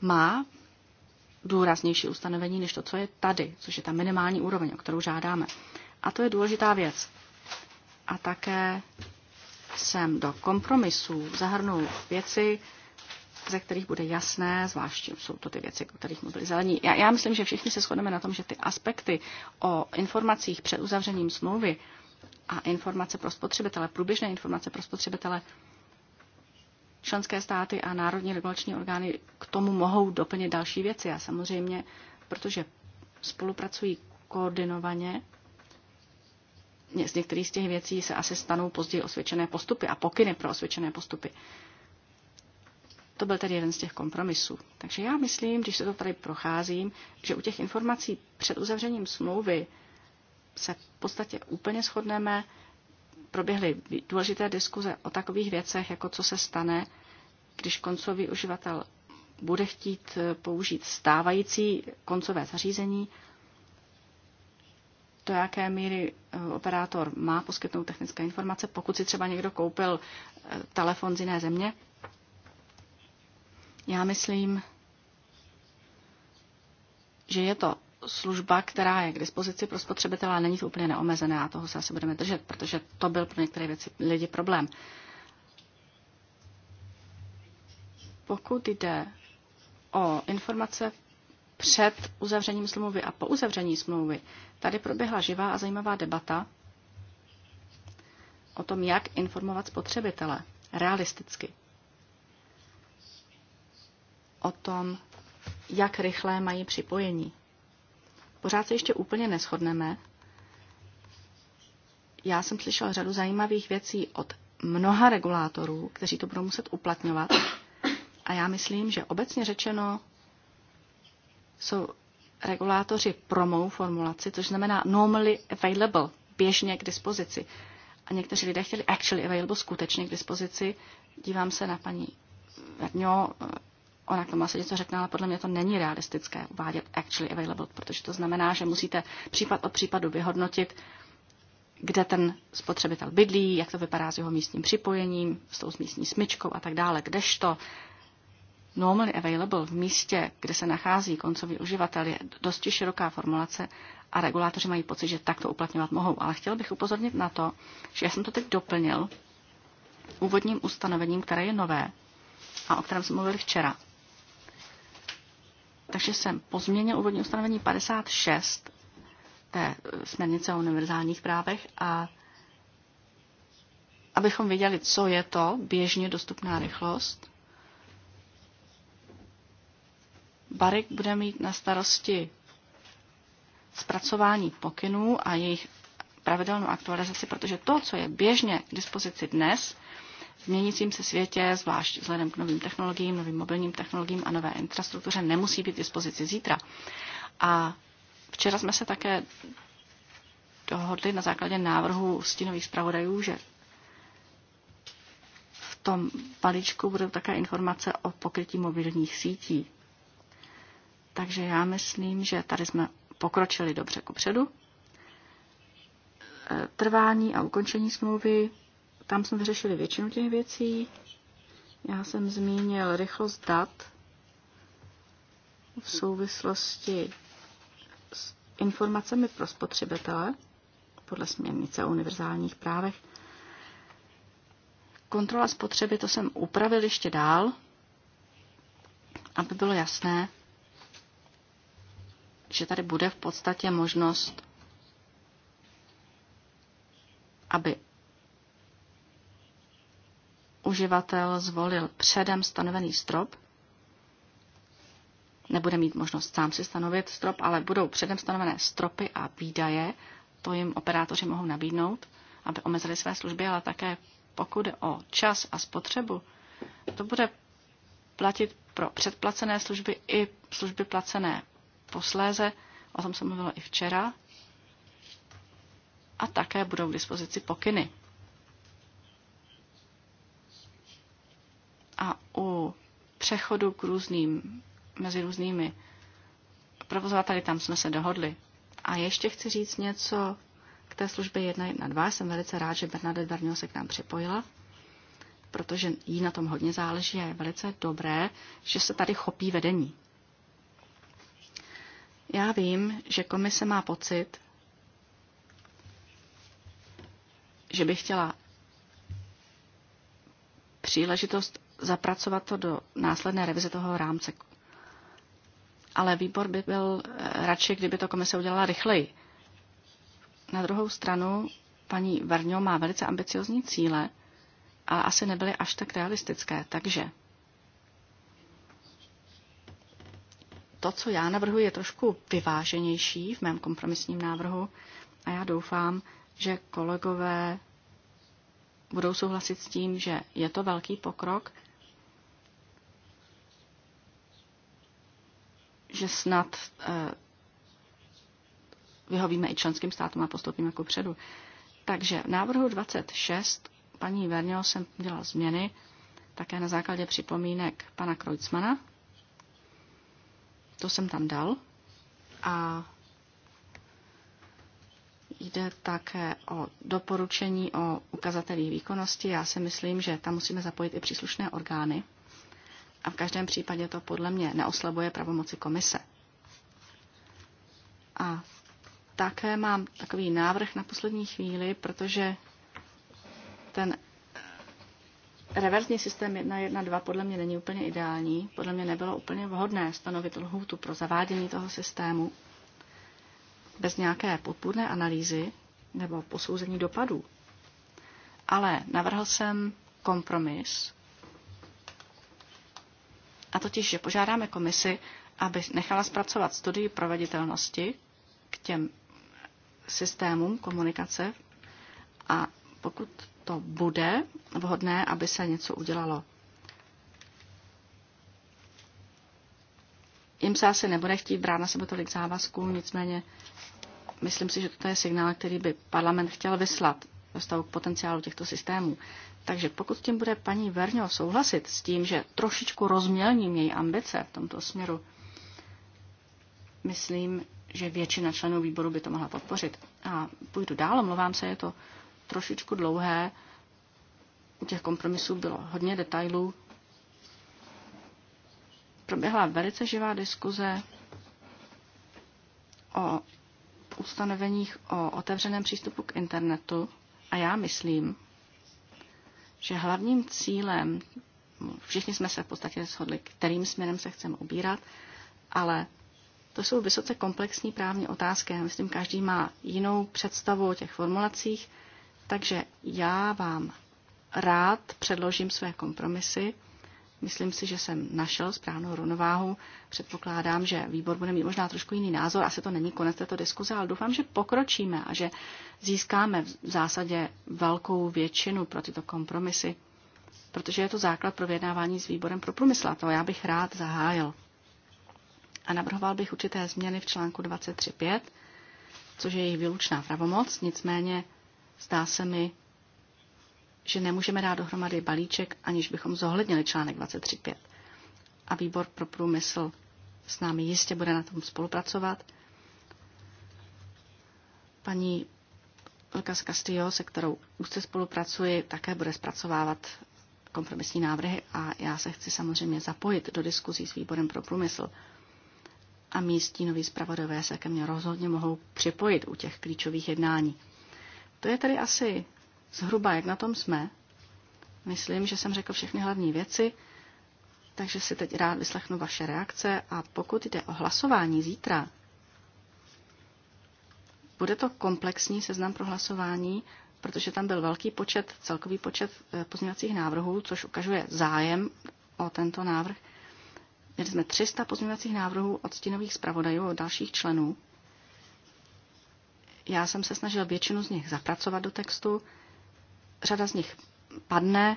S2: má důraznější ustanovení než to, co je tady, což je ta minimální úroveň, o kterou žádáme. A to je důležitá věc. A také jsem do kompromisů zahrnul věci, ze kterých bude jasné, zvláště jsou to ty věci, o kterých mluvili zelení. Já, já myslím, že všichni se shodneme na tom, že ty aspekty o informacích před uzavřením smlouvy a informace pro spotřebitele, průběžné informace pro spotřebitele, členské státy a národní regulační orgány k tomu mohou doplnit další věci. A samozřejmě, protože spolupracují koordinovaně, z některých z těch věcí se asi stanou později osvědčené postupy a pokyny pro osvědčené postupy. To byl tedy jeden z těch kompromisů. Takže já myslím, když se to tady procházím, že u těch informací před uzavřením smlouvy se v podstatě úplně shodneme, proběhly důležité diskuze o takových věcech, jako co se stane, když koncový uživatel bude chtít eh, použít stávající koncové zařízení, do jaké míry eh, operátor má poskytnout technické informace, pokud si třeba někdo koupil eh, telefon z jiné země. Já myslím, že je to služba, která je k dispozici pro spotřebitele, ale není to úplně neomezené a toho se asi budeme držet, protože to byl pro některé věci lidi problém. Pokud jde o informace před uzavřením smlouvy a po uzavření smlouvy, tady proběhla živá a zajímavá debata o tom, jak informovat spotřebitele realisticky. O tom, jak rychlé mají připojení. Pořád se ještě úplně neschodneme. Já jsem slyšel řadu zajímavých věcí od mnoha regulátorů, kteří to budou muset uplatňovat. A já myslím, že obecně řečeno jsou regulátoři pro mou formulaci, což znamená normally available, běžně k dispozici. A někteří lidé chtěli actually available, skutečně k dispozici. Dívám se na paní Vrňo, ona k tomu asi něco řekne, ale podle mě to není realistické uvádět actually available, protože to znamená, že musíte případ od případu vyhodnotit, kde ten spotřebitel bydlí, jak to vypadá s jeho místním připojením, s tou místní smyčkou a tak dále. Kdežto normally available v místě, kde se nachází koncový uživatel, je dosti široká formulace a regulátoři mají pocit, že tak to uplatňovat mohou. Ale chtěl bych upozornit na to, že já jsem to teď doplnil úvodním ustanovením, které je nové a o kterém jsme mluvili včera. Takže jsem pozměnil úvodní ustanovení 56 té eh, směrnice o univerzálních právech a abychom věděli, co je to běžně dostupná rychlost, Barik bude mít na starosti zpracování pokynů a jejich pravidelnou aktualizaci, protože to, co je běžně k dispozici dnes, v měnícím se světě, zvlášť vzhledem k novým technologiím, novým mobilním technologiím a nové infrastruktuře, nemusí být dispozici zítra. A včera jsme se také dohodli na základě návrhu stínových zpravodajů, že v tom balíčku budou také informace o pokrytí mobilních sítí. Takže já myslím, že tady jsme pokročili dobře kupředu. E, trvání a ukončení smlouvy tam jsme vyřešili většinu těch věcí. Já jsem zmínil rychlost dat v souvislosti s informacemi pro spotřebitele podle směrnice o univerzálních právech. Kontrola spotřeby, to jsem upravil ještě dál, aby bylo jasné, že tady bude v podstatě možnost, aby uživatel zvolil předem stanovený strop, nebude mít možnost sám si stanovit strop, ale budou předem stanovené stropy a výdaje, to jim operátoři mohou nabídnout, aby omezili své služby, ale také pokud o čas a spotřebu, to bude platit pro předplacené služby i služby placené posléze, o tom se mluvilo i včera, a také budou k dispozici pokyny. A u přechodu k různým, mezi různými provozovateli tam jsme se dohodli. A ještě chci říct něco k té službě 112. Jsem velice rád, že Bernadette Verňo se k nám připojila, protože jí na tom hodně záleží a je velice dobré, že se tady chopí vedení. Já vím, že komise má pocit, že by chtěla příležitost zapracovat to do následné revize toho rámce. Ale výbor by byl eh, radši, kdyby to komise udělala rychleji. Na druhou stranu paní Varňo má velice ambiciozní cíle, a asi nebyly až tak realistické, takže to, co já navrhuji, je trošku vyváženější v mém kompromisním návrhu a já doufám, že kolegové budou souhlasit s tím, že je to velký pokrok že snad eh, vyhovíme i členským státům a postoupíme ku předu. Takže v návrhu 26 paní Verňo jsem dělal změny také na základě připomínek pana Kreutzmana. To jsem tam dal. A jde také o doporučení o ukazatelích výkonnosti. Já si myslím, že tam musíme zapojit i příslušné orgány, a v každém případě to podle mě neoslabuje pravomoci komise. A také mám takový návrh na poslední chvíli, protože ten eh, reverzní systém 1.1.2 podle mě není úplně ideální. Podle mě nebylo úplně vhodné stanovit lhůtu pro zavádění toho systému bez nějaké podpůrné analýzy nebo posouzení dopadů. Ale navrhl jsem kompromis, a totiž, že požádáme komisi, aby nechala zpracovat studii proveditelnosti k těm systémům komunikace a pokud to bude vhodné, aby se něco udělalo. Jim se asi nebude chtít brát na sebe tolik závazků, nicméně myslím si, že toto je signál, který by parlament chtěl vyslat ve k potenciálu těchto systémů. Takže pokud s tím bude paní Verňo souhlasit s tím, že trošičku rozmělním její ambice v tomto směru, myslím, že většina členů výboru by to mohla podpořit. A půjdu dál, omlouvám se, je to trošičku dlouhé. U těch kompromisů bylo hodně detailů. Proběhla velice živá diskuze o ustanoveních o otevřeném přístupu k internetu a já myslím, že hlavním cílem, všichni jsme se v podstatě shodli, kterým směrem se chceme ubírat, ale to jsou vysoce komplexní právní otázky. Já myslím, každý má jinou představu o těch formulacích, takže já vám rád předložím své kompromisy Myslím si, že jsem našel správnou rovnováhu. Předpokládám, že výbor bude mít možná trošku jiný názor. Asi to není konec této diskuze, ale doufám, že pokročíme a že získáme v zásadě velkou většinu pro tyto kompromisy, protože je to základ pro vyjednávání s výborem pro průmysl. A to já bych rád zahájil. A navrhoval bych určité změny v článku 23.5, což je jejich výlučná pravomoc. Nicméně zdá se mi, že nemůžeme dát dohromady balíček, aniž bychom zohlednili článek 23.5. A výbor pro průmysl s námi jistě bude na tom spolupracovat. Paní Luka z Castillo, se kterou už se spolupracuji, také bude zpracovávat kompromisní návrhy a já se chci samozřejmě zapojit do diskuzí s výborem pro průmysl. A místní noví zpravodové se ke mně rozhodně mohou připojit u těch klíčových jednání. To je tedy asi zhruba, jak na tom jsme. Myslím, že jsem řekl všechny hlavní věci, takže si teď rád vyslechnu vaše reakce a pokud jde o hlasování zítra, bude to komplexní seznam pro hlasování, protože tam byl velký počet, celkový počet eh, pozměňovacích návrhů, což ukazuje zájem o tento návrh. Měli jsme 300 pozměňovacích návrhů od stínových zpravodajů od dalších členů. Já jsem se snažil většinu z nich zapracovat do textu. Řada z nich padne.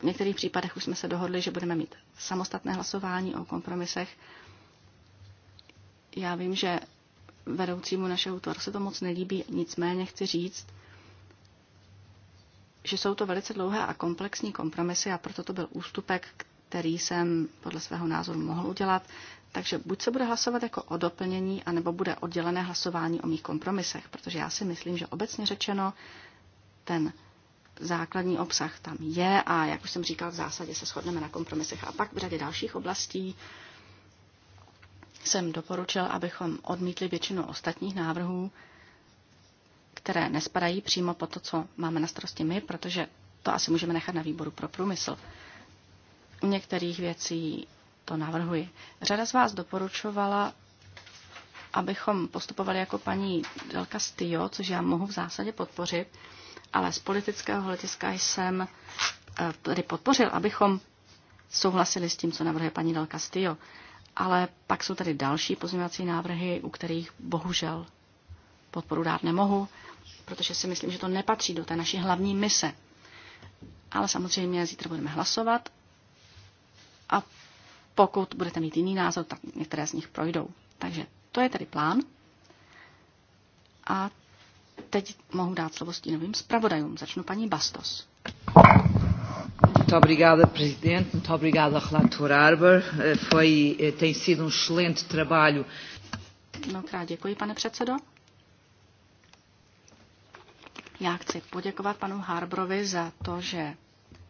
S2: V některých případech už jsme se dohodli, že budeme mít samostatné hlasování o kompromisech. Já vím, že vedoucímu našeho útvaru se to moc nelíbí, nicméně chci říct, že jsou to velice dlouhé a komplexní kompromisy a proto to byl ústupek, který jsem podle svého názoru mohl udělat. Takže buď se bude hlasovat jako o doplnění, anebo bude oddělené hlasování o mých kompromisech, protože já si myslím, že obecně řečeno ten základní obsah tam je a, jak už jsem říkal, v zásadě se shodneme na kompromisech. A pak v řadě dalších oblastí jsem doporučil, abychom odmítli většinu ostatních návrhů, které nespadají přímo po to, co máme na starosti my, protože to asi můžeme nechat na výboru pro průmysl. U některých věcí to navrhuji. Řada z vás doporučovala, abychom postupovali jako paní Delka Stio, což já mohu v zásadě podpořit, ale z politického hlediska jsem eh, tedy podpořil, abychom souhlasili s tím, co navrhuje paní Del Castillo. Ale pak jsou tady další pozměňovací návrhy, u kterých bohužel podporu dát nemohu, protože si myslím, že to nepatří do té naší hlavní mise. Ale samozřejmě zítra budeme hlasovat a pokud budete mít jiný názor, tak některé z nich projdou. Takže to je tedy plán. A Teď mohu dát slovo stínovým zpravodajům. Začnu paní Bastos.
S3: obrigada, Presidente. Muito obrigada, Relator Arber. Eh, foi, eh, tem sido um excelente trabalho.
S2: Mnohokrát děkuji, pane předsedo. Já chci poděkovat panu Harbrovi za to, že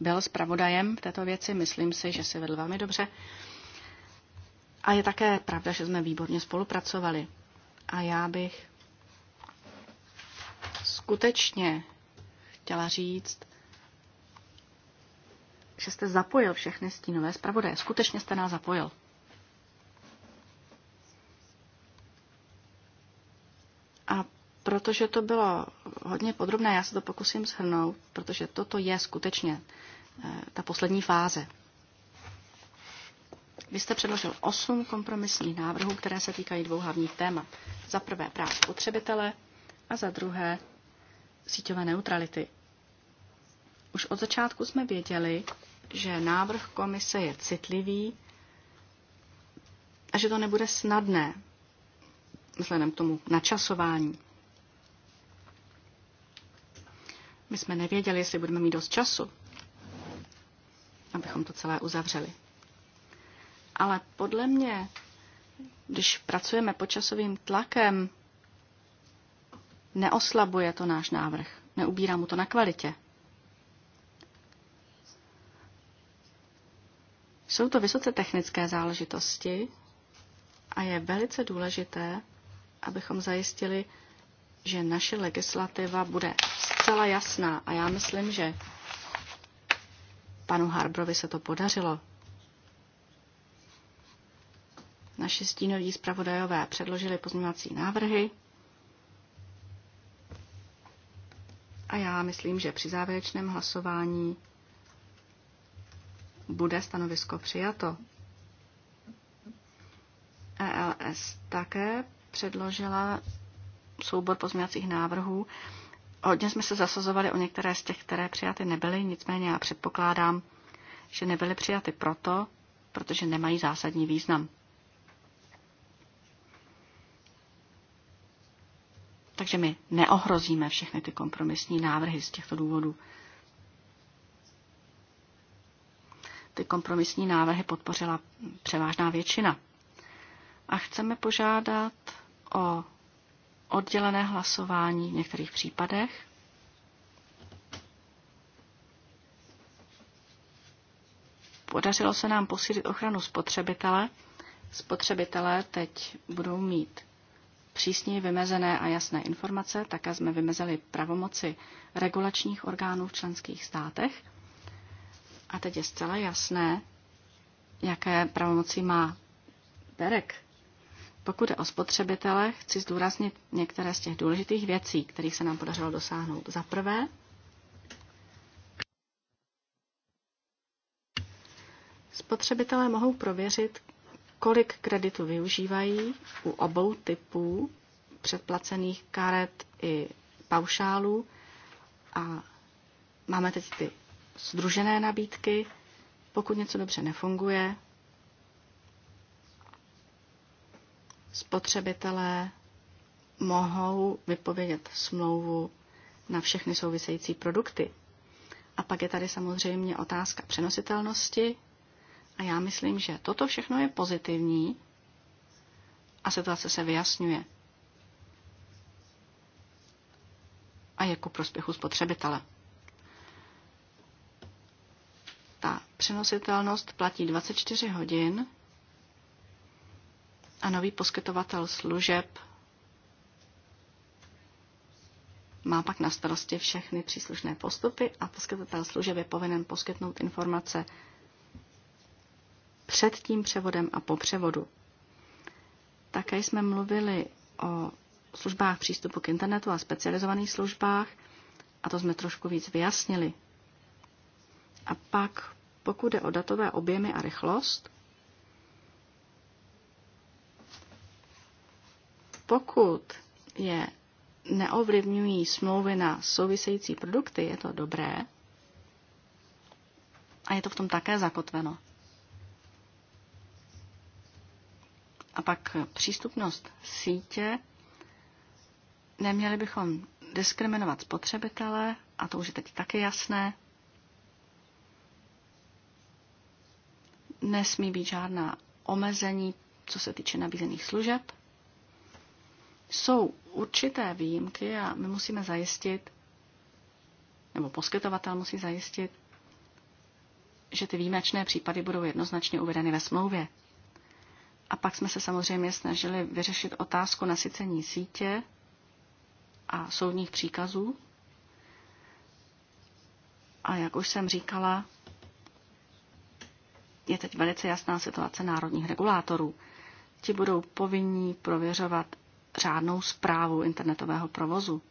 S2: byl zpravodajem v této věci. Myslím si, že si vedl velmi dobře. A je také pravda, že jsme výborně spolupracovali. A já bych skutečně chtěla říct, že jste zapojil všechny stínové zpravodaje. Skutečně jste nás zapojil. A protože to bylo hodně podrobné, já se to pokusím shrnout, protože toto je skutečně eh, ta poslední fáze. Vy jste předložil osm kompromisních návrhů, které se týkají dvou hlavních témat. Za prvé práv spotřebitele a za druhé síťové neutrality. Už od začátku jsme věděli, že návrh komise je citlivý a že to nebude snadné vzhledem k tomu načasování. My jsme nevěděli, jestli budeme mít dost času, abychom to celé uzavřeli. Ale podle mě, když pracujeme pod časovým tlakem, Neoslabuje to náš návrh, neubírá mu to na kvalitě. Jsou to vysoce technické záležitosti a je velice důležité, abychom zajistili, že naše legislativa bude zcela jasná. A já myslím, že panu Harbrovi se to podařilo. Naši stínoví zpravodajové předložili pozměňovací návrhy. A já myslím, že při závěrečném hlasování bude stanovisko přijato. ELS také předložila soubor pozměňovacích návrhů. Hodně jsme se zasazovali o některé z těch, které přijaty nebyly, nicméně já předpokládám, že nebyly přijaty proto, protože nemají zásadní význam. Takže my neohrozíme všechny ty kompromisní návrhy z těchto důvodů. Ty kompromisní návrhy podpořila převážná většina. A chceme požádat o oddělené hlasování v některých případech. Podařilo se nám posílit ochranu spotřebitele. Spotřebitelé teď budou mít přísněji vymezené a jasné informace, také jsme vymezili pravomoci regulačních orgánů v členských státech. A teď je zcela jasné, jaké pravomoci má Berek. Pokud je o spotřebitele, chci zdůraznit některé z těch důležitých věcí, kterých se nám podařilo dosáhnout. Za prvé, spotřebitelé mohou prověřit, kolik kreditu využívají u obou typů předplacených karet i paušálů. A máme teď ty združené nabídky. Pokud něco dobře nefunguje, spotřebitelé mohou vypovědět smlouvu na všechny související produkty. A pak je tady samozřejmě otázka přenositelnosti, a já myslím, že toto všechno je pozitivní a situace se vyjasňuje. A je ku prospěchu spotřebitele. Ta přenositelnost platí 24 hodin a nový poskytovatel služeb má pak na starosti všechny příslušné postupy a poskytovatel služeb je povinen poskytnout informace před tím převodem a po převodu. Také jsme mluvili o službách přístupu k internetu a specializovaných službách, a to jsme trošku víc vyjasnili. A pak, pokud jde o datové objemy a rychlost, pokud je neovlivňují smlouvy na související produkty, je to dobré a je to v tom také zakotveno. A pak přístupnost sítě. Neměli bychom diskriminovat spotřebitele, a to už je teď taky jasné. Nesmí být žádná omezení, co se týče nabízených služeb. Jsou určité výjimky a my musíme zajistit, nebo poskytovatel musí zajistit, že ty výjimečné případy budou jednoznačně uvedeny ve smlouvě. A pak jsme se samozřejmě snažili vyřešit otázku nasycení sítě a soudních příkazů. A jak už jsem říkala, je teď velice jasná situace národních regulátorů. Ti budou povinní prověřovat řádnou zprávu internetového provozu.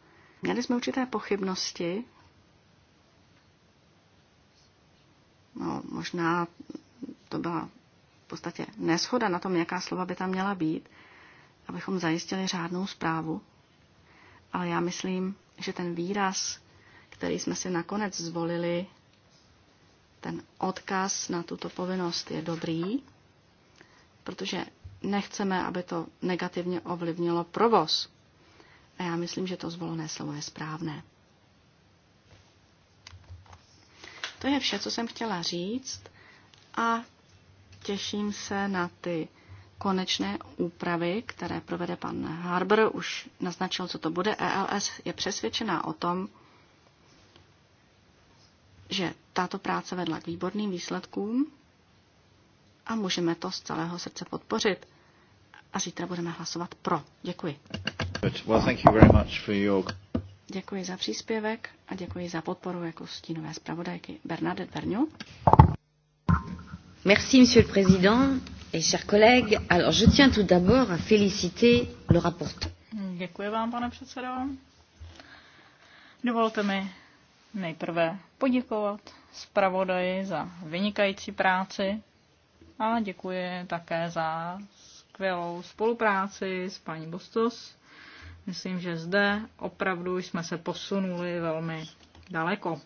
S2: Měli jsme určité pochybnosti, no, možná to byla podstatě neschoda na tom, jaká slova by tam měla být, abychom zajistili řádnou zprávu. Ale já myslím, že ten výraz, který jsme si nakonec zvolili, ten odkaz na tuto povinnost je dobrý, protože nechceme, aby to negativně ovlivnilo provoz. A já myslím, že to zvolené slovo je správné. To je vše, co jsem chtěla říct a těším se na ty konečné úpravy, které provede pan Harbour. Už naznačil, co to bude. ELS je přesvědčená o tom, že tato práce vedla k výborným výsledkům a můžeme to z celého srdce podpořit. A zítra budeme hlasovat pro. Děkuji. Děkuji za příspěvek a děkuji za podporu jako stínové zpravodajky. Bernadette Verňu.
S4: Monsieur le Président et chers
S2: collègues. je tiens tout d'abord à féliciter le rapporteur.
S1: Děkuji vám, pane předsedo. Dovolte mi nejprve poděkovat zpravodaji za vynikající práci a děkuji také za skvělou spolupráci s paní Bostos. Myslím, že zde opravdu jsme se posunuli velmi daleko.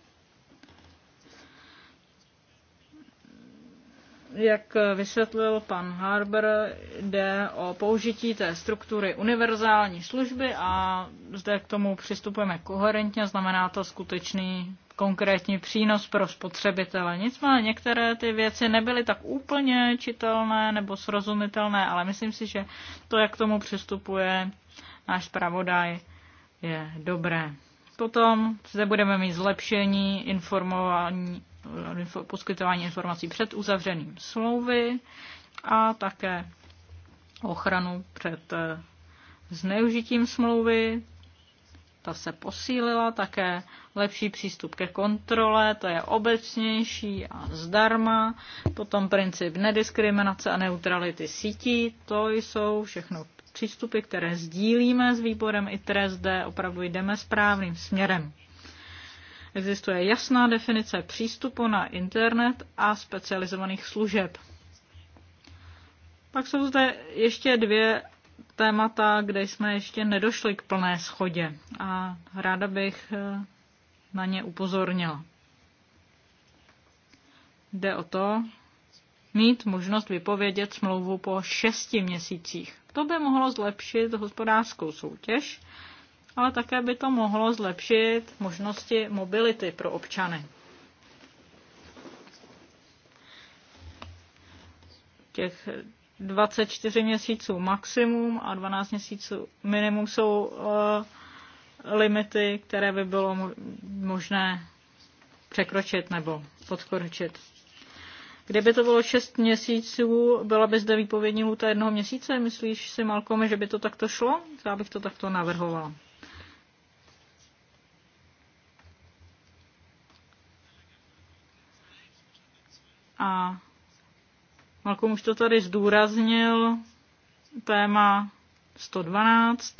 S1: jak vysvětlil pan Harber, jde o použití té struktury univerzální služby a zde k tomu přistupujeme koherentně, znamená to skutečný konkrétní přínos pro spotřebitele. Nicméně některé ty věci nebyly tak úplně čitelné nebo srozumitelné, ale myslím si, že to, jak k tomu přistupuje náš pravodaj, je dobré. Potom zde budeme mít zlepšení informování poskytování informací před uzavřením smlouvy a také ochranu před eh, zneužitím smlouvy. Ta se posílila také lepší přístup ke kontrole, to je obecnější a zdarma. Potom princip nediskriminace a neutrality sítí, to jsou všechno přístupy, které sdílíme s výborem ITRE, zde opravdu jdeme správným směrem. Existuje jasná definice přístupu na internet a specializovaných služeb. Pak jsou zde ještě dvě témata, kde jsme ještě nedošli k plné schodě a ráda bych eh, na ně upozornila. Jde o to, mít možnost vypovědět smlouvu po šesti měsících. To by mohlo zlepšit hospodářskou soutěž ale také by to mohlo zlepšit možnosti mobility pro občany. Těch 24 měsíců maximum a 12 měsíců minimum jsou eh, limity, které by bylo možné překročit nebo podkročit. Kdyby to bylo 6 měsíců, byla by zde výpovědní lhůta jednoho měsíce? Myslíš si, Malkome, že by to takto šlo? Já bych to takto navrhovala. A Malkom už to tady zdůraznil, téma 112,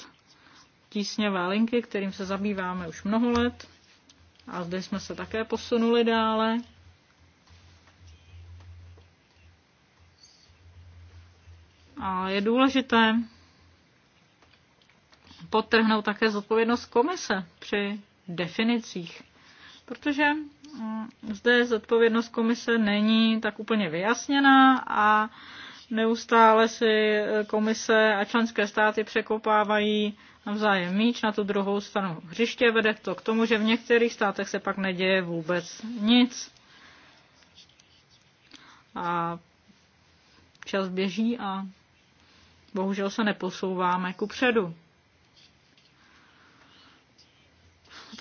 S1: tísňové linky, kterým se zabýváme už mnoho let. A zde jsme se také posunuli dále. A je důležité podtrhnout také zodpovědnost komise při definicích protože mm, zde zodpovědnost komise není tak úplně vyjasněná a neustále si eh, komise a členské státy překopávají navzájem míč na tu druhou stranu hřiště. Vede to k tomu, že v některých státech se pak neděje vůbec nic. A čas běží a bohužel se neposouváme ku předu.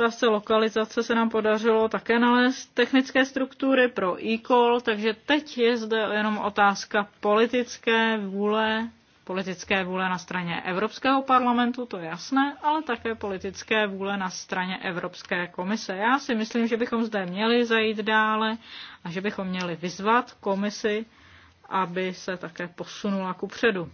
S1: otázce lokalizace se nám podařilo také nalézt technické struktury pro e-call, takže teď je zde jenom otázka politické vůle, politické vůle na straně Evropského parlamentu, to je jasné, ale také politické vůle na straně Evropské komise. Já si myslím, že bychom zde měli zajít dále a že bychom měli vyzvat komisi, aby se také posunula ku předu.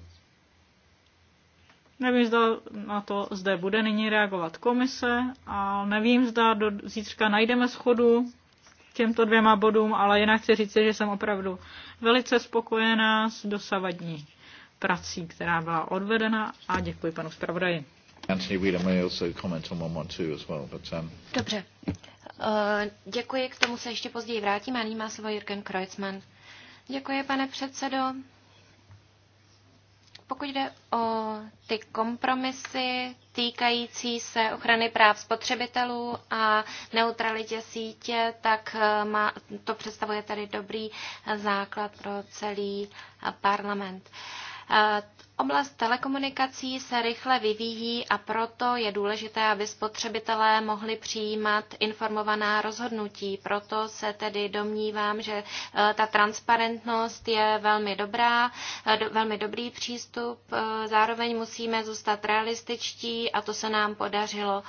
S1: Nevím, zda na to zde bude nyní reagovat komise a nevím, zda do zítřka najdeme schodu těmto dvěma bodům, ale jinak chci říct, že jsem opravdu velice spokojená s dosavadní prací, která byla odvedena a děkuji panu zpravodaji. Um,
S4: Dobře. Eh, děkuji, k tomu se ještě později vrátím a nyní má slovo Jürgen Kreuzmann. Děkuji, pane předsedo. Pokud jde o ty kompromisy týkající se ochrany práv spotřebitelů a neutralitě sítě, tak eh, má, to představuje tady dobrý eh, základ pro celý eh, parlament. Uh, Eh, oblast telekomunikací se rychle vyvíjí a proto je důležité, aby spotřebitelé mohli přijímat informovaná rozhodnutí. Proto se tedy domnívám, že eh, ta transparentnost je velmi dobrá, eh, velmi dobrý přístup. Zároveň musíme zůstat realističtí a to se nám podařilo.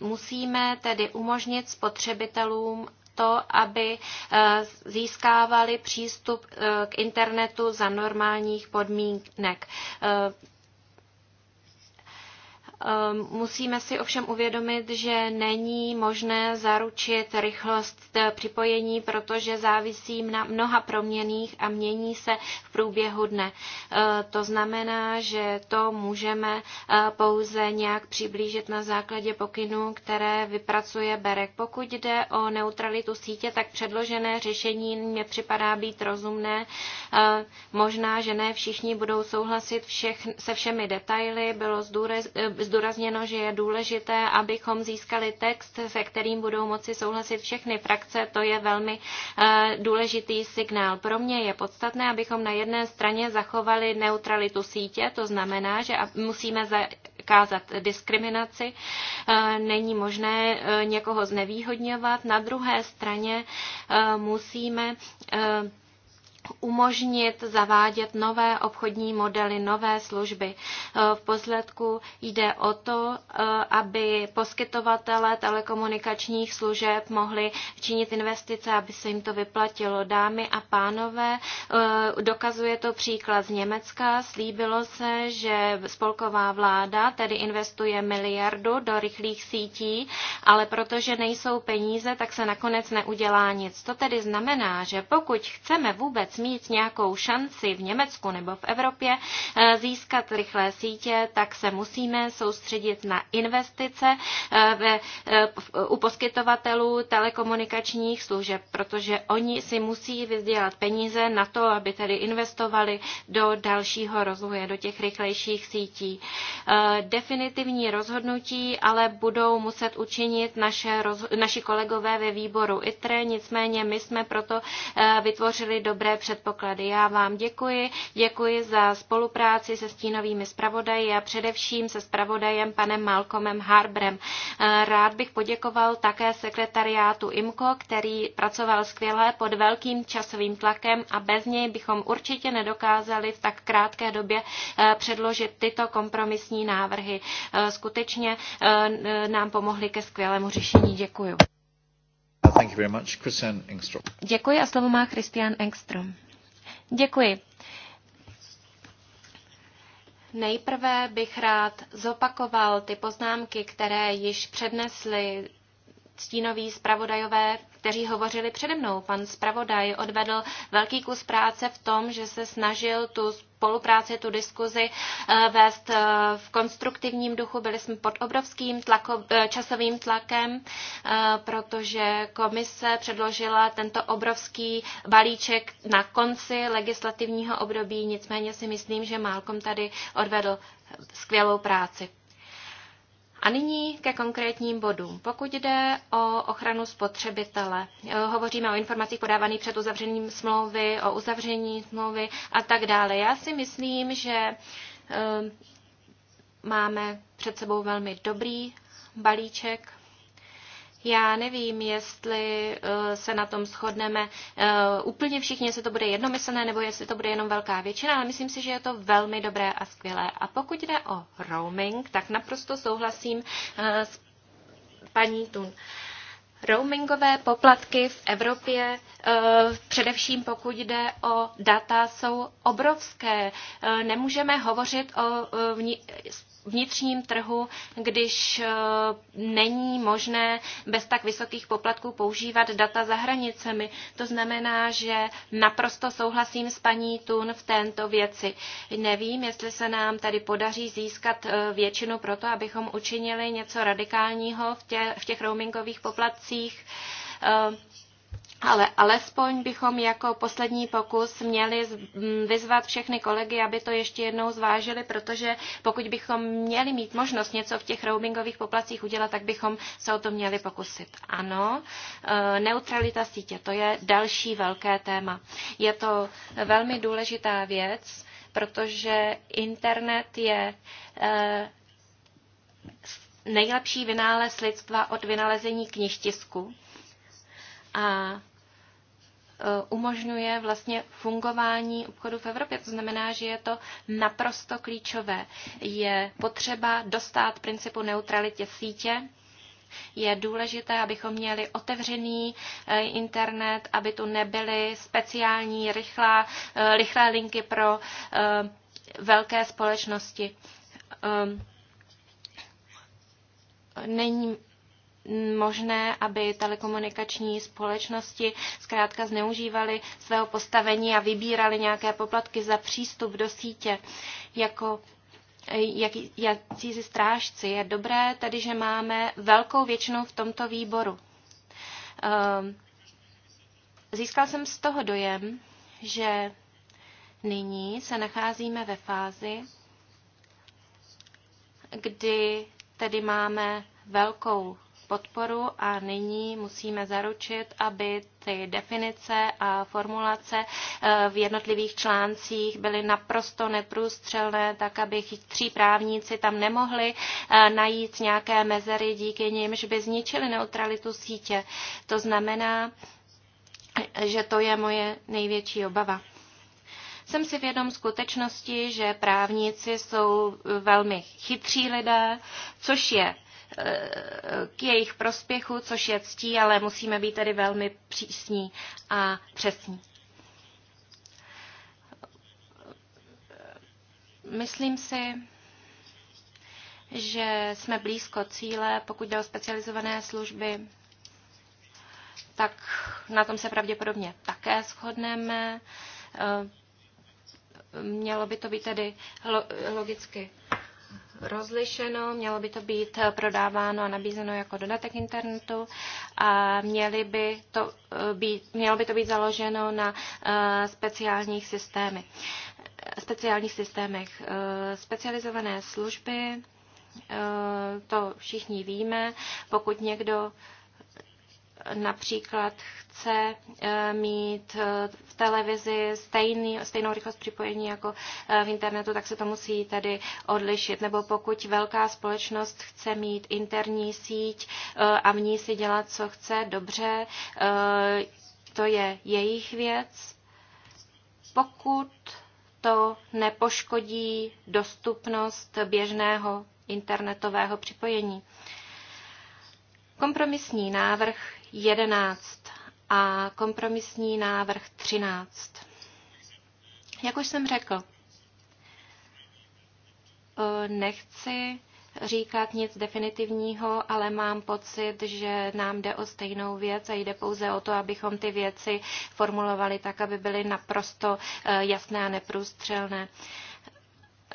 S4: Musíme tedy umožnit spotřebitelům to, aby eh, získávali přístup eh, k internetu za normálních podmínek. Eh, Ehm, musíme si ovšem uvědomit, že není možné zaručit rychlost připojení, protože závisí na mnoha proměných a mění se v průběhu dne. Ehm, to znamená, že to můžeme ehm, pouze nějak přiblížit na základě pokynů, které vypracuje Berek. Pokud jde o neutralitu sítě, tak předložené řešení mě připadá být rozumné. Možná, že ne všichni budou souhlasit všech, se všemi detaily. Bylo zdůraz, zdůrazněno, že je důležité, abychom získali text, se kterým budou moci souhlasit všechny frakce. To je velmi eh, důležitý signál. Pro mě je podstatné, abychom na jedné straně zachovali neutralitu sítě, to znamená, že musíme zakázat diskriminaci, eh, není možné eh, někoho znevýhodňovat. Na druhé straně musíme umožnit zavádět nové obchodní modely, nové služby. E, v posledku jde o to, e, aby poskytovatele telekomunikačních služeb mohli činit investice, aby se jim to vyplatilo. Dámy a pánové, e, dokazuje to příklad z Německa. Slíbilo se, že spolková vláda tedy investuje miliardu do rychlých sítí, ale protože nejsou peníze, tak se nakonec neudělá nic. To tedy znamená, že pokud chceme vůbec mít nějakou šanci v Německu nebo v Evropě eh, získat rychlé sítě, tak se musíme soustředit na investice eh, ve, eh, u poskytovatelů telekomunikačních služeb, protože oni si musí vydělat peníze na to, aby tedy investovali do dalšího rozvoje, do těch rychlejších sítí. Definitivní rozhodnutí ale budou muset učinit naše, naši kolegové ve výboru ITRE, nicméně my jsme proto vytvořili dobré předpoklady. Já vám děkuji, děkuji za spolupráci se stínovými zpravodaji a především se zpravodajem panem Malcolmem Harbrem. Rád bych poděkoval také sekretariátu IMCO, který pracoval skvěle pod velkým časovým tlakem a bez něj bychom určitě nedokázali v tak krátké době eh, předložit tyto kompromisní návrhy. Eh, skutečně eh, nám pomohli ke skvělému řešení. Děkuji. Uh, Děkuji a slovo má Christian Engström. Děkuji. Nejprve bych rád zopakoval ty poznámky, které již přednesli stínoví zpravodajové kteří hovořili přede mnou. Pan zpravodaj odvedl velký kus práce v tom, že se snažil tu spolupráci, tu diskuzi eh, vést eh, v konstruktivním duchu. Byli jsme pod obrovským tlako, eh, časovým tlakem, protože komise předložila tento obrovský balíček na konci legislativního období. Nicméně si myslím, že Malcolm tady odvedl skvělou práci. A nyní ke konkrétním bodům. Pokud jde o ochranu spotřebitele, hovoříme o informacích podávaných před uzavřením smlouvy, o uzavření smlouvy a tak dále. Já si myslím, že eh, máme před sebou velmi dobrý balíček já nevím, jestli eh, se na tom shodneme eh, úplně všichni, jestli to bude jednomyslné, nebo jestli to bude jenom velká většina, ale myslím si, že je to velmi dobré a skvělé. A pokud jde o roaming, tak naprosto souhlasím eh, s paní Tun. Roamingové poplatky v Evropě, především pokud jde o data, jsou obrovské. Nemůžeme hovořit o vnitřním trhu, když eh, není možné bez tak vysokých poplatků používat data za hranicemi. To znamená, že naprosto souhlasím s paní Tun v této věci. Nevím, jestli se nám tady podaří získat eh, většinu pro to, abychom učinili něco radikálního v těch roamingových poplatcích. Uh, ale alespoň bychom jako poslední pokus měli vyzvat všechny kolegy, aby to ještě jednou zvážili, protože pokud bychom měli mít možnost něco v těch roamingových poplacích udělat, tak bychom se o to měli pokusit. Ano, e, neutralita sítě, to je další velké téma. Je to velmi důležitá věc, protože internet je e, nejlepší vynález lidstva od vynalezení knihtisku a e, umožňuje vlastně fungování obchodu v Evropě. To znamená, že je to naprosto klíčové. Je potřeba dostat principu neutralitě sítě. Je důležité, abychom měli otevřený e, internet, aby tu nebyly speciální rychlá, e, rychlé linky pro velké společnosti. Není, možné, aby telekomunikační společnosti zkrátka zneužívaly svého postavení a vybíraly nějaké poplatky za přístup do sítě jako eh, jak, jakísi strážci. Je dobré tedy, že máme velkou většinu v tomto výboru. Ehm, získal jsem z toho dojem, že nyní se nacházíme ve fázi, kdy tedy máme velkou podporu a nyní musíme zaručit, aby ty definice a formulace eh, v jednotlivých článcích byly naprosto neprůstřelné, tak aby tří právníci tam nemohli eh, najít nějaké mezery, díky nimž by zničili neutralitu sítě. To znamená, že to je moje největší obava. Jsem si vědom skutečnosti, že právníci jsou eh, velmi chytří lidé, což je k jejich prospěchu, což je ctí, ale musíme být tedy velmi přísní a přesní. Myslím si, že jsme blízko cíle, pokud jde o specializované služby, tak na tom se pravděpodobně také shodneme. Eh, mělo by to být tedy logicky rozlišeno, mělo by to být prodáváno a nabízeno jako dodatek internetu a měly by to eh, být, mělo by to být založeno na eh, speciálních systémy eh, Speciálních systémech. Specializované služby, to všichni víme, pokud někdo například chce eh, mít eh, v televizi stejný, stejnou rychlost připojení jako eh, v internetu, tak se to musí tedy odlišit. Nebo pokud velká společnost chce mít interní síť a v ní si dělat, co chce, dobře, to je jejich věc. Pokud to nepoškodí dostupnost běžného internetového připojení. Kompromisní návrh 11 a kompromisní návrh 13. Jak už jsem řekl, eh, nechci říkat nic definitivního, ale mám pocit, že nám jde o stejnou věc a jde pouze o to, abychom ty věci formulovali tak, aby byly naprosto eh, jasné a neprůstřelné.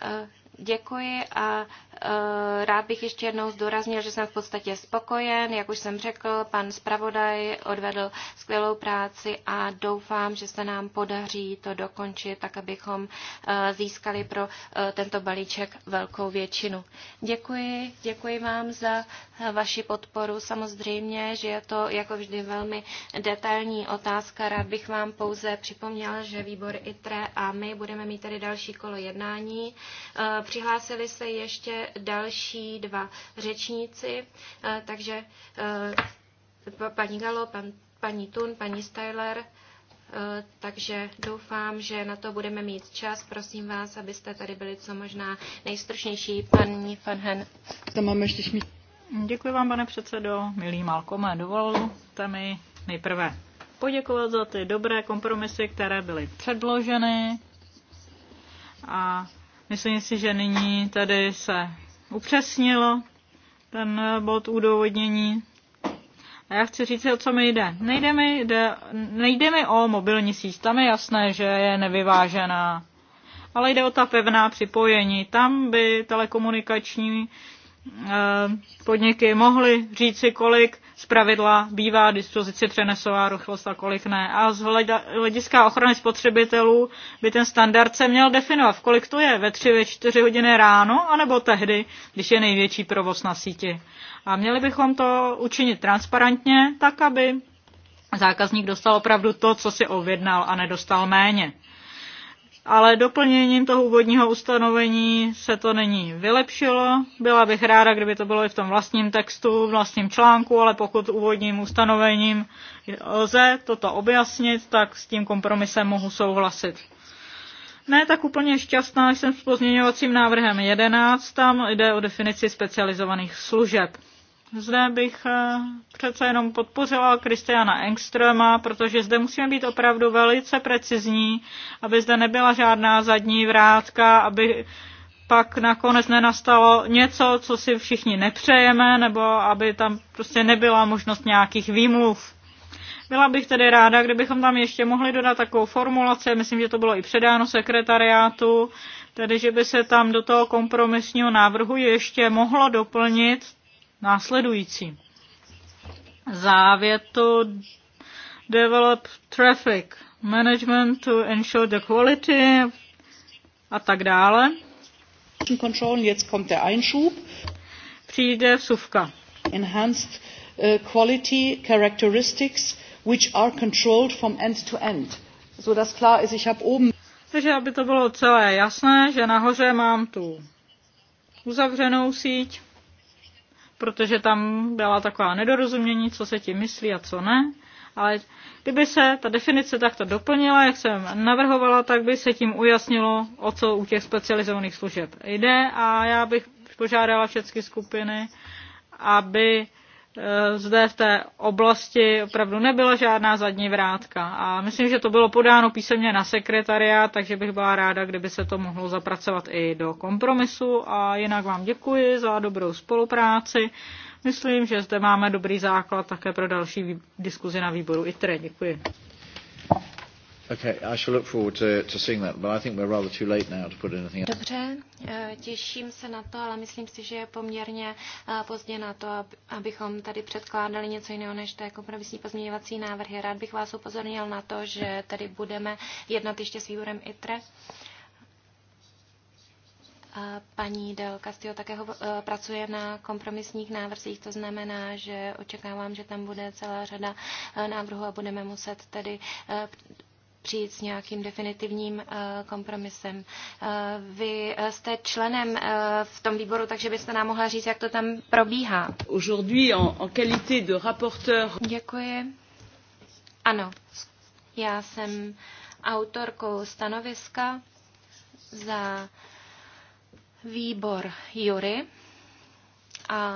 S4: Eh, Děkuji a e, rád bych ještě jednou zdůraznil, že jsem v podstatě spokojen. Jak už jsem řekl, pan zpravodaj odvedl skvělou práci a doufám, že se nám podaří to dokončit, tak abychom e, získali pro e, tento balíček velkou většinu. Děkuji, děkuji vám za vaši podporu. Samozřejmě, že je to jako vždy velmi detailní otázka. Rád bych vám pouze připomněl, že výbor ITRE a my budeme mít tady další kolo jednání. Přihlásili se ještě další dva řečníci, eh, takže eh, paní Galo, pan, paní Tun, paní Styler, eh, takže doufám, že na to budeme mít čas. Prosím vás, abyste tady byli co možná nejstručnější, paní Fanhen. Děkuji vám, pane předsedo.
S1: Milý Malkome, dovolte mi nejprve poděkovat za ty dobré kompromisy, které byly předloženy a Myslím si, že nyní tady se upřesnilo ten bod údovodnění. A já chci říct, o co mi jde. Nejde mi, jde, nejde mi o mobilní síť, tam je jasné, že je nevyvážená. Ale jde o ta pevná připojení. Tam by telekomunikační Eh, podniky mohly říci, kolik z pravidla bývá dispozici přenesová rychlost a kolik ne. A z hlediska ochrany spotřebitelů by ten standard se měl definovat, kolik to je, ve 3, ve 4 hodiny ráno, anebo tehdy, když je největší provoz na síti. A měli bychom to učinit transparentně, tak aby zákazník dostal opravdu to, co si objednal a nedostal méně ale doplněním toho úvodního ustanovení se to není vylepšilo. Byla bych ráda, kdyby to bylo i v tom vlastním textu, vlastním článku, ale pokud úvodním ustanovením lze toto objasnit, tak s tím kompromisem mohu souhlasit. Ne tak úplně šťastná jsem s pozměňovacím návrhem 11, tam jde o definici specializovaných služeb. Zde bych eh, přece jenom podpořila Kristiana Engströma, protože zde musíme být opravdu velice precizní, aby zde nebyla žádná zadní vrátka, aby pak nakonec nenastalo něco, co si všichni nepřejeme, nebo aby tam prostě nebyla možnost nějakých výmluv. Byla bych tedy ráda, kdybychom tam ještě mohli dodat takovou formulaci, myslím, že to bylo i předáno sekretariátu, tedy že by se tam do toho kompromisního návrhu ještě mohlo doplnit následující. Závětu develop traffic management to ensure the quality a tak dále. Control, jetzt kommt der Einschub. Přijde vsuvka. Enhanced uh, quality characteristics which are controlled from end to end. So dass klar ist, ich habe oben Takže aby to bylo celé jasné, že nahoře mám tu uzavřenou síť protože tam byla taková nedorozumění, co se tím myslí a co ne. Ale kdyby se ta definice takto doplnila, jak jsem navrhovala, tak by se tím ujasnilo, o co u těch specializovaných služeb jde. A já bych požádala všechny skupiny, aby Eh, zde v té oblasti opravdu nebyla žádná zadní vrátka. A myslím, že to bylo podáno písemně na sekretariát, takže bych byla ráda, kdyby se to mohlo zapracovat i do kompromisu. A jinak vám děkuji za dobrou spolupráci. Myslím, že zde máme dobrý základ také pro další diskuzi na výboru ITRE. Děkuji. Okay, I shall look forward to, to seeing that, but I think we're rather too late now to put anything
S4: Dobře, eh, těším se na to, ale myslím si, že je poměrně eh, pozdě na to, abychom tady předkládali něco jiného než té kompromisní pozměňovací návrhy. Rád bych vás upozornil na to, že tady budeme jednat ještě s výborem ITRE. Paní Del Castillo také ho, eh, pracuje na kompromisních návrzích, to znamená, že očekávám, že tam bude celá řada návrhů a budeme muset tedy přijít s nějakým definitivním eh, kompromisem. Eh, vy eh, jste členem v tom výboru, takže byste nám mohla říct, jak to tam probíhá. Aujourd'hui en, en qualité de rapporteur. Děkuji. Ano, já jsem autorkou stanoviska za výbor Jury a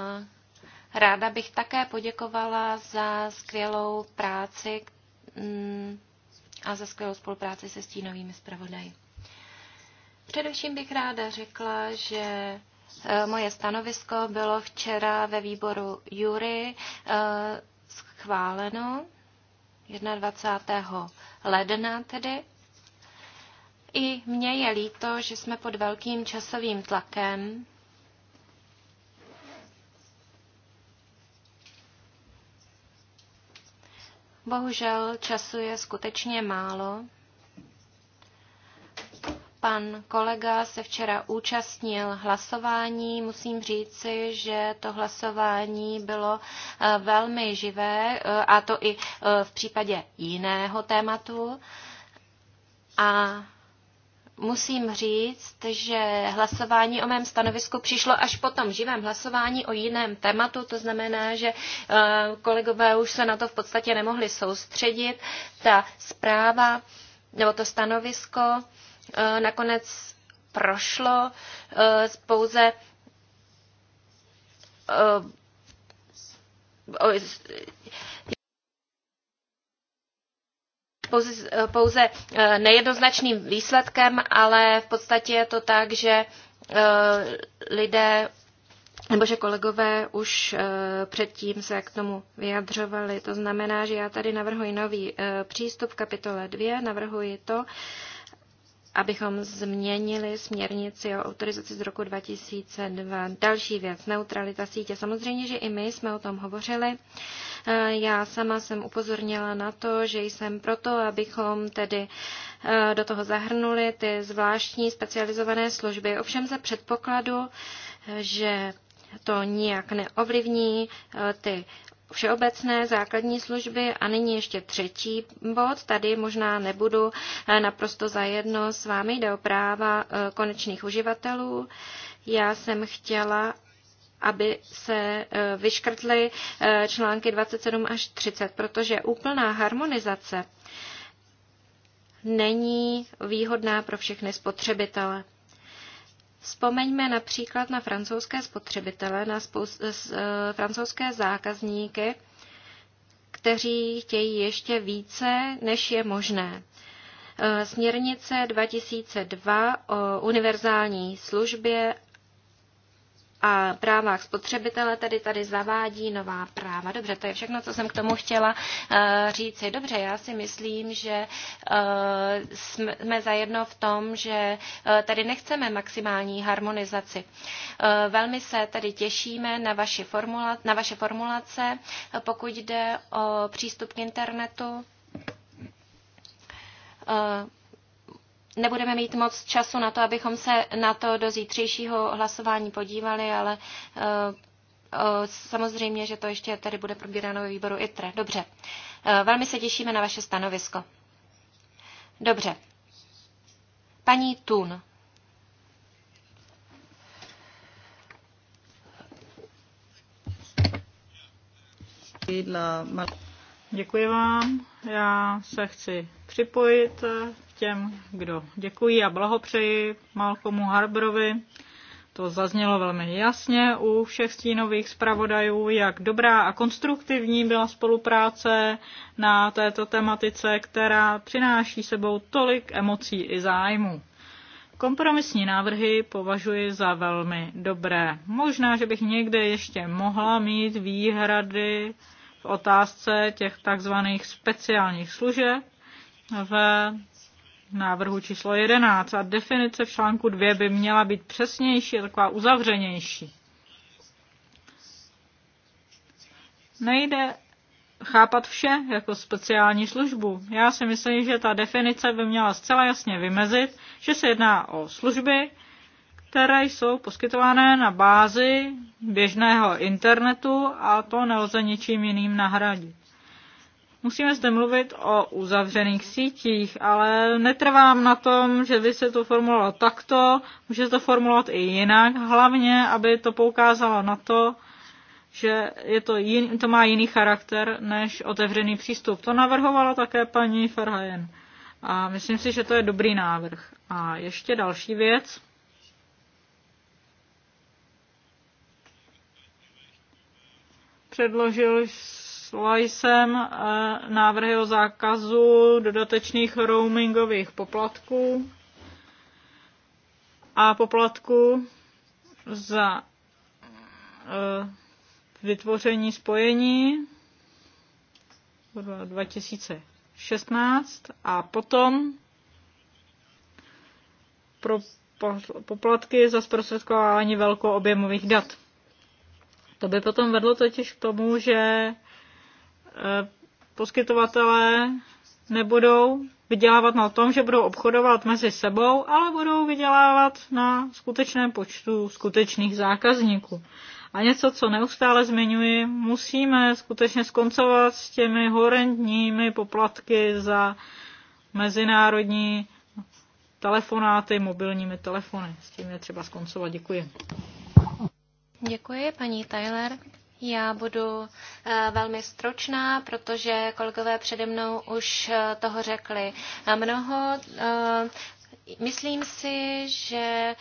S4: ráda bych také poděkovala za skvělou práci, mm, a za skvělou spolupráci se stínovými zpravodaji. Především bych ráda řekla, že eh, moje stanovisko bylo včera ve výboru Jury eh, schváleno 21. ledna tedy. I mně je líto, že jsme pod velkým časovým tlakem Bohužel času je skutečně málo. Pan kolega se včera účastnil hlasování. Musím říci, že to hlasování bylo eh, velmi živé, eh, a to i eh, v případě jiného tématu. A musím říct, že hlasování o mém stanovisku přišlo až po tom živém hlasování o jiném tématu, to znamená, že eh, kolegové už se na to v podstatě nemohli soustředit. Ta zpráva nebo to stanovisko eh, nakonec prošlo eh, pouze pouze eh, nejednoznačným výsledkem, ale v podstatě je to tak, že eh, lidé nebo že kolegové už eh, předtím se k tomu vyjadřovali. To znamená, že já tady navrhuji nový přístup v kapitole 2, navrhuji to, abychom změnili směrnici o autorizaci z roku 2002. Další věc, neutralita sítě. Samozřejmě, že i my jsme o tom hovořili. Eh, já sama jsem upozornila na to, že jsem proto, abychom tedy eh, do toho zahrnuli ty zvláštní specializované služby. Ovšem za předpokladu, eh, že to nijak neovlivní ty všeobecné základní služby a nyní ještě třetí bod. Tady možná nebudu eh, naprosto zajedno s vámi, jde o práva eh, konečných uživatelů. Já jsem chtěla, aby se eh, vyškrtly články 27 až 30, protože úplná harmonizace není výhodná pro všechny spotřebitele. Vzpomeňme například na francouzské spotřebitele, na eh, francouzské zákazníky, kteří chtějí ještě více, než je možné. Eh, směrnice 2002 o univerzální službě a právách spotřebitele, tedy tady zavádí nová práva. Dobře, to je všechno, co jsem k tomu chtěla eh, říci. Dobře, já si myslím, že eh, jsme zajedno v tom, že eh, tady nechceme maximální harmonizaci. Velmi se tedy těšíme na, vaši formula, na vaše formulace, pokud jde o přístup k internetu nebudeme mít moc času na to, abychom se na to do zítřejšího hlasování podívali, ale eh, eh, samozřejmě, že to ještě tady bude probíráno ve výboru ITRE. Dobře. Eh, velmi se těšíme na vaše stanovisko. Dobře. Paní Tun.
S1: Děkuji vám. Já se chci připojit těm, kdo děkuji a blahopřeji Malcolmu Harbrovi. To zaznělo velmi jasně u všech stínových zpravodajů, jak dobrá a konstruktivní byla spolupráce na této tematice, která přináší sebou tolik emocí i zájmu. Kompromisní návrhy považuji za velmi dobré. Možná, že bych někde ještě mohla mít výhrady v otázce těch takzvaných speciálních služeb v návrhu číslo 11 a definice v článku 2 by měla být přesnější a taková uzavřenější. Nejde chápat vše jako speciální službu. Já si myslím, že ta definice by měla zcela jasně vymezit, že se jedná o služby, které jsou poskytované na bázi běžného internetu a to nelze ničím jiným nahradit. Musíme zde mluvit o uzavřených sítích, ale netrvám na tom, že by se to formulovalo takto, může se to formulovat i jinak, hlavně, aby to poukázalo na to, že je to, jin, to má jiný charakter než otevřený přístup. To navrhovala také paní Farhajen. A myslím si, že to je dobrý návrh. A ještě další věc. Předložil Poslala jsem eh, návrhy o zákazu dodatečných roamingových poplatků a poplatku za eh, vytvoření spojení 2016 a potom pro poplatky za zprostředkování velkoobjemových dat. To by potom vedlo totiž k tomu, že Eh, poskytovatelé nebudou vydělávat na tom, že budou obchodovat mezi sebou, ale budou vydělávat na skutečném počtu skutečných zákazníků. A něco, co neustále zmiňuji, musíme skutečně skoncovat s těmi horentními poplatky za mezinárodní telefonáty, mobilními telefony. S tím je třeba skoncovat. Děkuji.
S4: Děkuji, paní Tyler. Já budu eh, velmi stručná, protože kolegové přede mnou už eh, toho řekli mnoho. Eh, myslím si, že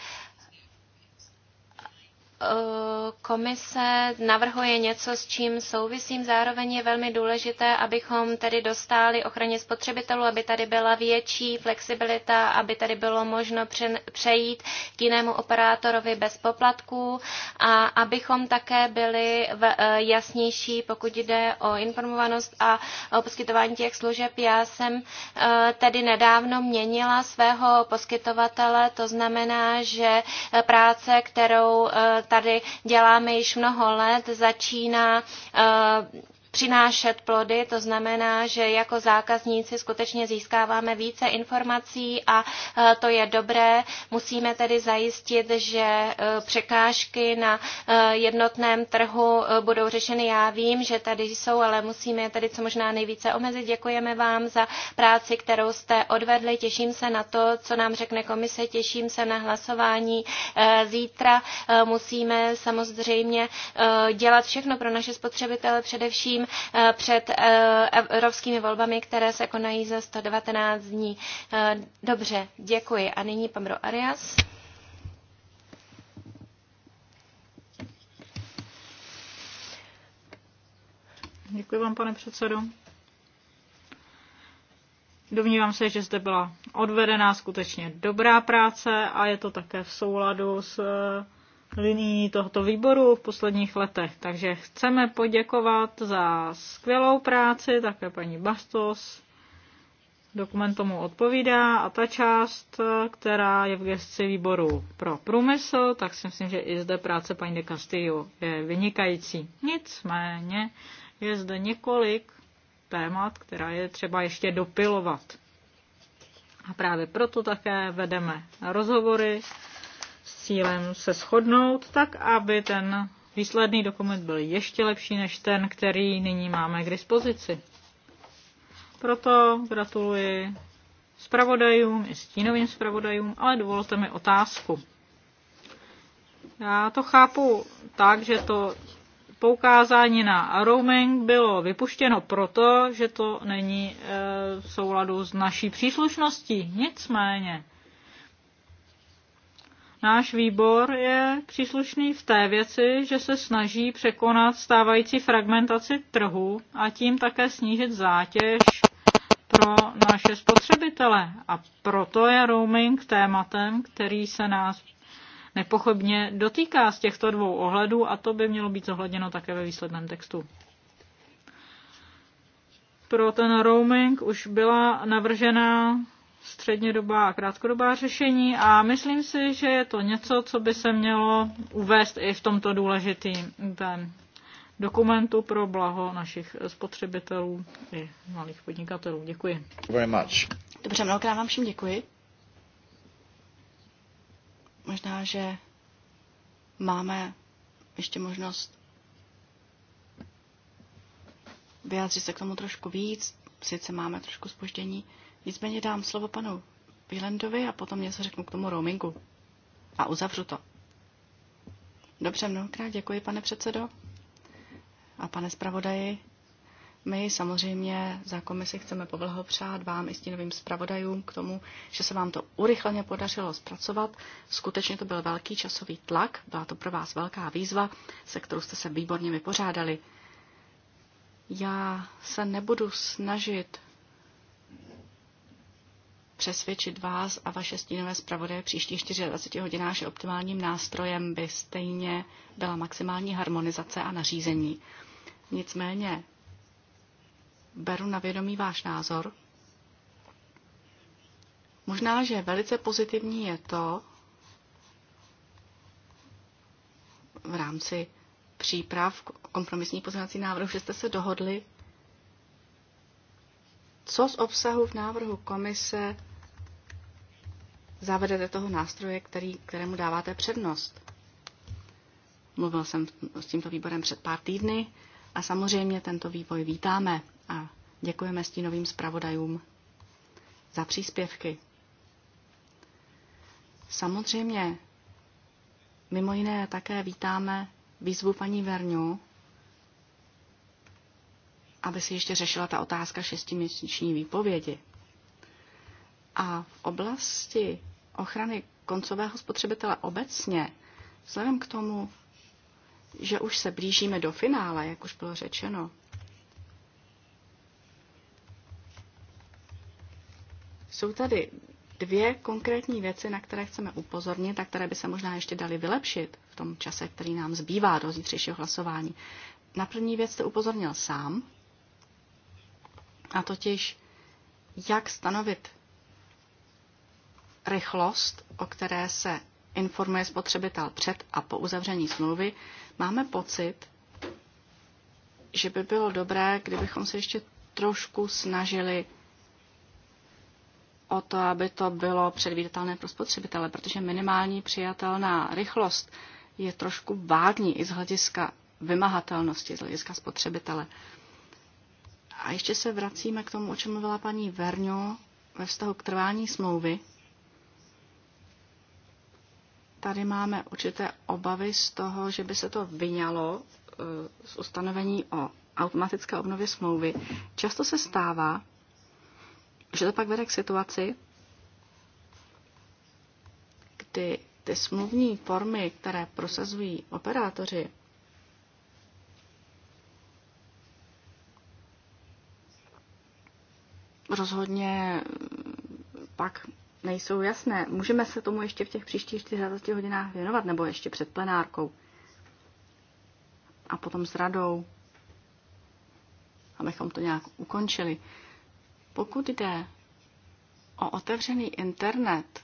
S4: komise navrhuje něco, s čím souvisím. Zároveň je velmi důležité, abychom tedy dostali ochraně spotřebitelů, aby tady byla větší flexibilita, aby tady bylo možno přejít k jinému operátorovi bez poplatků a abychom také byli eh, jasnější, pokud jde o informovanost a o poskytování těch služeb. Já jsem eh, tedy nedávno měnila svého poskytovatele, to znamená, že eh, práce, kterou tady děláme již mnoho let, začíná eh, přinášet plody, to znamená, že jako zákazníci skutečně získáváme více informací a e, to je dobré. Musíme tedy zajistit, že e, překážky na e, jednotném trhu budou řešeny. Já vím, že tady jsou, ale musíme je tady co možná nejvíce omezit. Děkujeme vám za práci, kterou jste odvedli. Těším se na to, co nám řekne komise. Těším se na hlasování zítra. Musíme samozřejmě dělat všechno pro naše spotřebitele, především Eh, před eh, evropskými volbami, které se konají za 119 dní. Eh, dobře, děkuji. A nyní Pamro Arias.
S1: Děkuji vám, pane předsedo. Domnívám se, že zde byla odvedená skutečně dobrá práce a je to také v souladu s linií tohoto výboru v posledních letech. Takže chceme poděkovat za skvělou práci, také paní Bastos. Dokument tomu odpovídá a ta část, která je v gestci výboru pro průmysl, tak si myslím, že i zde práce paní de Castillo je vynikající. Nicméně je zde několik témat, která je třeba ještě dopilovat. A právě proto také vedeme rozhovory s cílem se shodnout, tak aby ten výsledný dokument byl ještě lepší než ten, který nyní máme k dispozici. Proto gratuluji zpravodajům i stínovým zpravodajům, ale dovolte mi otázku. Já to chápu tak, že to poukázání na roaming bylo vypuštěno proto, že to není eh, v souladu s naší příslušností. Nicméně Náš výbor je příslušný v té věci, že se snaží překonat stávající fragmentaci trhu a tím také snížit zátěž pro naše spotřebitele. A proto je roaming tématem, který se nás nepochybně dotýká z těchto dvou ohledů a to by mělo být zohledněno také ve výsledném textu. Pro ten roaming už byla navržena střednědobá a krátkodobá řešení a myslím si, že je to něco, co by se mělo uvést i v tomto důležitém dokumentu pro blaho našich spotřebitelů i malých podnikatelů. Děkuji. Very much. Dobře, mnohokrát vám všem děkuji. Možná,
S2: že máme ještě možnost vyjádřit se k tomu trošku víc, sice máme trošku spoždění. Nicméně dám slovo panu Vilendovi a potom něco řeknu k tomu roamingu. A uzavřu to. Dobře, mnohokrát děkuji, pane předsedo a pane zpravodaji. My samozřejmě za komisi chceme poblahopřát vám i stínovým zpravodajům k tomu, že se vám to urychleně podařilo zpracovat. Skutečně to byl velký časový tlak, byla to pro vás velká výzva, se kterou jste se výborně vypořádali. Já se nebudu snažit přesvědčit vás a vaše stínové zpravodaje příští 24 hodinách, že optimálním nástrojem by stejně byla maximální harmonizace a nařízení. Nicméně beru na vědomí váš názor. Možná, že velice pozitivní je to v rámci příprav kompromisní pozměňovací návrhu, že jste se dohodli co z obsahu v návrhu komise zavedete toho nástroje, který, kterému dáváte přednost. Mluvil jsem s tímto výborem před pár týdny a samozřejmě tento vývoj vítáme a děkujeme stínovým zpravodajům za příspěvky. Samozřejmě mimo jiné také vítáme výzvu paní Verňu, aby se ještě řešila ta otázka šestiměsíční výpovědi. A v oblasti ochrany koncového spotřebitele obecně, vzhledem k tomu, že už se blížíme do finále, jak už bylo řečeno, jsou tady dvě konkrétní věci, na které chceme upozornit a které by se možná ještě dali vylepšit v tom čase, který nám zbývá do zítřejšího hlasování. Na první věc jste upozornil sám, a totiž, jak stanovit rychlost, o které se informuje spotřebitel před a po uzavření smlouvy, máme pocit, že by bylo dobré, kdybychom se ještě trošku snažili o to, aby to bylo předvídatelné pro spotřebitele, protože minimální přijatelná rychlost je trošku vágní i z hlediska vymahatelnosti, z hlediska spotřebitele. A ještě se vracíme k tomu, o čem mluvila paní Verňo ve vztahu k trvání smlouvy. Tady máme určité obavy z toho, že by se to vyňalo eh, z ustanovení o automatické obnově smlouvy. Často se stává, že to pak vede k situaci, kdy ty smluvní formy, které prosazují operátoři rozhodně pak nejsou jasné. Můžeme se tomu ještě v těch příštích 40 hodinách věnovat, nebo ještě před plenárkou. A potom s radou, abychom to nějak ukončili. Pokud jde o otevřený internet,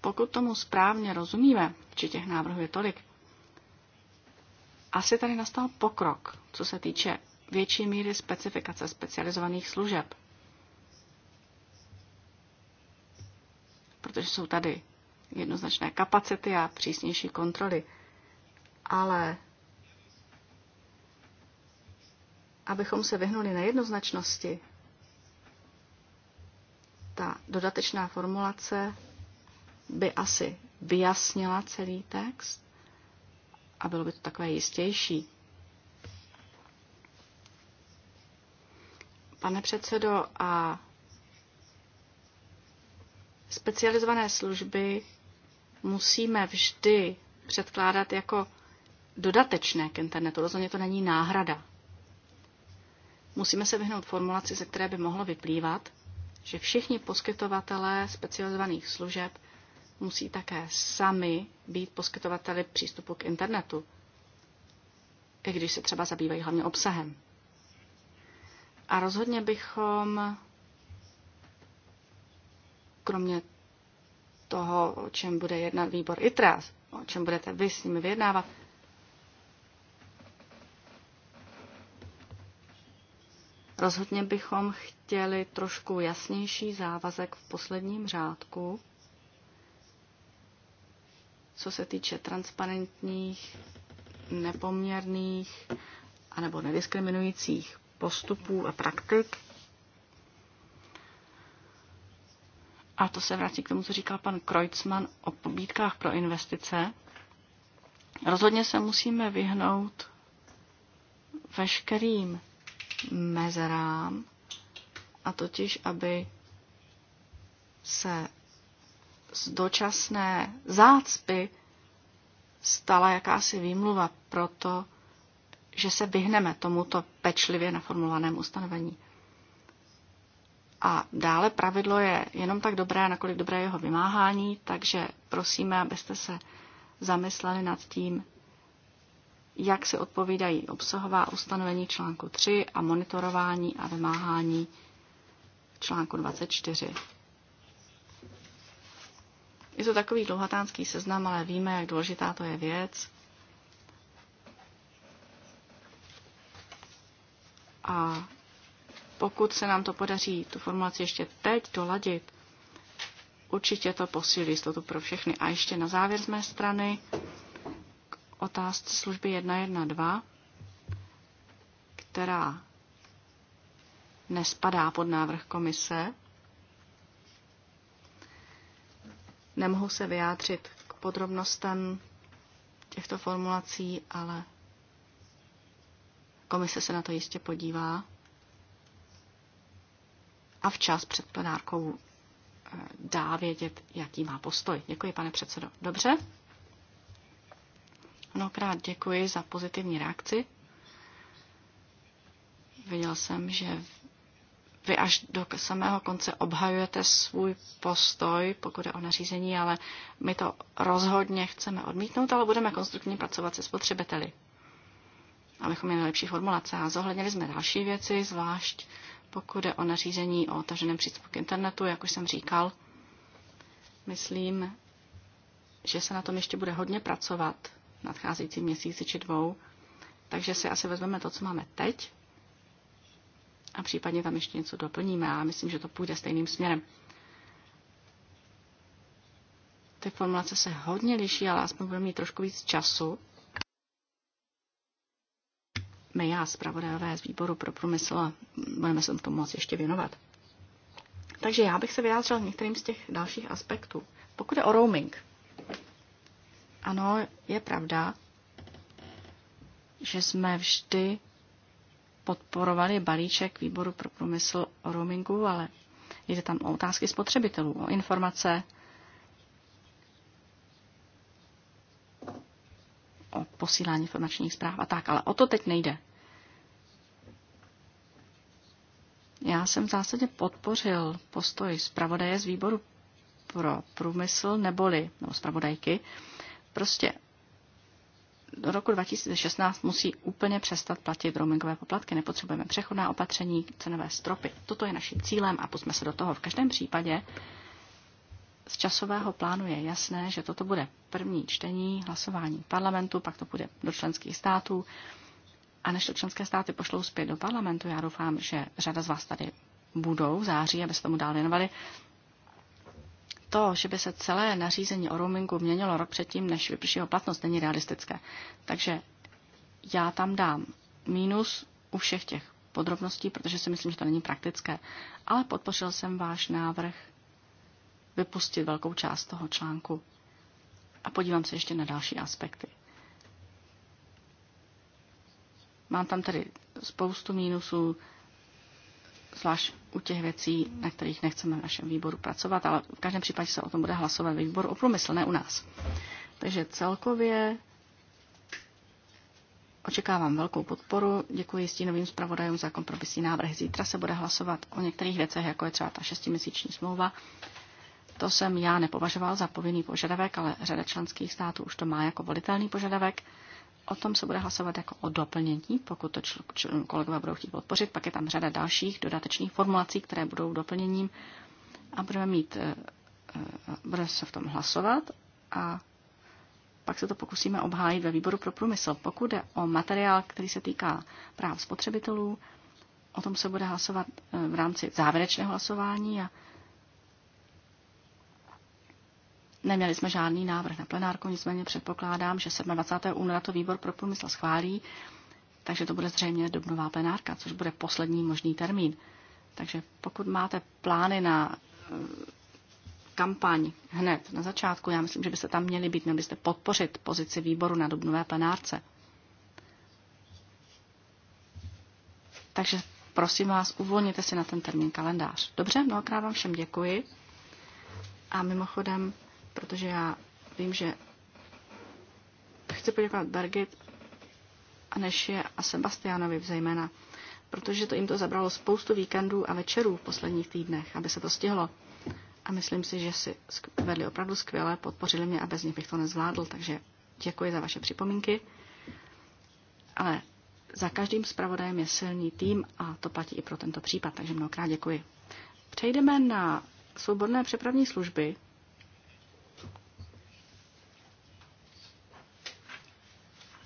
S2: pokud tomu správně rozumíme, či těch návrhů je tolik, asi tady nastal pokrok, co se týče větší míry specifikace specializovaných služeb. Protože jsou tady jednoznačné kapacity a přísnější kontroly. Ale abychom se vyhnuli nejednoznačnosti, ta dodatečná formulace by asi vyjasnila celý text a bylo by to takové jistější. Pane předsedo, a specializované služby musíme vždy předkládat jako dodatečné k internetu. Rozhodně to není náhrada. Musíme se vyhnout formulaci, ze které by mohlo vyplývat, že všichni poskytovatelé specializovaných služeb musí také sami být poskytovateli přístupu k internetu, i když se třeba zabývají hlavně obsahem. A rozhodně bychom, kromě toho, o čem bude jednat výbor ITRAS, o čem budete vy s nimi vyjednávat, Rozhodně bychom chtěli trošku jasnější závazek v posledním řádku co se týče transparentních, nepoměrných anebo nediskriminujících postupů a praktik. A to se vrátí k tomu, co říkal pan Kreutzmann o pobídkách pro investice. Rozhodně se musíme vyhnout veškerým mezerám, a totiž, aby se z dočasné zácpy stala jakási výmluva pro to, že se vyhneme tomuto pečlivě naformulovanému ustanovení. A dále pravidlo je jenom tak dobré, nakolik dobré jeho vymáhání, takže prosíme, abyste se zamysleli nad tím, jak se odpovídají obsahová ustanovení článku 3 a monitorování a vymáhání článku 24. Je to takový dlouhatánský seznam, ale víme, jak důležitá to je věc. A pokud se nám to podaří tu formulaci ještě teď doladit, určitě to posílí jistotu pro všechny. A ještě na závěr z mé strany k otázce služby 112, která nespadá pod návrh komise, Nemohu se vyjádřit k podrobnostem těchto formulací, ale komise se na to jistě podívá a včas před plenárkou eh, dá vědět, jaký má postoj. Děkuji, pane předsedo. Dobře? Mnohokrát děkuji za pozitivní reakci. Viděl jsem, že vy až do samého konce obhajujete svůj postoj, pokud je o nařízení, ale my to rozhodně chceme odmítnout, ale budeme konstruktivně pracovat se spotřebiteli, abychom měli lepší formulace. A zohlednili jsme další věci, zvlášť pokud je o nařízení o otevřeném přístupu k internetu, jak už jsem říkal, myslím, že se na tom ještě bude hodně pracovat v nadcházející měsíci či dvou, takže si asi vezmeme to, co máme teď, a případně tam ještě něco doplníme. A myslím, že to půjde stejným směrem. Ty formulace se hodně liší, ale aspoň budeme mít trošku víc času. My, já, zpravodajové z výboru pro průmysl, budeme se tomu moc ještě věnovat. Takže já bych se vyjádřil některým z těch dalších aspektů. Pokud je o roaming, ano, je pravda, že jsme vždy podporovali balíček výboru pro průmysl o roamingu, ale jde tam o otázky spotřebitelů, o informace, o posílání informačních zpráv a tak, ale o to teď nejde. Já jsem v zásadě podpořil postoj zpravodaje z výboru pro průmysl neboli, nebo zpravodajky. Prostě do roku 2016 musí úplně přestat platit roamingové poplatky. Nepotřebujeme přechodná opatření, cenové stropy. Toto je naším cílem a pusme se do toho. V každém případě z časového plánu je jasné, že toto bude první čtení, hlasování parlamentu, pak to bude do členských států. A než to členské státy pošlou zpět do parlamentu, já doufám, že řada z vás tady budou v září, aby se tomu dál věnovali, to, že by se celé nařízení o roamingu měnilo rok předtím, než vyprší jeho platnost, není realistické. Takže já tam dám mínus u všech těch podrobností, protože si myslím, že to není praktické. Ale podpořil jsem váš návrh vypustit velkou část toho článku a podívám se ještě na další aspekty. Mám tam tedy spoustu mínusů, zvlášť u těch věcí, na kterých nechceme v našem výboru pracovat, ale v každém případě se o tom bude hlasovat výbor. o průmysl, ne u nás. Takže celkově očekávám velkou podporu. Děkuji stínovým zpravodajům za kompromisní návrh. Zítra se bude hlasovat o některých věcech, jako je třeba ta šestiměsíční smlouva. To jsem já nepovažoval za povinný požadavek, ale řada členských států už to má jako volitelný požadavek. O tom se bude hlasovat jako o doplnění, pokud to čl- čl- kolegové budou chtít podpořit. Pak je tam řada dalších dodatečných formulací, které budou doplněním a budeme mít, eh, eh, bude se v tom hlasovat a pak se to pokusíme obhájit ve výboru pro průmysl. Pokud jde o materiál, který se týká práv spotřebitelů, o tom se bude hlasovat eh, v rámci závěrečného hlasování a Neměli jsme žádný návrh na plenárku, nicméně předpokládám, že 27. února to výbor pro průmysl schválí, takže to bude zřejmě dubnová plenárka, což bude poslední možný termín. Takže pokud máte plány na eh, kampaň hned na začátku, já myslím, že byste tam měli být, měli byste podpořit pozici výboru na dubnové plenárce. Takže prosím vás, uvolněte si na ten termín kalendář. Dobře, mnohokrát vám všem děkuji. A mimochodem, protože já vím, že chci poděkovat Bergit a Neše a Sebastianovi zejména, protože to jim to zabralo spoustu víkendů a večerů v posledních týdnech, aby se to stihlo. A myslím si, že si vedli opravdu skvěle, podpořili mě a bez nich bych to nezvládl, takže děkuji za vaše připomínky. Ale za každým zpravodajem je silný tým a to platí i pro tento případ, takže mnohokrát děkuji. Přejdeme na svobodné přepravní služby,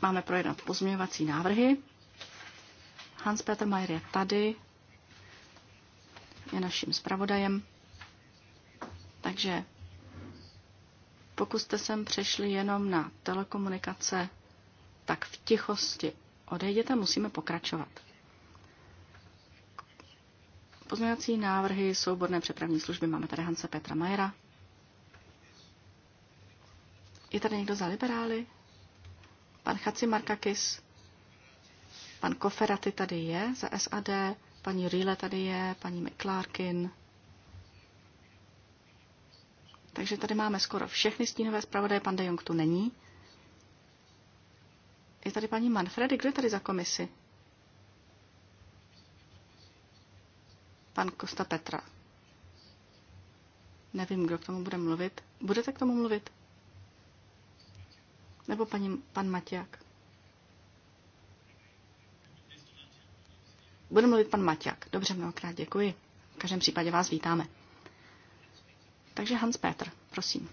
S2: máme projednat pozměňovací návrhy. Hans Peter Mayer je tady, je naším zpravodajem. Takže pokud jste sem přešli jenom na telekomunikace, tak v tichosti odejděte, musíme pokračovat. Pozměňovací návrhy souborné přepravní služby máme tady Hanse Petra Majera. Je tady někdo za liberály? Pan Chaci Markakis, pan Koferaty tady je za SAD, paní Rýle tady je, paní McClarkin. Takže tady máme skoro všechny stínové zpravodaje, pan De Jong tu není. Je tady paní Manfredy, kdo je tady za komisi? Pan Kosta Petra. Nevím, kdo k tomu bude mluvit. Budete k tomu mluvit? Nebo paní, pan Maťák? Bude mluvit pan Maťák. Dobře, mnohokrát děkuji. V každém případě vás vítáme.
S1: Takže Hans Petr, prosím.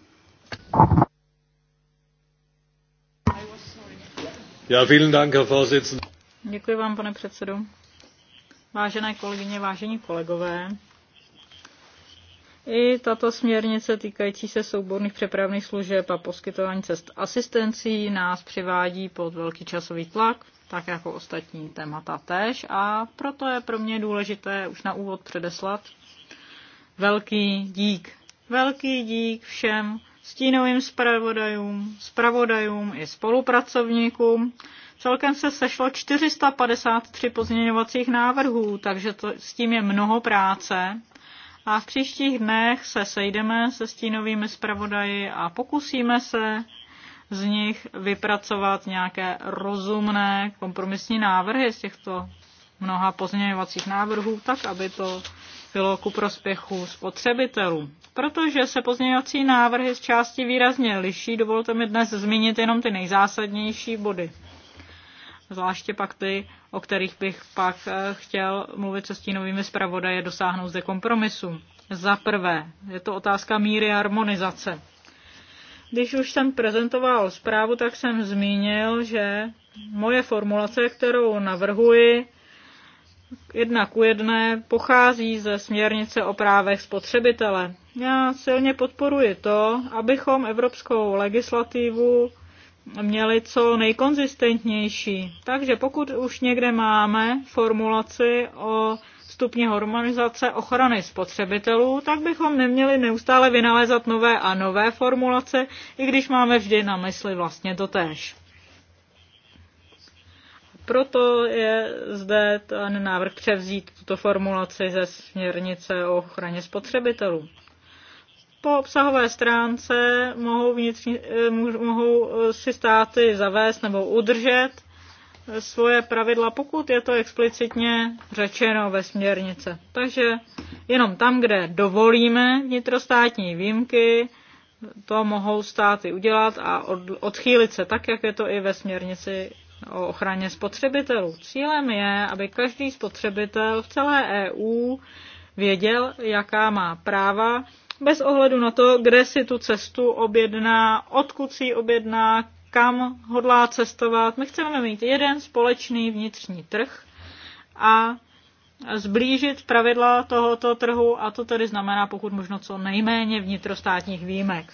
S3: Já vielen Dank, Herr Vorsitzender.
S1: Děkuji vám, pane předsedu. Vážené kolegyně, vážení kolegové, i tato směrnice týkající se souborných přepravných služeb a poskytování cest asistencí nás přivádí pod velký časový tlak, tak jako ostatní témata též. A proto je pro mě důležité už na úvod předeslat velký dík. Velký dík všem stínovým zpravodajům, zpravodajům i spolupracovníkům. Celkem se sešlo 453 pozměňovacích návrhů, takže to, s tím je mnoho práce a v příštích dnech se sejdeme se stínovými zpravodaji a pokusíme se z nich vypracovat nějaké rozumné kompromisní návrhy z těchto mnoha pozměňovacích návrhů, tak aby to bylo ku prospěchu spotřebitelů. Protože se pozměňovací návrhy z části výrazně liší, dovolte mi dnes zmínit jenom ty nejzásadnější body zvláště pak ty, o kterých bych pak eh, chtěl mluvit se stínovými zpravodaje, dosáhnout zde kompromisu. Za prvé, je to otázka míry harmonizace. Když už jsem prezentoval zprávu, tak jsem zmínil, že moje formulace, kterou navrhuji, jedna ku jedné, pochází ze směrnice o právech spotřebitele. Já silně podporuji to, abychom evropskou legislativu měli co nejkonzistentnější. Takže pokud už někde máme formulaci o stupně harmonizace ochrany spotřebitelů, tak bychom neměli neustále vynalézat nové a nové formulace, i když máme vždy na mysli vlastně to též. Proto je zde ten návrh převzít tuto formulaci ze směrnice o ochraně spotřebitelů. Po obsahové stránce mohou, vnitřní, eh, mohou eh, si státy zavést nebo udržet eh, svoje pravidla, pokud je to explicitně řečeno ve směrnice. Takže jenom tam, kde dovolíme vnitrostátní výjimky, to mohou státy udělat a odchýlit se tak, jak je to i ve směrnici o ochraně spotřebitelů. Cílem je, aby každý spotřebitel v celé EU věděl, jaká má práva bez ohledu na to, kde si tu cestu objedná, odkud si ji objedná, kam hodlá cestovat. My chceme mít jeden společný vnitřní trh a zblížit pravidla tohoto trhu a to tedy znamená pokud možno co nejméně vnitrostátních výjimek.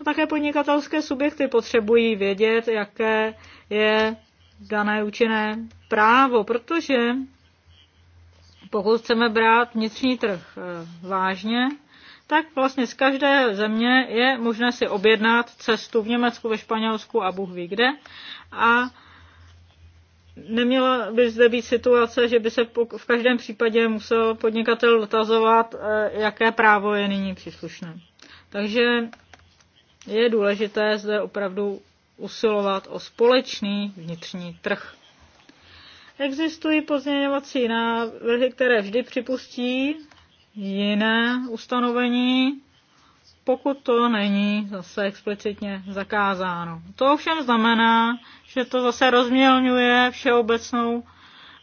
S1: A také podnikatelské subjekty potřebují vědět, jaké je dané účinné právo, protože pokud chceme brát vnitřní trh eh, vážně, tak vlastně z každé země je možné si objednat cestu v Německu, ve Španělsku a Bůh ví kde. A neměla by zde být situace, že by se v každém případě musel podnikatel dotazovat, eh, jaké právo je nyní příslušné. Takže je důležité zde opravdu usilovat o společný vnitřní trh. Existují pozměňovací návrhy, které vždy připustí jiné ustanovení, pokud to není zase explicitně zakázáno. To ovšem znamená, že to zase rozmělňuje všeobecnou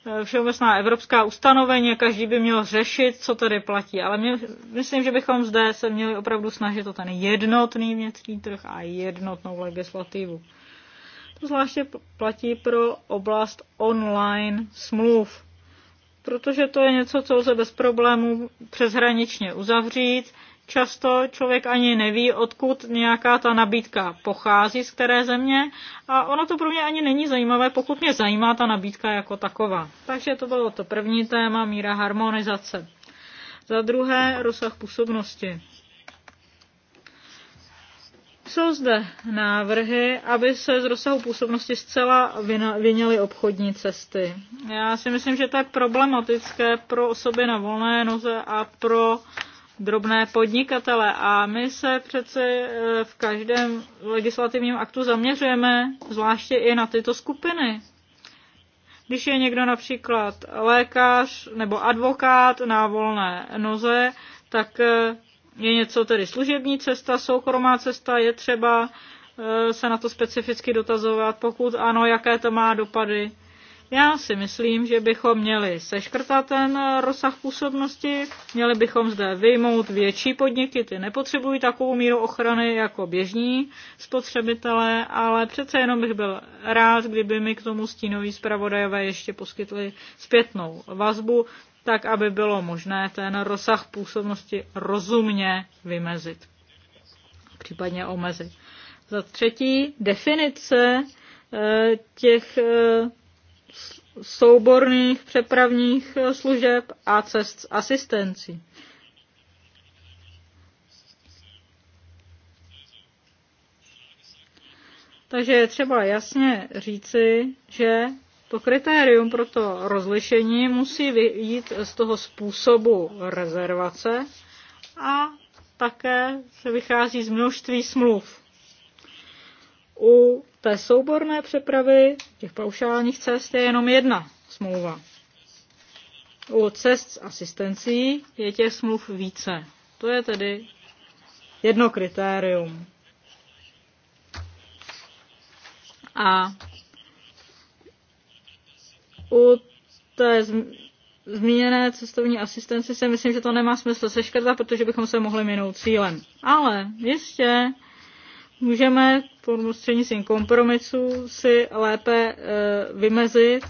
S1: eh, všeobecná evropská ustanovení, každý by měl řešit, co tady platí. Ale my, myslím, že bychom zde se měli opravdu snažit o ten jednotný vnitřní trh a jednotnou legislativu. To zvláště platí pro oblast online smluv protože to je něco, co lze bez problémů přeshraničně uzavřít. Často člověk ani neví, odkud nějaká ta nabídka pochází, z které země a ono to pro mě ani není zajímavé, pokud mě zajímá ta nabídka jako taková. Takže to bylo to první téma, míra harmonizace. Za druhé, rozsah působnosti. Jsou zde návrhy, aby se z rozsahu působnosti zcela vyněly obchodní cesty. Já si myslím, že to je problematické pro osoby na volné noze a pro drobné podnikatele. A my se přece e, v každém legislativním aktu zaměřujeme zvláště i na tyto skupiny. Když je někdo například lékař nebo advokát na volné noze, tak e, je něco tedy služební cesta, soukromá cesta, je třeba eh, se na to specificky dotazovat, pokud ano, jaké to má dopady. Já si myslím, že bychom měli seškrtat ten eh, rozsah působnosti, měli bychom zde vyjmout větší podniky, ty nepotřebují takovou míru ochrany jako běžní spotřebitelé, ale přece jenom bych byl rád, kdyby mi k tomu stínoví zpravodajové ještě poskytli zpětnou vazbu, tak aby bylo možné ten rozsah působnosti rozumně vymezit, případně omezit. Za třetí, definice eh, těch eh, souborných přepravních eh, služeb a cest s asistencí. Takže je třeba jasně říci, že to kritérium pro to rozlišení musí vyjít z toho způsobu rezervace a také se vychází z množství smluv. U té souborné přepravy těch paušálních cest je jenom jedna smlouva. U cest s asistencí je těch smluv více. To je tedy jedno kritérium. A u té zmíněné cestovní asistenci si myslím, že to nemá smysl seškrtat, protože bychom se mohli minout cílem. Ale jistě můžeme s kompromisu si lépe e, vymezit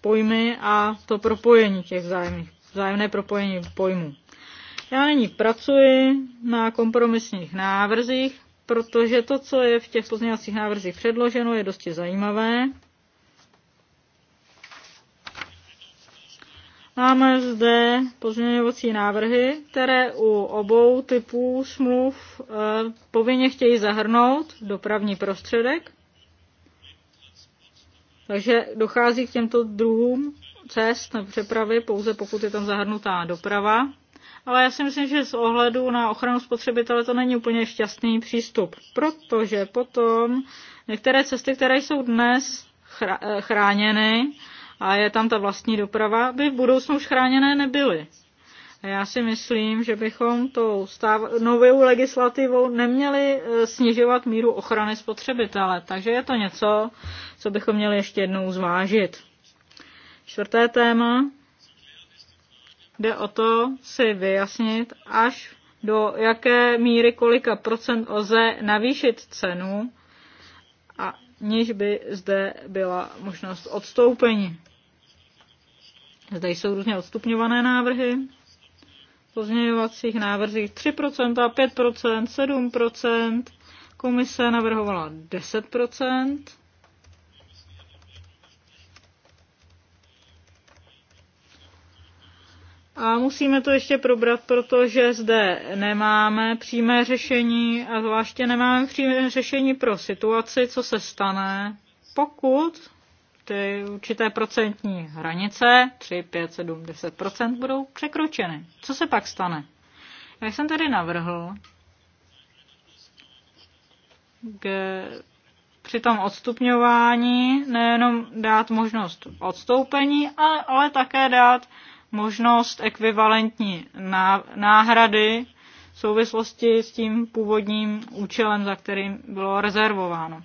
S1: pojmy a to propojení těch vzájemných, vzájemné propojení pojmů. Já nyní pracuji na kompromisních návrzích, protože to, co je v těch pozměňovacích návrzích předloženo, je dosti zajímavé. Máme zde pozměňovací návrhy, které u obou typů smluv eh, povinně chtějí zahrnout dopravní prostředek. Takže dochází k těmto druhům cest nebo přepravy pouze pokud je tam zahrnutá doprava. Ale já si myslím, že z ohledu na ochranu spotřebitele to není úplně šťastný přístup, protože potom některé cesty, které jsou dnes eh, chráněny, a je tam ta vlastní doprava, by v budoucnu už chráněné nebyly. A já si myslím, že bychom tou stáv- novou legislativou neměli e, snižovat míru ochrany spotřebitele. Takže je to něco, co bychom měli ještě jednou zvážit. Čtvrté téma jde o to si vyjasnit, až do jaké míry kolika procent lze navýšit cenu, a niž by zde byla možnost odstoupení. Zde jsou různě odstupňované návrhy pozměňovacích návrzích 3%, 5%, 7%. Komise navrhovala 10%. A musíme to ještě probrat, protože zde nemáme přímé řešení a zvláště nemáme přímé řešení pro situaci, co se stane, pokud ty určité procentní hranice, 3, 5, 7, 10 budou překročeny. Co se pak stane? Já jsem tady navrhl k, při tom odstupňování nejenom dát možnost odstoupení, ale, ale také dát možnost ekvivalentní náhrady v souvislosti s tím původním účelem, za kterým bylo rezervováno.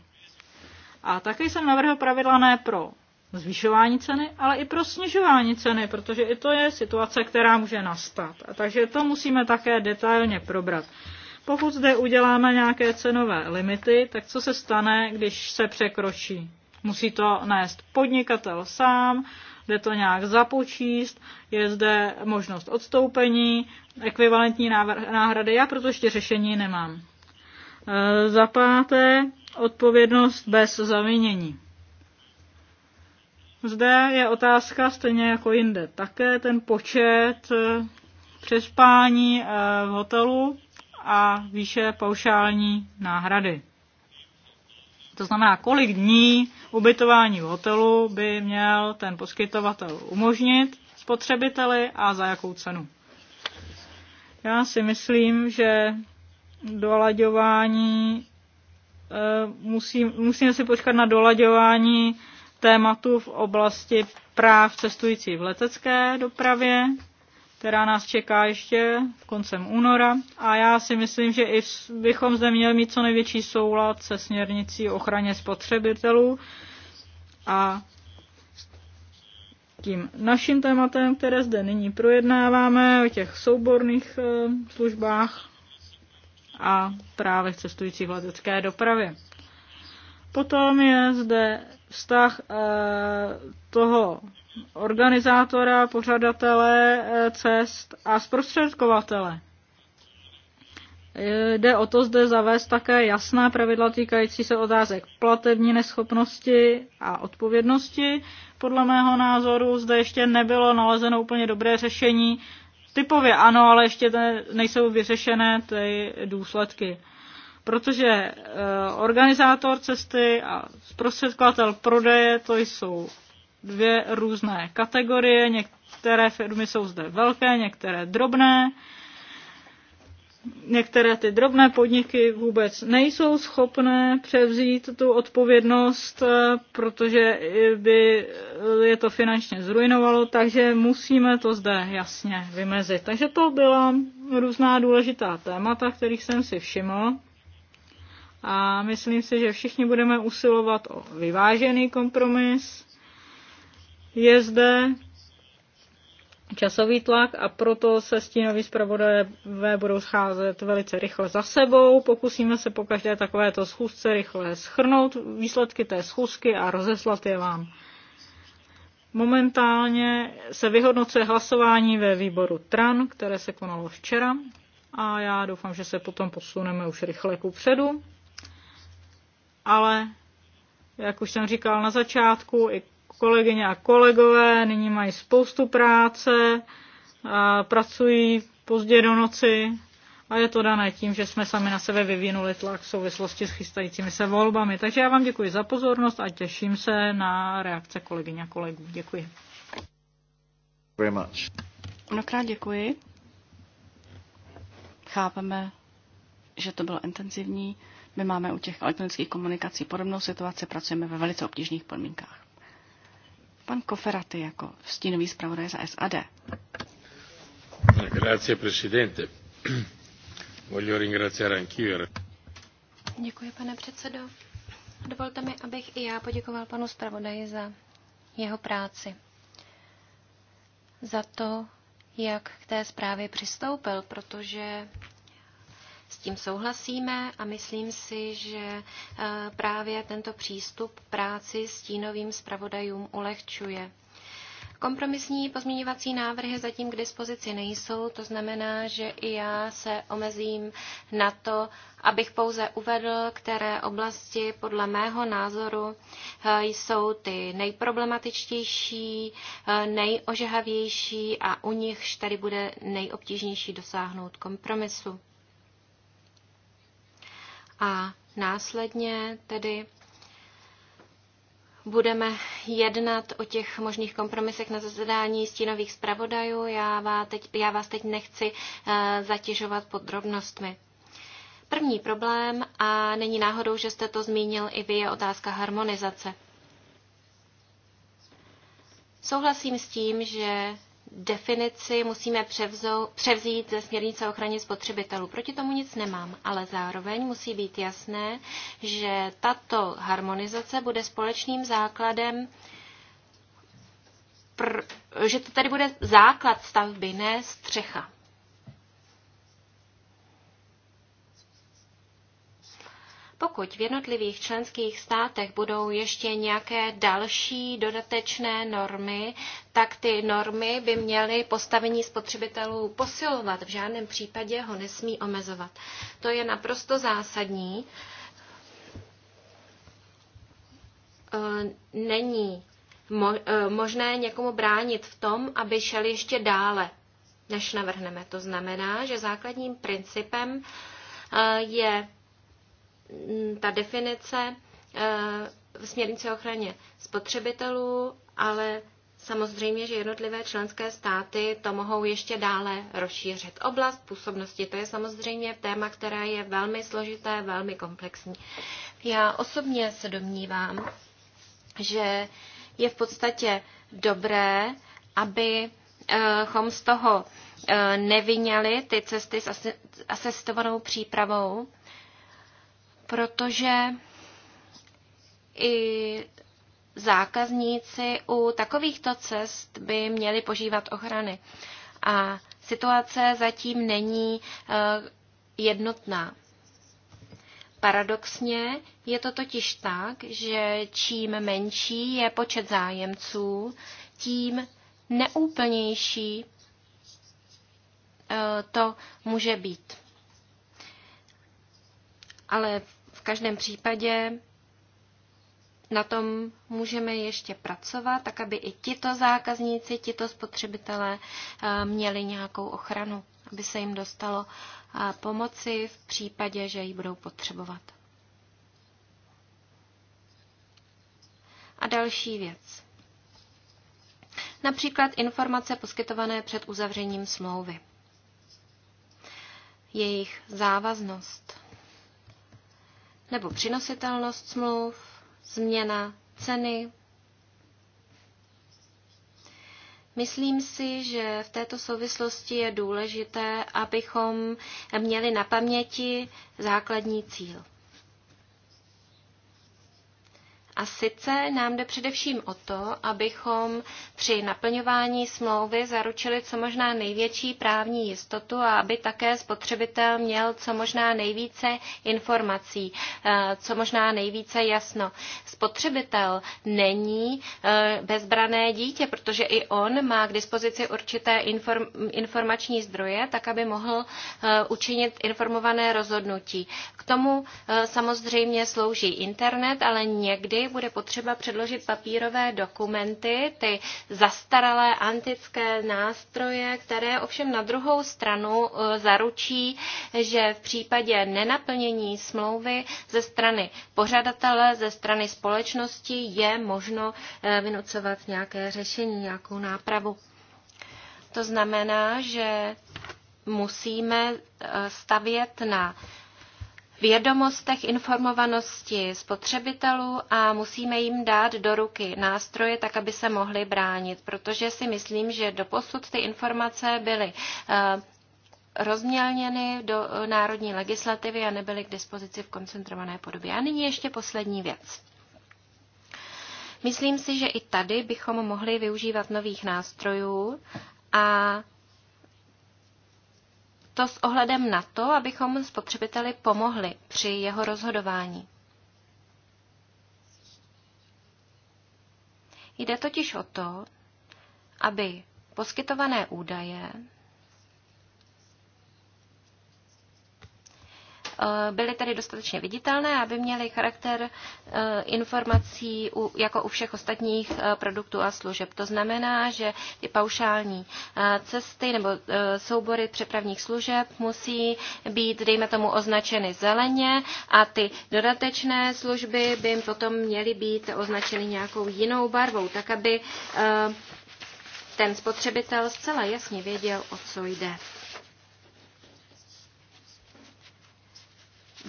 S1: A také jsem navrhl pravidla ne pro zvyšování ceny, ale i pro snižování ceny, protože i to je situace, která může nastat. A takže to musíme také detailně probrat. Pokud zde uděláme nějaké cenové limity, tak co se stane, když se překročí? Musí to nést podnikatel sám, jde to nějak započíst, je zde možnost odstoupení, ekvivalentní náhrady. Já proto ještě řešení nemám. E, za páté, odpovědnost bez zavinění. Zde je otázka stejně jako jinde. Také ten počet eh, přespání eh, v hotelu a výše paušální náhrady. To znamená, kolik dní ubytování v hotelu by měl ten poskytovatel umožnit spotřebiteli a za jakou cenu. Já si myslím, že dolaďování Eh, musím musíme si počkat na dolaďování tématu v oblasti práv cestující v letecké dopravě, která nás čeká ještě v koncem února. A já si myslím, že i bychom zde měli mít co největší soulad se směrnicí o ochraně spotřebitelů. A tím naším tématem, které zde nyní projednáváme, o těch souborných eh, službách, a právě cestující v letecké dopravě. Potom je zde vztah eh, toho organizátora, pořadatele eh, cest a zprostředkovatele. Jde o to zde zavést také jasná pravidla týkající se otázek platební neschopnosti a odpovědnosti. Podle mého názoru zde ještě nebylo nalezeno úplně dobré řešení typově ano, ale ještě nejsou vyřešené ty důsledky. Protože eh, organizátor cesty a zprostředkovatel prodeje, to jsou dvě různé kategorie. Některé firmy jsou zde velké, některé drobné některé ty drobné podniky vůbec nejsou schopné převzít tu odpovědnost, eh, protože by eh, je to finančně zrujnovalo, takže musíme to zde jasně vymezit. Takže to byla různá důležitá témata, kterých jsem si všiml. A myslím si, že všichni budeme usilovat o vyvážený kompromis. Je zde časový tlak a proto se stínoví zpravodajové budou scházet velice rychle za sebou. Pokusíme se po každé takovéto schůzce rychle schrnout výsledky té schůzky a rozeslat je vám. Momentálně se vyhodnocuje hlasování ve výboru TRAN, které se konalo včera a já doufám, že se potom posuneme už rychle ku předu. Ale, jak už jsem říkal na začátku, i kolegyně a kolegové nyní mají spoustu práce, a pracují pozdě do noci a je to dané tím, že jsme sami na sebe vyvinuli tlak v souvislosti s chystajícími se volbami. Takže já vám děkuji za pozornost a těším se na reakce kolegyně a kolegů. Děkuji. Very much. Mnohokrát děkuji. Chápeme,
S2: že to bylo intenzivní. My máme u těch elektronických komunikací podobnou situaci, pracujeme ve velice obtížných podmínkách. Pan Koferaty jako stínový zpravodaj za SAD.
S3: Grazie, presidente. Voglio ringraziare anch'io.
S4: Děkuji, pane předsedo. Dovolte mi, abych i já poděkoval panu zpravodaji za jeho práci. Za to, jak k té zprávě přistoupil, protože s tím souhlasíme a myslím si, že eh, právě tento přístup práci s tínovým zpravodajům ulehčuje. Kompromisní pozměňovací návrhy zatím k dispozici nejsou, to znamená, že i já se omezím na to, abych pouze uvedl, které oblasti podle mého názoru eh, jsou ty nejproblematičtější, eh, nejožehavější a u nichž tady bude nejobtížnější dosáhnout kompromisu a následně tedy budeme jednat o těch možných kompromisech na zasedání stínových zpravodajů. Já vás teď, já vás teď nechci eh, zatěžovat podrobnostmi. První problém, a není náhodou, že jste to zmínil i vy, je otázka harmonizace. Souhlasím s tím, že definici musíme převzou, převzít ze směrnice o ochraně spotřebitelů. Proti tomu nic nemám, ale zároveň musí být jasné, že tato harmonizace bude společným základem pr- že to tady bude základ stavby, ne střecha. Pokud v jednotlivých členských státech budou ještě nějaké další dodatečné normy, tak ty normy by měly postavení spotřebitelů posilovat, v žádném případě ho nesmí omezovat. To je naprosto zásadní. E, není e, možné někomu bránit v tom, aby šel ještě dále, než navrhneme. To znamená, že základním principem e, je Mm, ta definice eh, v směrnici ochraně spotřebitelů, ale samozřejmě, že jednotlivé členské státy to mohou ještě dále rozšířit. Oblast působnosti, to je samozřejmě téma, které je velmi složité, velmi komplexní. Já osobně se domnívám, že je v podstatě dobré, abychom z toho eh, nevyňali ty cesty s asistovanou přípravou, protože i zákazníci u takovýchto cest by měli požívat ochrany. A situace zatím není eh, jednotná. Paradoxně je to totiž tak, že čím menší je počet zájemců, tím neúplnější eh, to může být. Ale každém případě na tom můžeme ještě pracovat, tak aby i tito zákazníci, tito spotřebitelé eh, měli nějakou ochranu, aby se jim dostalo eh, pomoci v případě, že ji budou potřebovat. A další věc. Například informace poskytované před uzavřením smlouvy. Jejich závaznost nebo přinositelnost smluv, změna ceny. Myslím si, že v této souvislosti je důležité, abychom měli na paměti základní cíl. A sice nám jde především o to, abychom při naplňování smlouvy zaručili co možná největší právní jistotu a aby také spotřebitel měl co možná nejvíce informací, eh, co možná nejvíce jasno. Spotřebitel není eh, bezbrané dítě, protože i on má k dispozici určité informační zdroje, tak aby mohl eh, učinit informované rozhodnutí. K tomu samozřejmě slouží internet, ale někdy bude potřeba předložit papírové dokumenty, ty zastaralé antické nástroje, které ovšem na druhou stranu uh, zaručí, že v případě nenaplnění smlouvy ze strany pořadatele, ze strany společnosti je možno uh, vynucovat nějaké řešení, nějakou nápravu. To znamená, že musíme uh, stavět na vědomostech, informovanosti spotřebitelů a musíme jim dát do ruky nástroje, tak aby se mohli bránit, protože si myslím, že doposud ty informace byly eh, rozmělněny do národní legislativy a nebyly k dispozici v koncentrované podobě. A nyní ještě poslední věc. Myslím si, že i tady bychom mohli využívat nových nástrojů a to s ohledem na to, abychom spotřebiteli pomohli při jeho rozhodování. Jde totiž o to, aby poskytované údaje Eh, byly tedy dostatečně viditelné, aby měly charakter eh, informací jako u všech ostatních eh, produktů a služeb. To znamená, že ty paušální cesty nebo soubory přepravních služeb musí být, dejme tomu, označeny zeleně a ty dodatečné služby by potom měly být označeny nějakou jinou barvou, tak aby ten spotřebitel zcela jasně věděl, o co jde.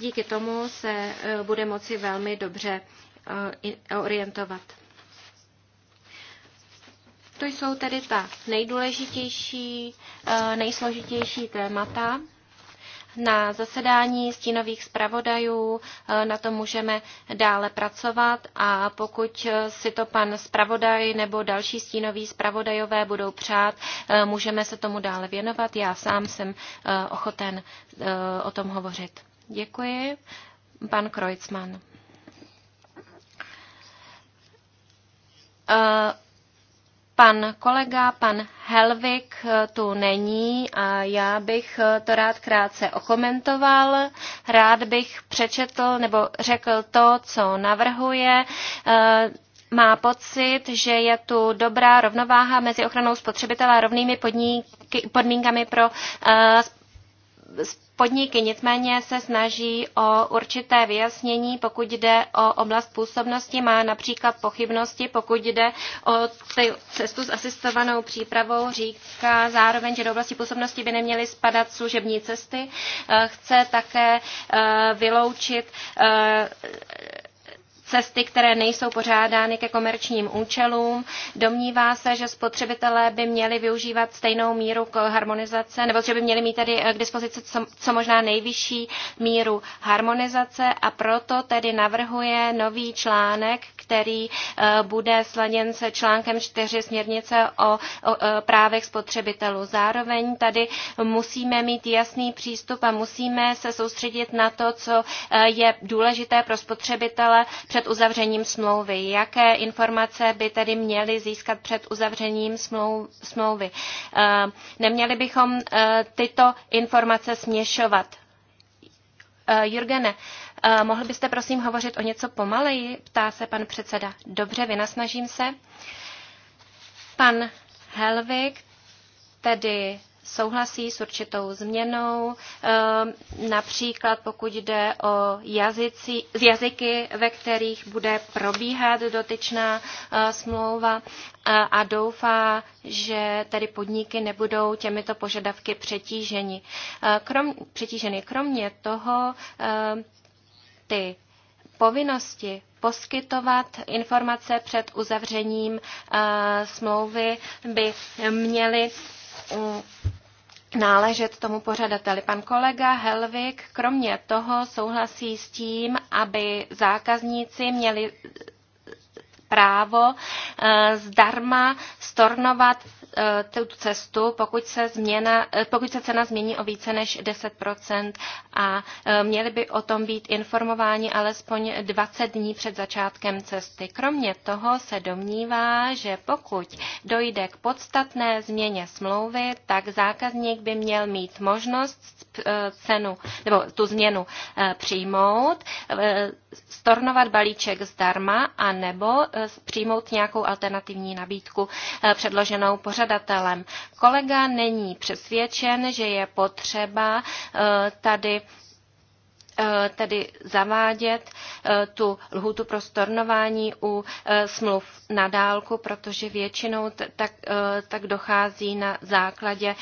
S4: díky tomu se e, bude moci velmi dobře e, orientovat. To jsou tedy ta nejdůležitější, e, nejsložitější témata. Na zasedání stínových zpravodajů na to můžeme dále pracovat a pokud si to pan zpravodaj nebo další stínoví zpravodajové budou přát, můžeme se tomu dále věnovat. Já sám jsem ochoten o tom hovořit. Děkuji. Pan Kreuzmann. Eh, pan kolega, pan Helvik eh, tu není a já bych eh, to rád krátce okomentoval. Rád bych přečetl nebo řekl to, co navrhuje má pocit, že je tu dobrá rovnováha mezi ochranou spotřebitele a rovnými podmínkami pro podniky, nicméně se snaží o určité vyjasnění, pokud jde o oblast působnosti, má například pochybnosti, pokud jde o cestu s asistovanou přípravou, říká zároveň, že do oblasti působnosti by neměly spadat služební cesty, eh, chce také eh, vyloučit eh, cesty, které nejsou pořádány ke komerčním účelům. Domnívá se, že spotřebitelé by měli využívat stejnou míru k harmonizace, nebo že by měli mít tedy eh, k dispozici co, co možná nejvyšší míru harmonizace a proto tedy navrhuje nový článek, který eh, bude sladěn se článkem 4 směrnice o, o, o eh, právech spotřebitelů. Zároveň tady musíme mít jasný přístup a musíme se soustředit na to, co je důležité pro spotřebitele, před uzavřením smlouvy. Jaké informace by tedy měli získat před uzavřením smlouvy? Eh, neměli bychom eh, tyto informace směšovat. Eh, Jurgene, mohl byste prosím hovořit o něco pomaleji? Ptá se pan předseda. Dobře, vynasnažím se. Pan Helvik tedy souhlasí s určitou změnou, eh, například pokud jde o jazyci, jazyky, ve kterých bude probíhat dotyčná eh, smlouva eh, a doufá, že tedy podniky nebudou těmito požadavky přetíženi. Krom, přetíženy. Kromě toho ty povinnosti poskytovat informace před uzavřením smlouvy by měly mm, náležet tomu pořadateli. Pan kolega Helvik kromě toho souhlasí s tím, aby zákazníci měli právo eh, zdarma stornovat Eh, tu cestu, pokud se, změna, eh, pokud se cena změní o více než 10 a eh, měli by o tom být informováni alespoň 20 dní před začátkem cesty. Kromě toho se domnívá, že pokud dojde k podstatné změně smlouvy, tak zákazník by měl mít možnost cenu nebo tu změnu přijmout, stornovat balíček zdarma a nebo přijmout nějakou alternativní nabídku předloženou pořadu předkladatelem. Kolega není přesvědčen, že je potřeba eh, tady Eh, tedy zavádět eh, tu lhutu pro stornování u eh, smluv na dálku, protože většinou tak, tak dochází na základě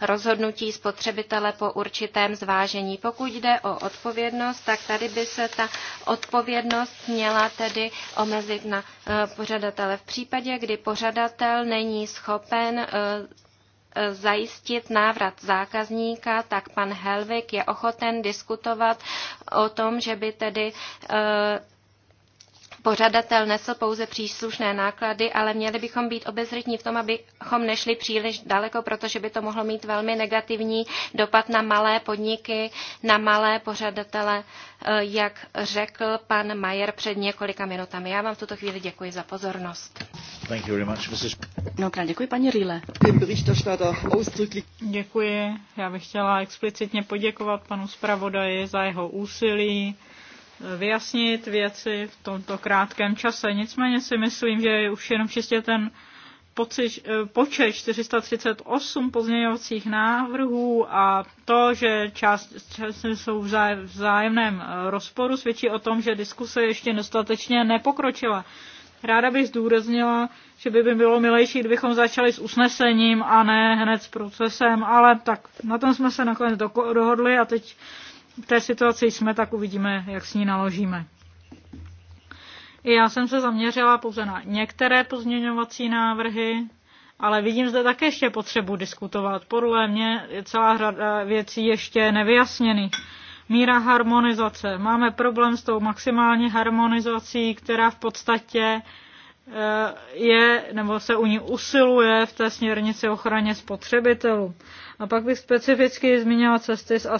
S4: rozhodnutí spotřebitele po určitém zvážení. Pokud jde o odpovědnost, tak tady by se ta odpovědnost měla tedy omezit na pořadatele. V případě, kdy pořadatel není schopen zajistit návrat zákazníka, tak pan Helvik je ochoten diskutovat o tom, že by tedy eh, pořadatel nesl pouze příslušné náklady, ale měli bychom být obezřetní v tom, abychom nešli příliš daleko, protože by to mohlo mít velmi negativní dopad na malé podniky, na malé pořadatele, eh, jak řekl pan Majer před několika minutami. Já vám v tuto chvíli děkuji za pozornost. Thank you very much, Mrs. Mnohokrát děkuji,
S1: paní Rýle. Děkuji. Já bych chtěla explicitně poděkovat panu zpravodaji za jeho úsilí vyjasnit věci v tomto krátkém čase. Nicméně si myslím, že už jenom čistě ten pocit, eh, počet 438 pozměňovacích návrhů a to, že části část jsou v vzájemném eh, rozporu, svědčí o tom, že diskuse ještě dostatečně nepokročila. Ráda bych zdůraznila, že by, by bylo milejší, kdybychom začali s usnesením a ne hned s procesem, ale tak na tom jsme se nakonec dohodli a teď v té situaci jsme, tak uvidíme, jak s ní naložíme. I já jsem se zaměřila pouze na některé pozměňovací návrhy, ale vidím zde také ještě potřebu diskutovat. Podle mě je celá řada věcí ještě nevyjasněny. Míra harmonizace. Máme problém s tou maximální harmonizací, která v podstatě Eh, je, nebo se u ní usiluje v té směrnici ochraně spotřebitelů. A pak bych specificky zmínila cesty s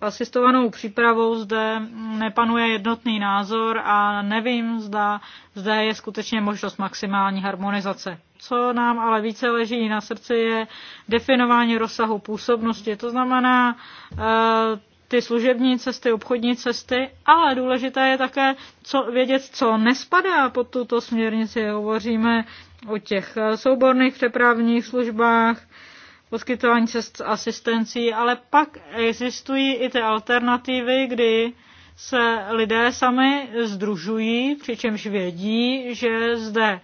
S1: asistovanou přípravou. Zde nepanuje jednotný názor a nevím, zda zde je skutečně možnost maximální harmonizace. Co nám ale více leží na srdci je definování rozsahu působnosti. To znamená, eh, ty služební cesty, obchodní cesty, ale důležité je také co, vědět, co nespadá pod tuto směrnici. Hovoříme o těch souborných přepravních službách, poskytování cest asistencí, ale pak existují i ty alternativy, kdy se lidé sami združují, přičemž vědí, že zde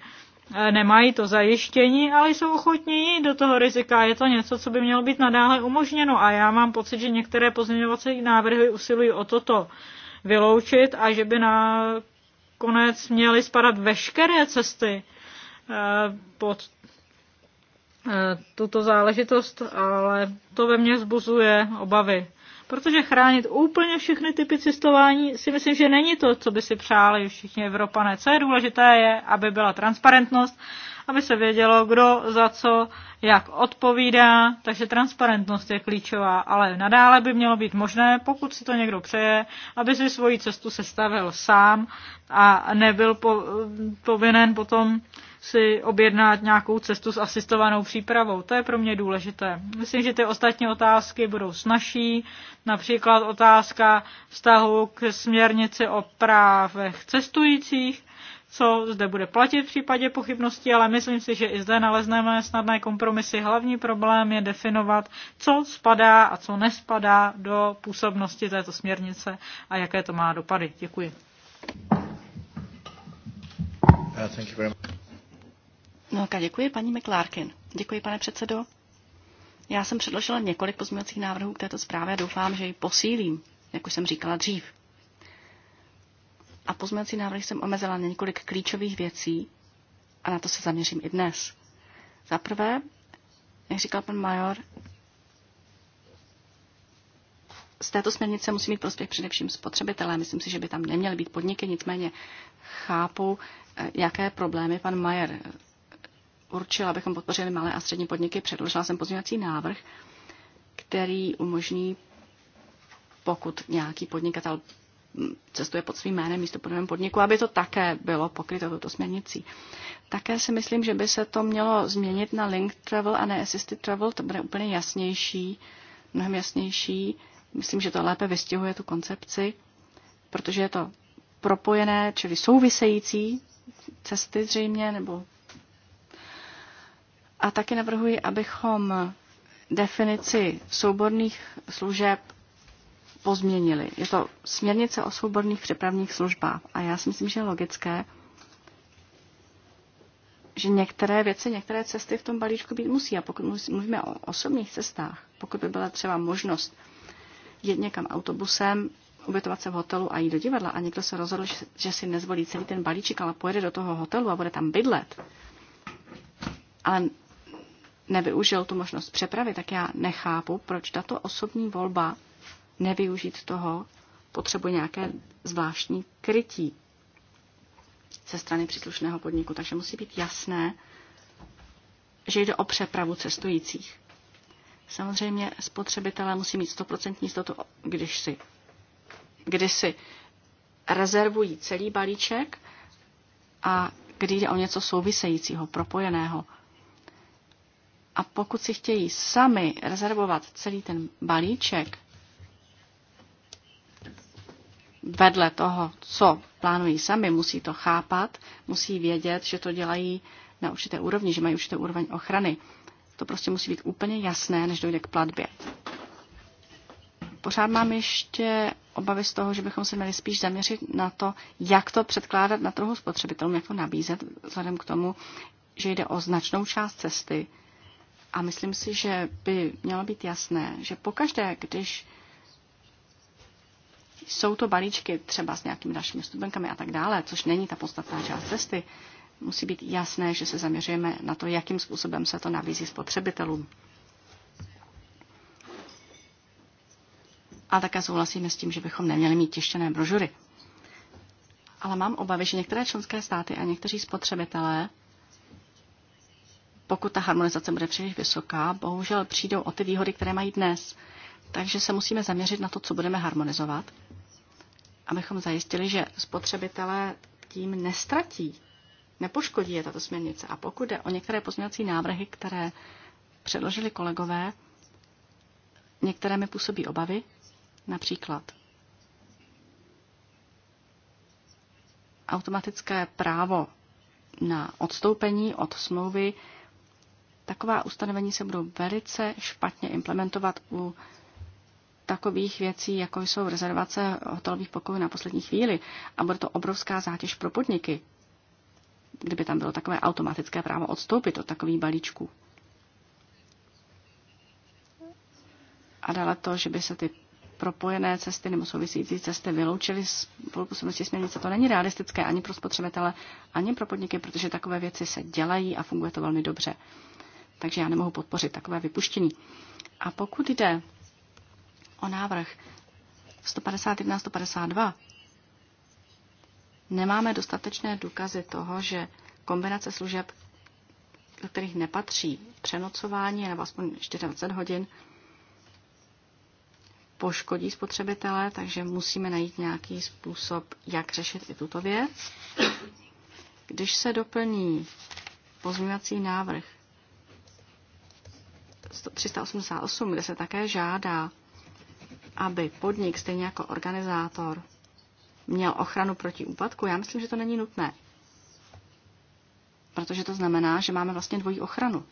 S1: E, nemají to zajištění, ale jsou ochotní do toho rizika. Je to něco, co by mělo být nadále umožněno a já mám pocit, že některé pozměňovací návrhy usilují o toto vyloučit a že by na konec měly spadat veškeré cesty e, pod e, tuto záležitost, ale to ve mně zbuzuje obavy. Protože chránit úplně všechny typy cestování si myslím, že není to, co by si přáli všichni Evropané. Co je důležité, je, aby byla transparentnost aby se vědělo, kdo za co, jak odpovídá, takže transparentnost je klíčová, ale nadále by mělo být možné, pokud si to někdo přeje, aby si svoji cestu sestavil sám a nebyl po, povinen potom si objednat nějakou cestu s asistovanou přípravou. To je pro mě důležité. Myslím, že ty ostatní otázky budou snažší, například otázka vztahu k směrnici o právech cestujících, co zde bude platit v případě pochybnosti, ale myslím si, že i zde nalezneme snadné kompromisy. Hlavní problém je definovat, co spadá a co nespadá do působnosti této směrnice a jaké to má dopady. Děkuji. Uh,
S2: no, děkuji, paní McLarkin. Děkuji, pane předsedo. Já jsem předložila několik pozměňovacích návrhů k této zprávě a doufám, že ji posílím, jak už jsem říkala dřív. A pozměňovací návrh jsem omezila na několik klíčových věcí a na to se zaměřím i dnes. Za prvé, jak říkal pan Major, z této směrnice musí mít prospěch především spotřebitelé. Myslím si, že by tam neměly být podniky, nicméně chápu, eh, jaké problémy pan Majer eh, určil, abychom podpořili malé a střední podniky. Předložila jsem pozměňovací návrh, který umožní, pokud nějaký podnikatel cestuje pod svým jménem místo pod jménem podniku, aby to také bylo pokryto touto směrnicí. Také si myslím, že by se to mělo změnit na link travel a ne assisted travel, to bude úplně jasnější, mnohem jasnější. Myslím, že to lépe vystihuje tu koncepci, protože je to propojené, čili související cesty zřejmě, nebo a taky navrhuji, abychom definici souborných služeb pozměnili. Je to směrnice o svobodných přepravních službách a já si myslím, že je logické, že některé věci, některé cesty v tom balíčku být musí. A pokud mluvíme o osobních cestách, pokud by byla třeba možnost jít někam autobusem, ubytovat se v hotelu a jít do divadla a někdo se rozhodl, že si nezvolí celý ten balíček, ale pojede do toho hotelu a bude tam bydlet, ale nevyužil tu možnost přepravy, tak já nechápu, proč tato osobní volba nevyužít toho, potřebuje nějaké zvláštní krytí ze strany příslušného podniku. Takže musí být jasné, že jde o přepravu cestujících. Samozřejmě spotřebitelé musí mít 100% jistotu, když si, když si rezervují celý balíček a kdy jde o něco souvisejícího, propojeného. A pokud si chtějí sami rezervovat celý ten balíček, vedle toho, co plánují sami, musí to chápat, musí vědět, že to dělají na určité úrovni, že mají určité úroveň ochrany. To prostě musí být úplně jasné, než dojde k platbě. Pořád mám ještě obavy z toho, že bychom se měli spíš zaměřit na to, jak to předkládat na trhu spotřebitelům, jak to nabízet, vzhledem k tomu, že jde o značnou část cesty. A myslím si, že by mělo být jasné, že pokaždé, když jsou to balíčky třeba s nějakými dalšími stupenkami a tak dále, což není ta podstatná část cesty. Musí být jasné, že se zaměřujeme na to, jakým způsobem se to nabízí spotřebitelům. A také souhlasíme s tím, že bychom neměli mít tištěné brožury. Ale mám obavy, že některé členské státy a někteří spotřebitelé, pokud ta harmonizace bude příliš vysoká, bohužel přijdou o ty výhody, které mají dnes. Takže se musíme zaměřit na to, co budeme harmonizovat abychom zajistili, že spotřebitelé tím nestratí, nepoškodí je tato směrnice. A pokud jde o některé pozměňovací návrhy, které předložili kolegové, některé mi působí obavy, například automatické právo na odstoupení od smlouvy, taková ustanovení se budou velice špatně implementovat u takových věcí, jako jsou rezervace hotelových pokojů na poslední chvíli. A bude to obrovská zátěž pro podniky, kdyby tam bylo takové automatické právo odstoupit od takových balíčků. A dále to, že by se ty propojené cesty nebo související cesty vyloučily z působnosti směrnice, to není realistické ani pro spotřebitele, ani pro podniky, protože takové věci se dělají a funguje to velmi dobře. Takže já nemohu podpořit takové vypuštění. A pokud jde o návrh 151 152 nemáme dostatečné důkazy toho, že kombinace služeb, do kterých nepatří přenocování nebo aspoň 24 hodin, poškodí spotřebitele, takže musíme najít nějaký způsob, jak řešit i tuto věc. Když se doplní pozměňovací návrh 388, kde se také žádá aby podnik, stejně jako organizátor, měl ochranu proti úpadku, já myslím, že to není nutné. Protože to znamená, že máme vlastně dvojí ochranu.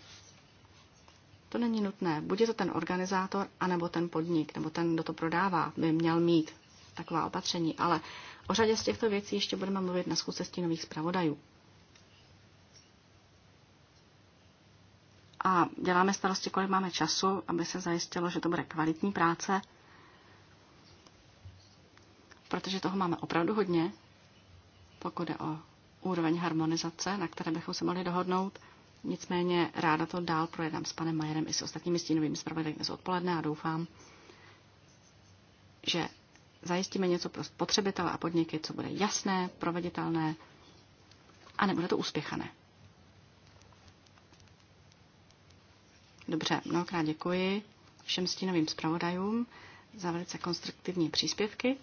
S2: To není nutné. Buď je to ten organizátor, anebo ten podnik, nebo ten, kdo to prodává, by měl mít taková opatření. Ale o řadě z těchto věcí ještě budeme mluvit na schůzce stínových zpravodajů. A děláme starosti, kolik máme času, aby se zajistilo, že to bude kvalitní práce – protože toho máme opravdu hodně, pokud je o úroveň harmonizace, na které bychom se mohli dohodnout. Nicméně ráda to dál projedám s panem Majerem i s ostatními stínovými zpravodaji dnes odpoledne a doufám, že zajistíme něco pro spotřebitele a podniky, co bude jasné, proveditelné a nebude to úspěchané. Dobře, mnohokrát děkuji všem stínovým zpravodajům za velice konstruktivní příspěvky.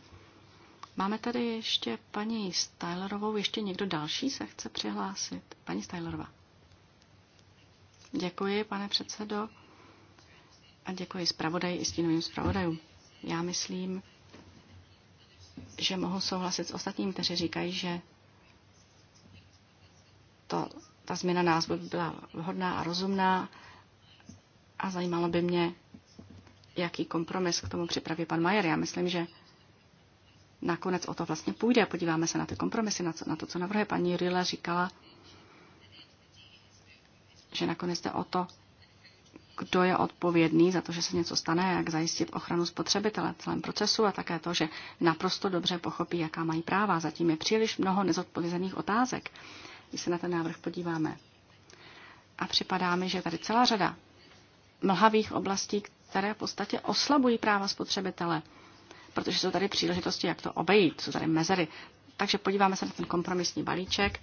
S2: Máme tady ještě paní Stylerovou. Ještě někdo další se chce přihlásit? Paní Stylerová. Děkuji, pane předsedo. A děkuji zpravodaji i stínovým zpravodajům. Já myslím, že mohu souhlasit s ostatním, kteří říkají, že to, ta změna názvu by byla vhodná a rozumná a zajímalo by mě, jaký kompromis k tomu připraví pan Majer. Já myslím, že nakonec o to vlastně půjde. Podíváme se na ty kompromisy, na, co, na to, co navrhuje. Paní Rila říkala, že nakonec jde o to, kdo je odpovědný za to, že se něco stane, jak zajistit ochranu spotřebitele v celém procesu a také to, že naprosto dobře pochopí, jaká mají práva. Zatím je příliš mnoho nezodpovězených otázek, když se na ten návrh podíváme. A připadá mi, že tady celá řada mlhavých oblastí, které v podstatě oslabují práva spotřebitele protože jsou tady příležitosti, jak to obejít, jsou tady mezery. Takže podíváme se na ten kompromisní balíček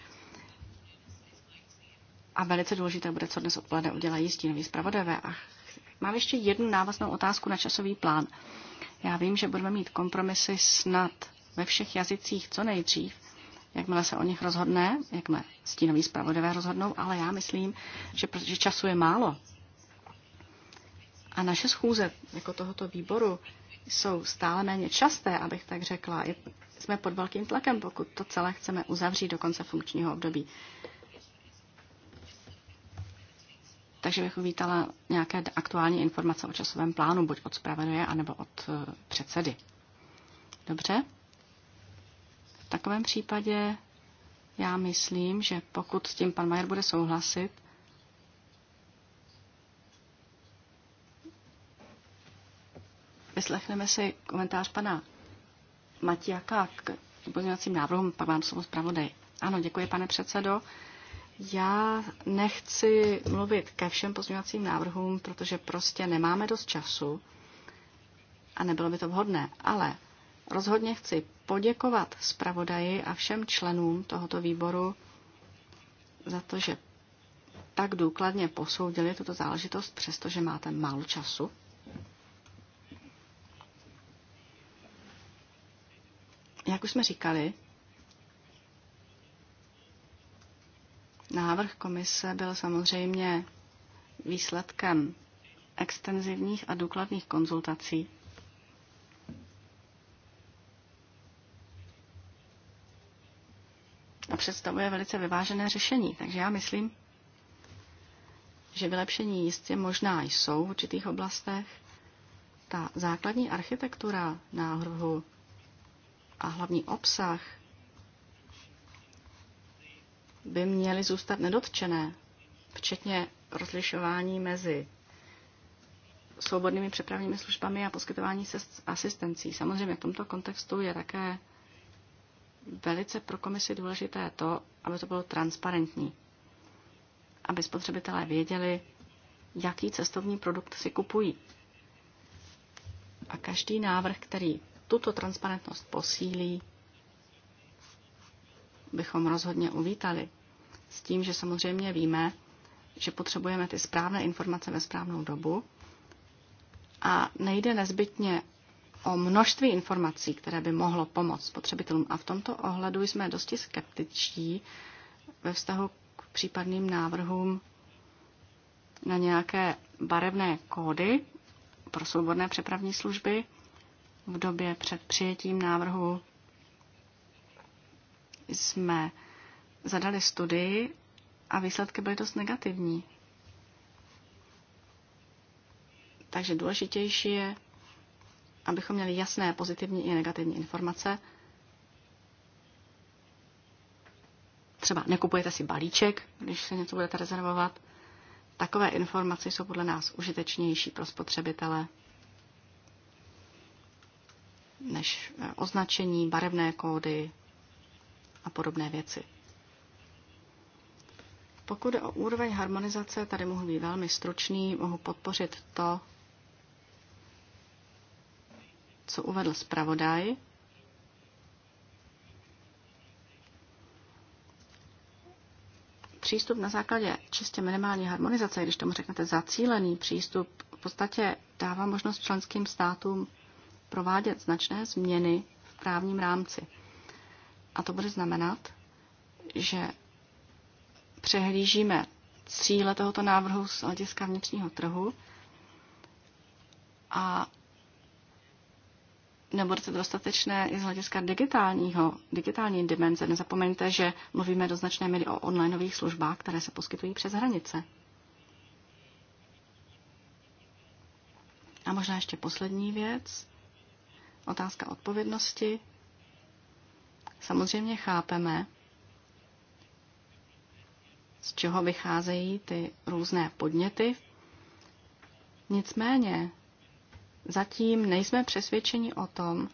S2: a velice důležité bude, co dnes odpoledne udělají stínoví zpravodajové. A mám ještě jednu návaznou otázku na časový plán. Já vím, že budeme mít kompromisy snad ve všech jazycích co nejdřív, jakmile se o nich rozhodne, jakmile stínoví zpravodajové rozhodnou, ale já myslím, že protože času je málo. A naše schůze jako tohoto výboru jsou stále méně časté, abych tak řekla. Jsme pod velkým tlakem, pokud to celé chceme uzavřít do konce funkčního období. Takže bych uvítala nějaké aktuální informace o časovém plánu, buď od zpravodaje, anebo od eh, předsedy. Dobře? V takovém případě já myslím, že pokud s tím pan Majer bude souhlasit, Vyslechneme si komentář pana Matiaka k pozměňovacím návrhům, pak vám slovo zpravodaj. Ano, děkuji, pane předsedo. Já nechci mluvit ke všem pozměňovacím návrhům, protože prostě nemáme dost času a nebylo by to vhodné, ale rozhodně chci poděkovat zpravodaji a všem členům tohoto výboru za to, že tak důkladně posoudili tuto záležitost, přestože máte málo času. Jak už jsme říkali, návrh komise byl samozřejmě výsledkem extenzivních a důkladných konzultací. A představuje velice vyvážené řešení. Takže já myslím, že vylepšení jistě možná jsou v určitých oblastech. Ta základní architektura návrhu a hlavní obsah by měly zůstat nedotčené, včetně rozlišování mezi svobodnými přepravními službami a poskytování asistencí. Samozřejmě v tomto kontextu je také velice pro komisi důležité to, aby to bylo transparentní. Aby spotřebitelé věděli, jaký cestovní produkt si kupují. A každý návrh, který tuto transparentnost posílí, bychom rozhodně uvítali. S tím, že samozřejmě víme, že potřebujeme ty správné informace ve správnou dobu a nejde nezbytně o množství informací, které by mohlo pomoct spotřebitelům. A v tomto ohledu jsme dosti skeptičtí ve vztahu k případným návrhům na nějaké barevné kódy pro svobodné přepravní služby v době před přijetím návrhu jsme zadali studii a výsledky byly dost negativní. Takže důležitější je, abychom měli jasné pozitivní i negativní informace. Třeba nekupujete si balíček, když se něco budete rezervovat. Takové informace jsou podle nás užitečnější pro spotřebitele než eh, označení, barevné kódy a podobné věci. Pokud je o úroveň harmonizace, tady mohu být velmi stručný, mohu podpořit to, co uvedl zpravodaj. Přístup na základě čistě minimální harmonizace, když tomu řeknete zacílený přístup, v podstatě dává možnost členským státům provádět značné změny v právním rámci. A to bude znamenat, že přehlížíme cíle tohoto návrhu z hlediska vnitřního trhu a nebude to dostatečné i z hlediska digitálního, digitální dimenze. Nezapomeňte, že mluvíme do značné míry o onlineových službách, které se poskytují přes hranice. A možná ještě poslední věc. Otázka odpovědnosti. Samozřejmě chápeme, z čeho vycházejí ty různé podněty. Nicméně zatím nejsme přesvědčeni o tom,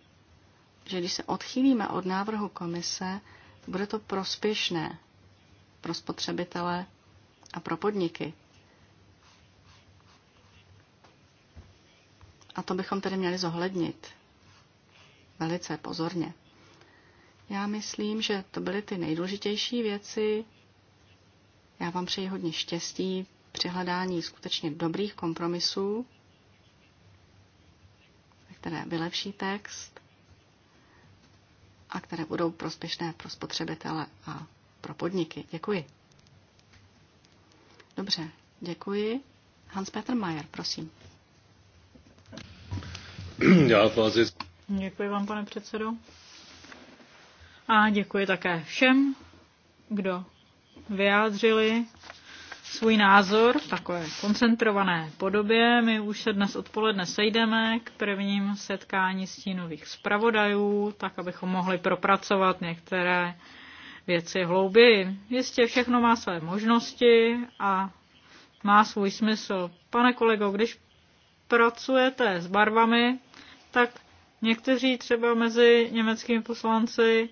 S2: že když se odchýlíme od návrhu komise, bude to prospěšné pro spotřebitele a pro podniky. A to bychom tedy měli zohlednit velice pozorně. Já myslím, že to byly ty nejdůležitější věci. Já vám přeji hodně štěstí při hledání skutečně dobrých kompromisů, které vylepší text a které budou prospěšné pro spotřebitele a pro podniky. Děkuji. Dobře, děkuji. Hans-Peter Mayer, prosím.
S3: Já vás
S1: Děkuji vám, pane předsedo. A děkuji také všem, kdo vyjádřili svůj názor v takové koncentrované podobě. My už se dnes odpoledne sejdeme k prvním setkání stínových zpravodajů, tak abychom mohli propracovat některé věci hlouběji. Jistě všechno má své možnosti a má svůj smysl. Pane kolego, když pracujete s barvami, tak Někteří třeba mezi německými poslanci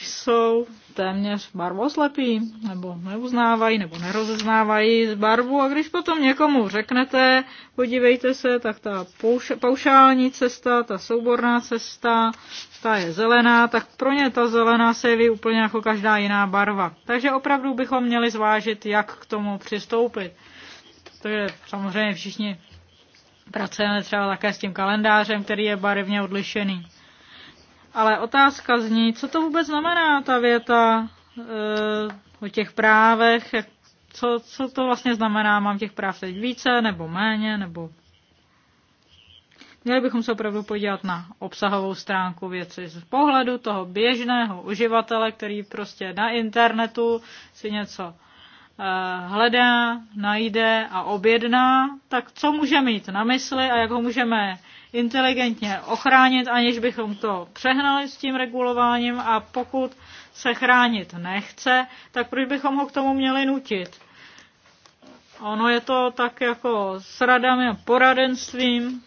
S1: jsou téměř barvoslepí, nebo neuznávají, nebo nerozeznávají barvu a když potom někomu řeknete, podívejte se, tak ta paušální cesta, ta souborná cesta, ta je zelená, tak pro ně ta zelená se jeví úplně jako každá jiná barva. Takže opravdu bychom měli zvážit, jak k tomu přistoupit. To je samozřejmě všichni Pracujeme třeba také s tím kalendářem, který je barevně odlišený. Ale otázka zní, co to vůbec znamená ta věta e, o těch právech, jak, co, co to vlastně znamená, mám těch práv teď více nebo méně, nebo... Měli bychom se opravdu podívat na obsahovou stránku věci z pohledu toho běžného uživatele, který prostě na internetu si něco Eh, hledá, najde a objedná, tak co může mít na mysli a jak ho můžeme inteligentně ochránit, aniž bychom to přehnali s tím regulováním a pokud se chránit nechce, tak proč bychom ho k tomu měli nutit? Ono je to tak jako s radami a poradenstvím,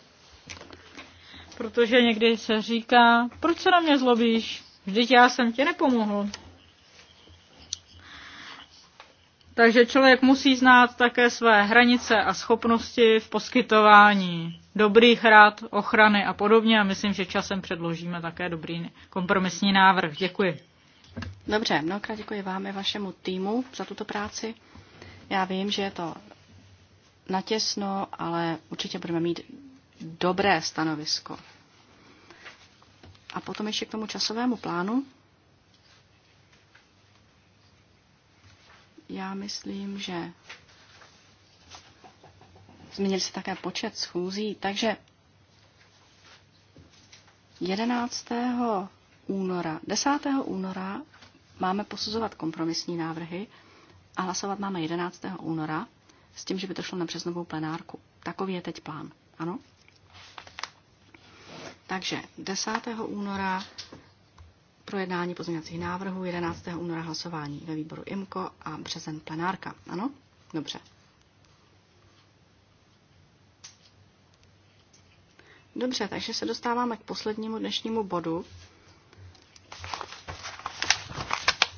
S1: protože někdy se říká, proč se na mě zlobíš? Vždyť já jsem ti nepomohl. Takže člověk musí znát také své hranice a schopnosti v poskytování dobrých rad, ochrany a podobně. A myslím, že časem předložíme také dobrý kompromisní návrh. Děkuji.
S2: Dobře, mnohokrát děkuji vám i vašemu týmu za tuto práci. Já vím, že je to
S1: natěsno, ale určitě
S2: budeme mít dobré stanovisko. A potom ještě k tomu časovému plánu. Já myslím, že změnil se také počet schůzí, takže 11. února, 10. února máme posuzovat kompromisní návrhy a hlasovat máme 11. února s tím, že by to šlo na březnovou plenárku. Takový je teď plán, ano? Takže 10. února projednání pozměňovacích návrhů 11. února hlasování ve výboru IMKO a březen plenárka. Ano? Dobře. Dobře, takže se dostáváme k poslednímu dnešnímu bodu,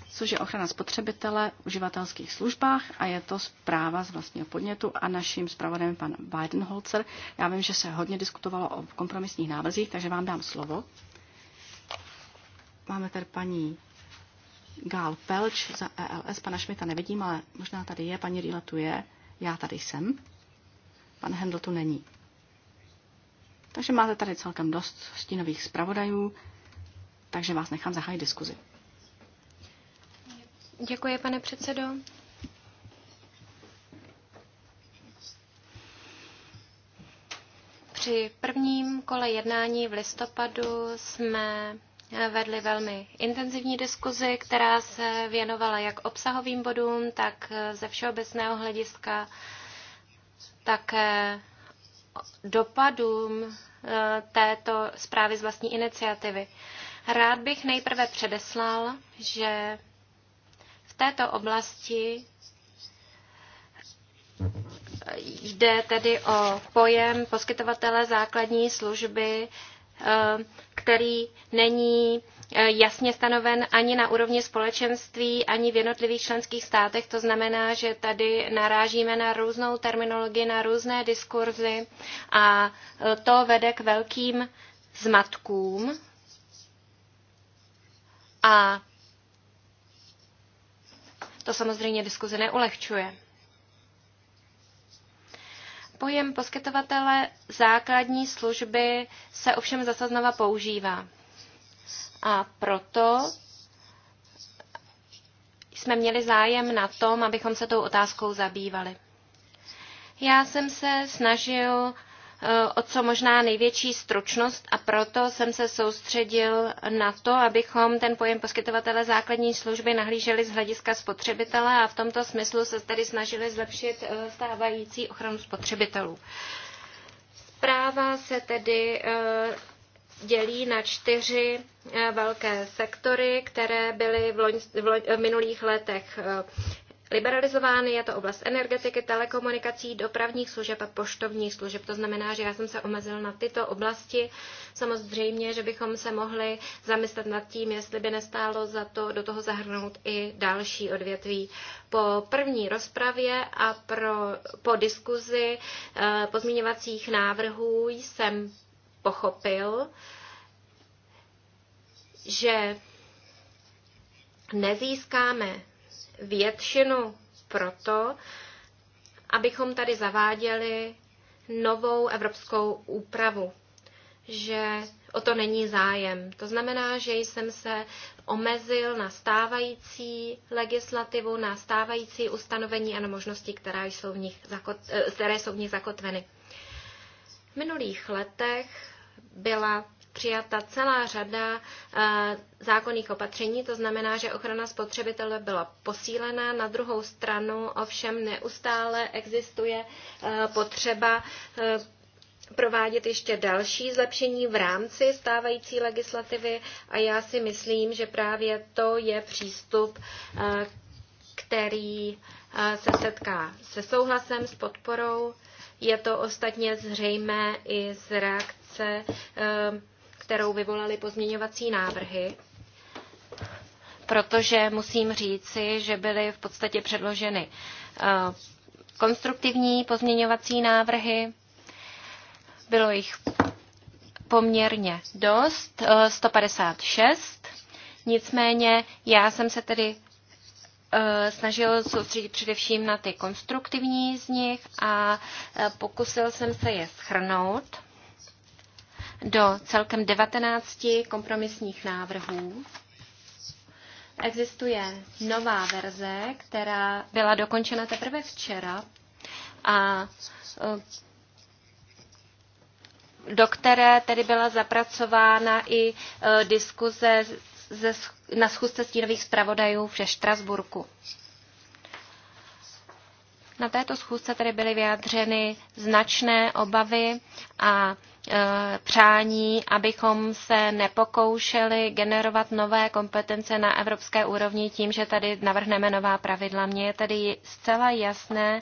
S2: což je ochrana spotřebitele v uživatelských službách a je to zpráva z vlastního podnětu a naším zpravodem pan Bidenholzer. Já vím, že se hodně diskutovalo o kompromisních návrzích, takže vám dám slovo. Máme tady paní Gál Pelč za ELS. Pana Šmita nevidím, ale možná tady je. Paní Rýla tu je. Já tady jsem. Pan Hendl tu není. Takže máte tady celkem dost stínových zpravodajů, takže vás nechám zahájit diskuzi.
S4: Děkuji, pane předsedo. Při prvním kole jednání v listopadu jsme vedli velmi intenzivní diskuzi, která se věnovala jak obsahovým bodům, tak ze všeobecného hlediska, také dopadům eh, této zprávy z vlastní iniciativy. Rád bych nejprve předeslal, že v této oblasti jde tedy o pojem poskytovatele základní služby Eh, který není eh, jasně stanoven ani na úrovni společenství, ani v jednotlivých členských státech. To znamená, že tady narážíme na různou terminologii, na různé diskurzy a eh, to vede k velkým zmatkům. A to samozřejmě diskuzi neulehčuje. Pojem poskytovatele základní služby se ovšem zase znova používá. A proto jsme měli zájem na tom, abychom se tou otázkou zabývali. Já jsem se snažil o co možná největší stručnost a proto jsem se soustředil na to, abychom ten pojem poskytovatele základní služby nahlíželi z hlediska spotřebitele a v tomto smyslu se tedy snažili zlepšit eh, stávající ochranu spotřebitelů. Zpráva se tedy eh, dělí na čtyři eh, velké sektory, které byly v, loň, v, loň, v minulých letech liberalizovány. Je to oblast energetiky, telekomunikací, dopravních služeb a poštovních služeb. To znamená, že já jsem se omezil na tyto oblasti. Samozřejmě, že bychom se mohli zamyslet nad tím, jestli by nestálo za to do toho zahrnout i další odvětví. Po první rozpravě a pro, po diskuzi eh, pozměňovacích návrhů jsem pochopil, že nezískáme většinu proto, abychom tady zaváděli novou evropskou úpravu, že o to není zájem. To znamená, že jsem se omezil na stávající legislativu, na stávající ustanovení a na možnosti, které jsou v nich, eh, které jsou v nich zakotveny. V minulých letech byla přijata celá řada eh, zákonných opatření, to znamená, že ochrana spotřebitele byla posílena. Na druhou stranu ovšem neustále existuje eh, potřeba eh, provádět ještě další zlepšení v rámci stávající legislativy a já si myslím, že právě to je přístup, který se setká se souhlasem, s podporou. Je to ostatně zřejmé i z reakce kterou vyvolali pozměňovací návrhy, protože musím říci, že byly v podstatě předloženy eh, konstruktivní pozměňovací návrhy. Bylo jich poměrně dost, 156. Eh, Nicméně já jsem se tedy eh, snažil soustředit především na ty konstruktivní z nich a pokusil jsem se je schrnout do celkem 19 kompromisních návrhů. Existuje nová verze, která byla dokončena teprve včera a eh, do které tedy byla zapracována i eh, diskuze ze, na schůzce stínových zpravodajů ve Štrasburku. Na této schůzce tedy byly vyjádřeny značné obavy a Eh, přání, abychom se nepokoušeli generovat nové kompetence na evropské úrovni tím, že tady navrhneme nová pravidla. Mně je tady zcela jasné,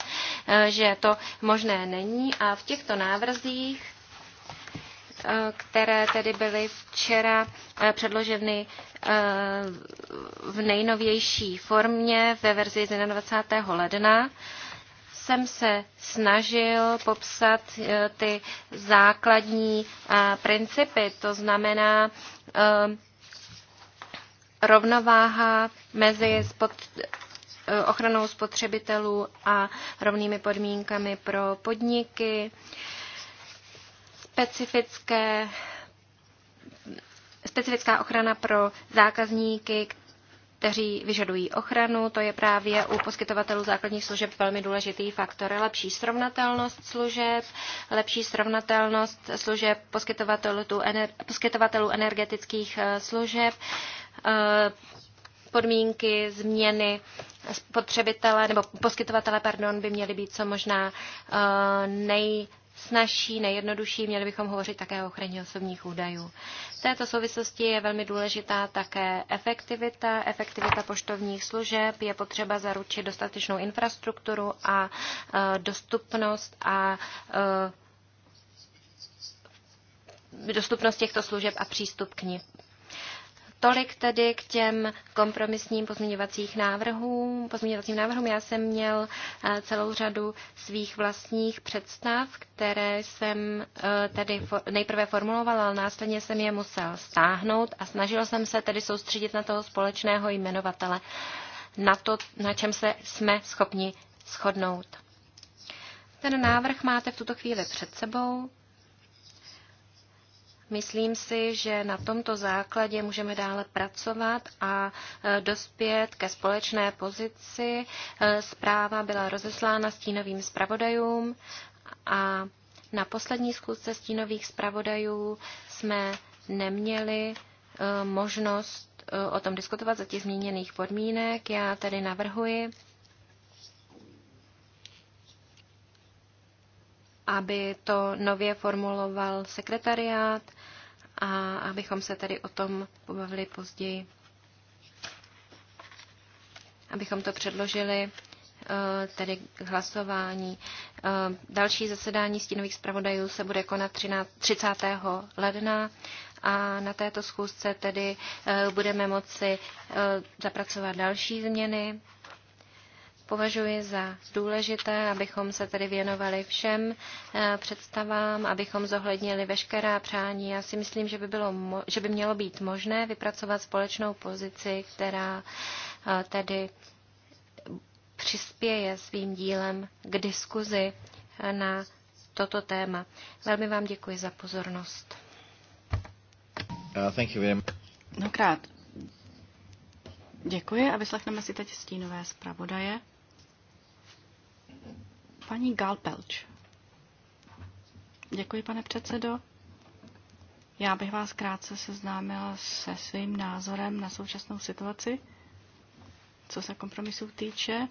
S4: eh, že to možné není a v těchto návrzích eh, které tedy byly včera předloženy v nejnovější formě ve verzi 21. ledna, jsem se snažil popsat eh, ty základní eh, principy, to znamená eh, rovnováha mezi spod, ochranou spotřebitelů a rovnými podmínkami pro podniky, specifické specifická ochrana pro zákazníky, kteří vyžadují ochranu. To je právě u poskytovatelů základních služeb velmi důležitý faktor. Lepší srovnatelnost služeb, lepší srovnatelnost služeb poskytovatelů, poskytovatelů energetických eh, služeb, eh, podmínky, změny spotřebitele nebo poskytovatele pardon, by měly být co možná eh, nej snažší, nejjednodušší, měli bychom hovořit také o ochraně osobních údajů. V této souvislosti je velmi důležitá také efektivita. Efektivita poštovních služeb je potřeba zaručit dostatečnou infrastrukturu a e, dostupnost a e, dostupnost těchto služeb a přístup k ní. Tolik tedy k těm kompromisním pozměňovacích návrhům. Pozměňovacím návrhům já jsem měl eh, celou řadu svých vlastních představ, které jsem eh, tedy nejprve formulovala, ale následně jsem je musel stáhnout a snažil jsem se tedy soustředit na toho společného jmenovatele, na to, na čem se jsme schopni shodnout. Ten návrh máte v tuto chvíli před sebou. Myslím si, že na tomto základě můžeme dále pracovat a e, dospět ke společné pozici. E, zpráva byla rozeslána stínovým zpravodajům a na poslední schůzce stínových zpravodajů jsme neměli e, možnost o tom diskutovat za těch zmíněných podmínek. Já tedy navrhuji, aby to nově formuloval sekretariát a abychom se tedy o tom pobavili později. Abychom to předložili eh, tedy k hlasování. Eh, další zasedání stínových zpravodajů se bude konat 30. ledna a na této schůzce tedy eh, budeme moci zapracovat další změny Považuji za důležité, abychom se tedy věnovali všem eh, představám, abychom zohlednili veškerá přání. Já si myslím, že by, bylo, že by mělo být možné vypracovat společnou pozici, která eh, tedy přispěje svým dílem k diskuzi eh, na toto téma. Velmi vám děkuji za pozornost.
S1: Uh, thank you very
S4: much. krát.
S2: Děkuji a vyslechneme si teď stínové zpravodaje. Paní Galpelč. Děkuji, pane předsedo. Já bych vás krátce seznámila se svým názorem na současnou situaci, co se kompromisů týče.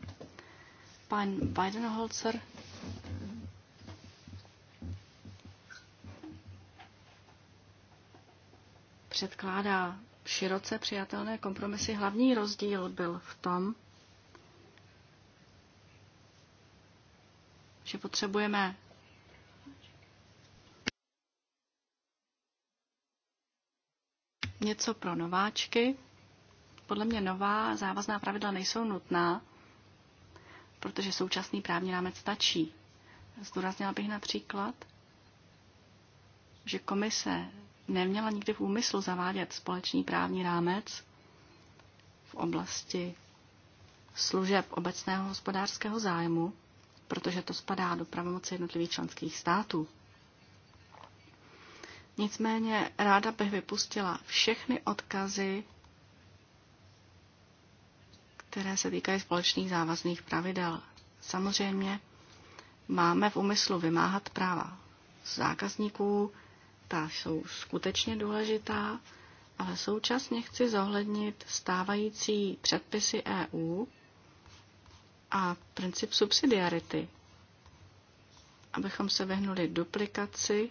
S2: Pan Weidenholzer předkládá široce přijatelné kompromisy. Hlavní rozdíl byl v tom, že potřebujeme něco pro nováčky. Podle mě nová závazná pravidla nejsou nutná, protože současný právní rámec stačí. Zdůraznila bych například, že komise neměla nikdy v úmyslu zavádět společný právní rámec v oblasti služeb obecného hospodářského zájmu, protože to spadá do pravomoci jednotlivých členských států. Nicméně ráda bych vypustila všechny odkazy, které se týkají společných závazných pravidel. Samozřejmě máme v úmyslu vymáhat práva zákazníků, ta jsou skutečně důležitá, ale současně chci zohlednit stávající předpisy EU, a princip subsidiarity, abychom se vyhnuli duplikaci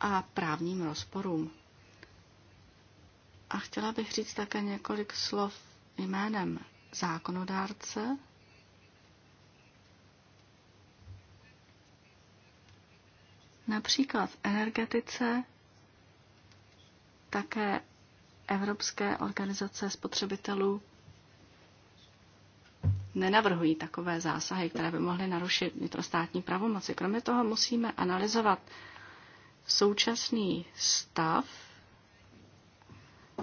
S2: a právním rozporům. A chtěla bych říct také několik slov jménem zákonodárce, například v energetice, také Evropské organizace spotřebitelů nenavrhují takové zásahy, které by mohly narušit vnitrostátní pravomoci. Kromě toho musíme analyzovat současný stav,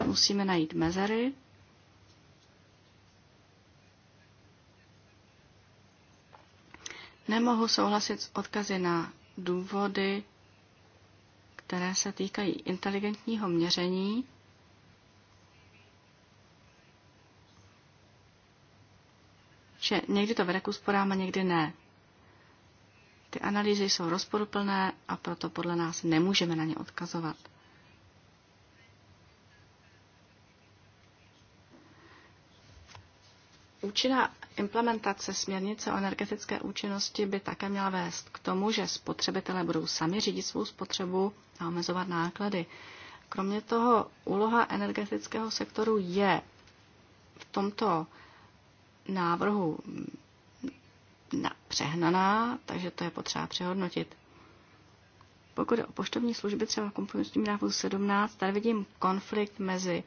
S2: musíme najít mezery, Nemohu souhlasit s odkazy na důvody, které se týkají inteligentního měření že někdy to vede k úsporám a někdy ne. Ty analýzy jsou rozporuplné a proto podle nás nemůžeme na ně odkazovat. Účinná implementace směrnice o energetické účinnosti by také měla vést k tomu, že spotřebitelé budou sami řídit svou spotřebu a omezovat náklady. Kromě toho úloha energetického sektoru je v tomto návrhu na přehnaná, takže to je potřeba přehodnotit. Pokud je o poštovní služby, třeba v kompromisním návrhu 17, tady vidím konflikt mezi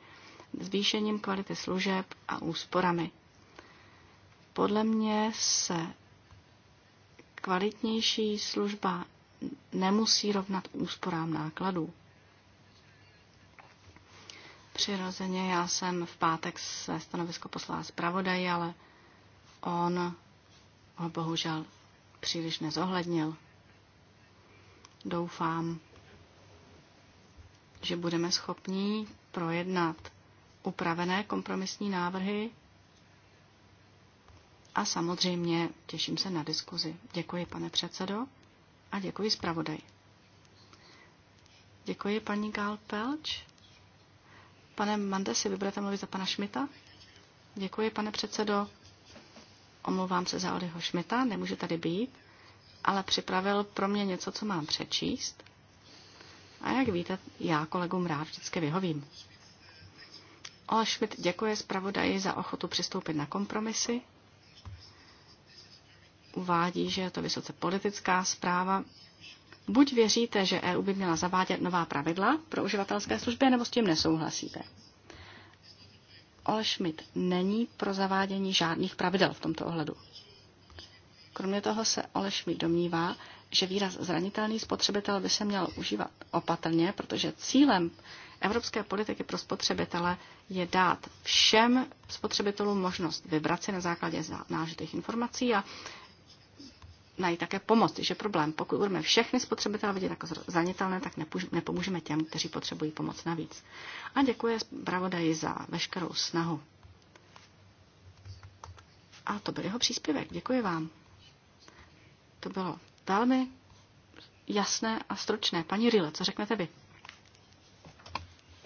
S2: zvýšením kvality služeb a úsporami. Podle mě se kvalitnější služba nemusí rovnat úsporám nákladů. Přirozeně já jsem v pátek se stanovisko poslala zpravodaji, ale on ho bohužel příliš nezohlednil. Doufám, že budeme schopni projednat upravené kompromisní návrhy a samozřejmě těším se na diskuzi. Děkuji, pane předsedo, a děkuji zpravodaj. Děkuji, paní Gál Pelč. Pane Mande, si vyberete mluvit za pana Šmita? Děkuji, pane předsedo omlouvám se za Oliho Šmita, nemůže tady být, ale připravil pro mě něco, co mám přečíst. A jak víte, já kolegům rád vždycky vyhovím. Ola Schmidt děkuje zpravodaji za ochotu přistoupit na kompromisy. Uvádí, že je to vysoce politická zpráva. Buď věříte, že EU by měla zavádět nová pravidla pro uživatelské služby, nebo s tím nesouhlasíte. Ole Schmidt není pro zavádění žádných pravidel v tomto ohledu. Kromě toho se Ole Schmidt domnívá, že výraz zranitelný spotřebitel by se měl užívat opatrně, protože cílem evropské politiky pro spotřebitele je dát všem spotřebitelům možnost vybrat si na základě nážitých informací a najít také pomoc, když je problém. Pokud budeme všechny spotřebitele vidět jako zranitelné, tak nepomůžeme těm, kteří potřebují pomoc navíc. A děkuji zpravodaji za veškerou snahu. A to byl jeho příspěvek. Děkuji vám. To bylo velmi jasné a stručné. Paní Rile, co řeknete vy?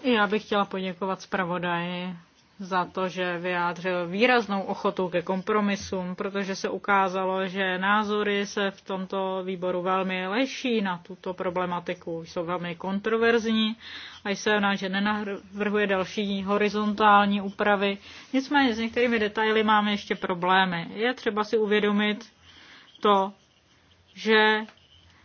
S1: Já bych chtěla poděkovat zpravodaji za to, že vyjádřil výraznou ochotu ke kompromisům, protože se ukázalo, že názory se v tomto výboru velmi leší na tuto problematiku. Jsou velmi kontroverzní a jsem rád, že nenavrhuje další horizontální úpravy. Nicméně s některými detaily máme ještě problémy. Je třeba si uvědomit to, že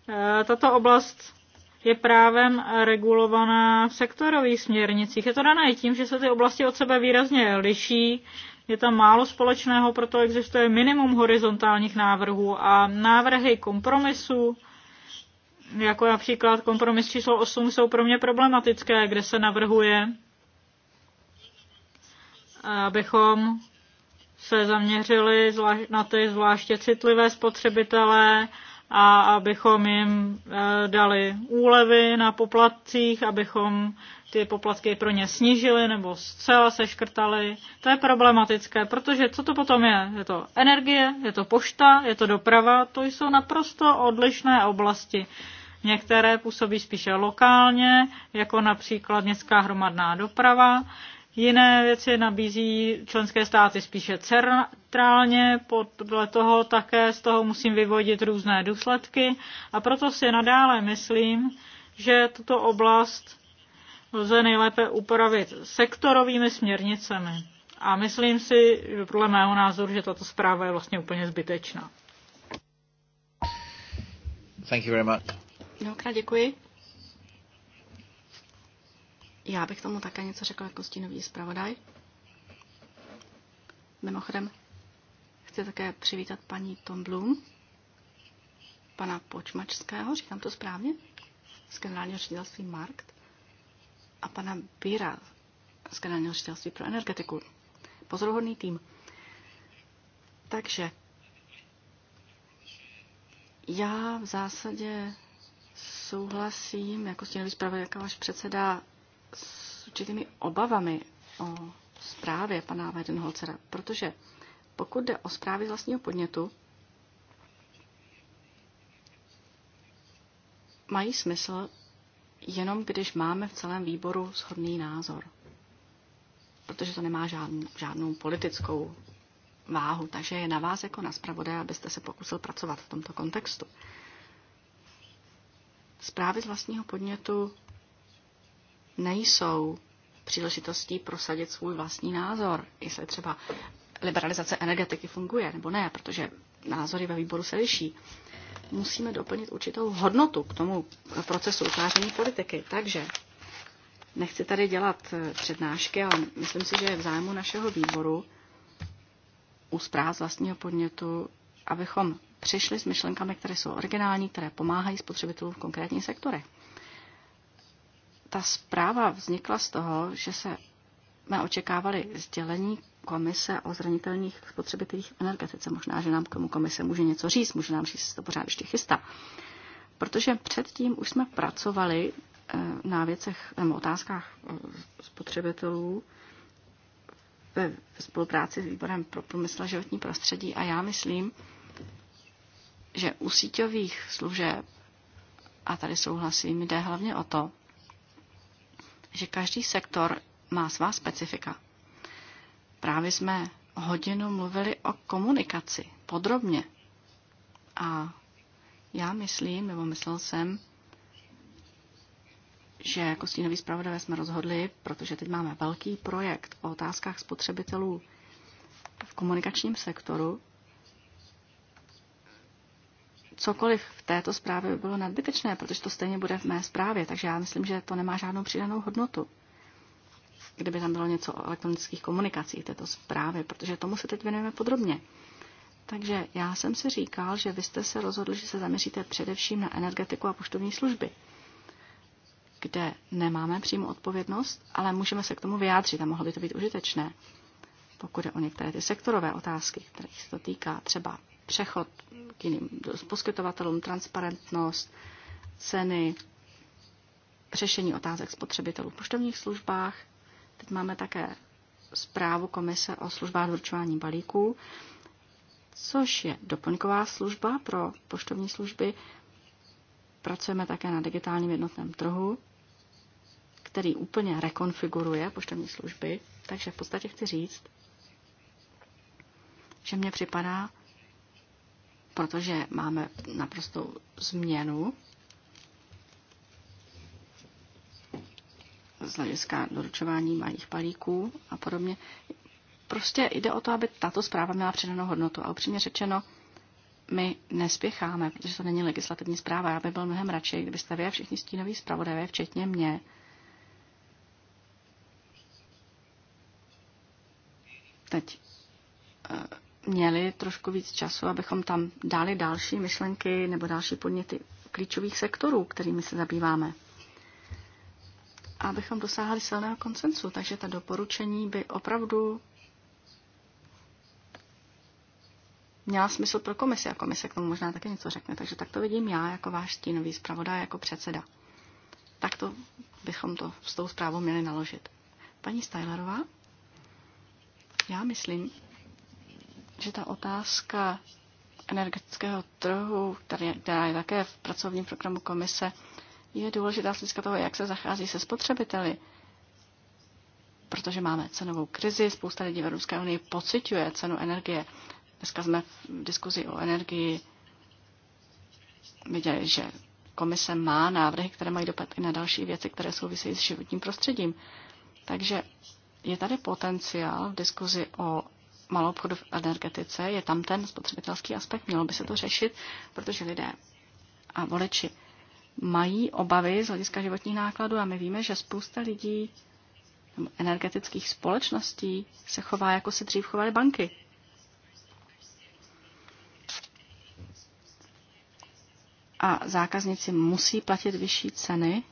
S1: eh, tato oblast je právem regulovaná v sektorových směrnicích. Je to dané tím, že se ty oblasti od sebe výrazně liší, je tam málo společného, proto existuje minimum horizontálních návrhů a návrhy kompromisu, jako například kompromis číslo 8, jsou pro mě problematické, kde se navrhuje, abychom se zaměřili na ty zvláště citlivé spotřebitelé a abychom jim eh, dali úlevy na poplatcích, abychom ty poplatky pro ně snížili nebo zcela seškrtali. To je problematické, protože co to potom je? Je to energie, je to pošta, je to doprava, to jsou naprosto odlišné oblasti. Některé působí spíše lokálně, jako například městská hromadná doprava, Jiné věci nabízí členské státy spíše centrálně, podle toho také z toho musím vyvodit různé důsledky a proto si nadále myslím, že tuto oblast lze nejlépe upravit sektorovými směrnicemi. A myslím si, že podle mého názoru, že tato zpráva je vlastně úplně zbytečná. Thank you very much.
S2: Mnohokrát děkuji. Já bych tomu také něco řekla jako stínový zpravodaj. Mimochodem, chci také přivítat paní Tom Blum, pana Počmačského, říkám to správně, z generálního ředitelství Markt, a pana Bíra z generálního ředitelství pro energetiku. Pozoruhodný tým. Takže já v zásadě souhlasím jako stínový jako váš předseda s určitými obavami o zprávě pana Weidenholzera, protože pokud jde o zprávy z vlastního podnětu, mají smysl jenom když máme v celém výboru shodný názor. Protože to nemá žádnou, žádnou politickou váhu, takže je na vás jako na zpravodaj, abyste se pokusil pracovat v tomto kontextu. Zprávy z vlastního podnětu nejsou příležitostí prosadit svůj vlastní názor, jestli třeba liberalizace energetiky funguje nebo ne, protože názory ve výboru se liší. Musíme doplnit určitou hodnotu k tomu procesu utváření politiky. Takže nechci tady dělat eh, přednášky, ale myslím si, že je v zájmu našeho výboru u zpráv z vlastního podnětu, abychom přišli s myšlenkami, které jsou originální, které pomáhají spotřebitelům v konkrétních sektorech ta zpráva vznikla z toho, že se jsme očekávali sdělení komise o zranitelných spotřebitelích v energetice. Možná, že nám k tomu komise může něco říct, může nám říct, že to pořád ještě chystá. Protože předtím už jsme pracovali eh, na věcech nebo otázkách eh, spotřebitelů ve spolupráci s výborem pro průmysl a životní prostředí a já myslím, že u síťových služeb, a tady souhlasím, jde hlavně o to, že každý sektor má svá specifika. Právě jsme hodinu mluvili o komunikaci podrobně. A já myslím, nebo myslel jsem, že jako stínový zpravodajové jsme rozhodli, protože teď máme velký projekt o otázkách spotřebitelů v komunikačním sektoru, cokoliv v této zprávě by bylo nadbytečné, protože to stejně bude v mé zprávě, takže já myslím, že to nemá žádnou přidanou hodnotu, kdyby tam bylo něco o elektronických komunikacích této zprávě, protože tomu se teď věnujeme podrobně. Takže já jsem si říkal, že vy jste se rozhodli, že se zaměříte především na energetiku a poštovní služby, kde nemáme přímo odpovědnost, ale můžeme se k tomu vyjádřit a mohlo by to být užitečné, pokud je o některé ty sektorové otázky, kterých se to týká, třeba přechod k jiným poskytovatelům, transparentnost, ceny, řešení otázek spotřebitelů v poštovních službách. Teď máme také zprávu Komise o službách doručování balíků, což je doplňková služba pro poštovní služby. Pracujeme také na digitálním jednotném trhu, který úplně rekonfiguruje poštovní služby. Takže v podstatě chci říct, že mně připadá, protože máme naprostou změnu z hlediska doručování malých palíků a podobně. Prostě jde o to, aby tato zpráva měla přidanou hodnotu. A upřímně řečeno, my nespěcháme, protože to není legislativní zpráva. Já bych byl mnohem radši, kdybyste vy a všichni stínoví zpravodajové, včetně mě, teď eh, měli trošku víc času, abychom tam dali další myšlenky nebo další podněty klíčových sektorů, kterými se zabýváme. A abychom dosáhli silného koncensu, Takže ta doporučení by opravdu měla smysl pro komisi a komise k tomu možná taky něco řekne. Takže tak to vidím já jako váš stínový zpravodaj, jako předseda. Tak to bychom to s tou zprávou měli naložit. Paní Stylerová? Já myslím, že ta otázka energetického trhu, která je také v pracovním programu komise, je důležitá z hlediska toho, jak se zachází se spotřebiteli. Protože máme cenovou krizi, spousta lidí v Evropské unii pociťuje cenu energie. Dneska jsme v diskuzi o energii viděli, že komise má návrhy, které mají dopad i na další věci, které souvisejí s životním prostředím. Takže je tady potenciál v diskuzi o malou obchodu v energetice, je tam ten spotřebitelský aspekt, mělo by se to řešit, protože lidé a voleči mají obavy z hlediska životních nákladů a my víme, že spousta lidí energetických společností se chová, jako se dřív chovaly banky. A zákazníci musí platit vyšší ceny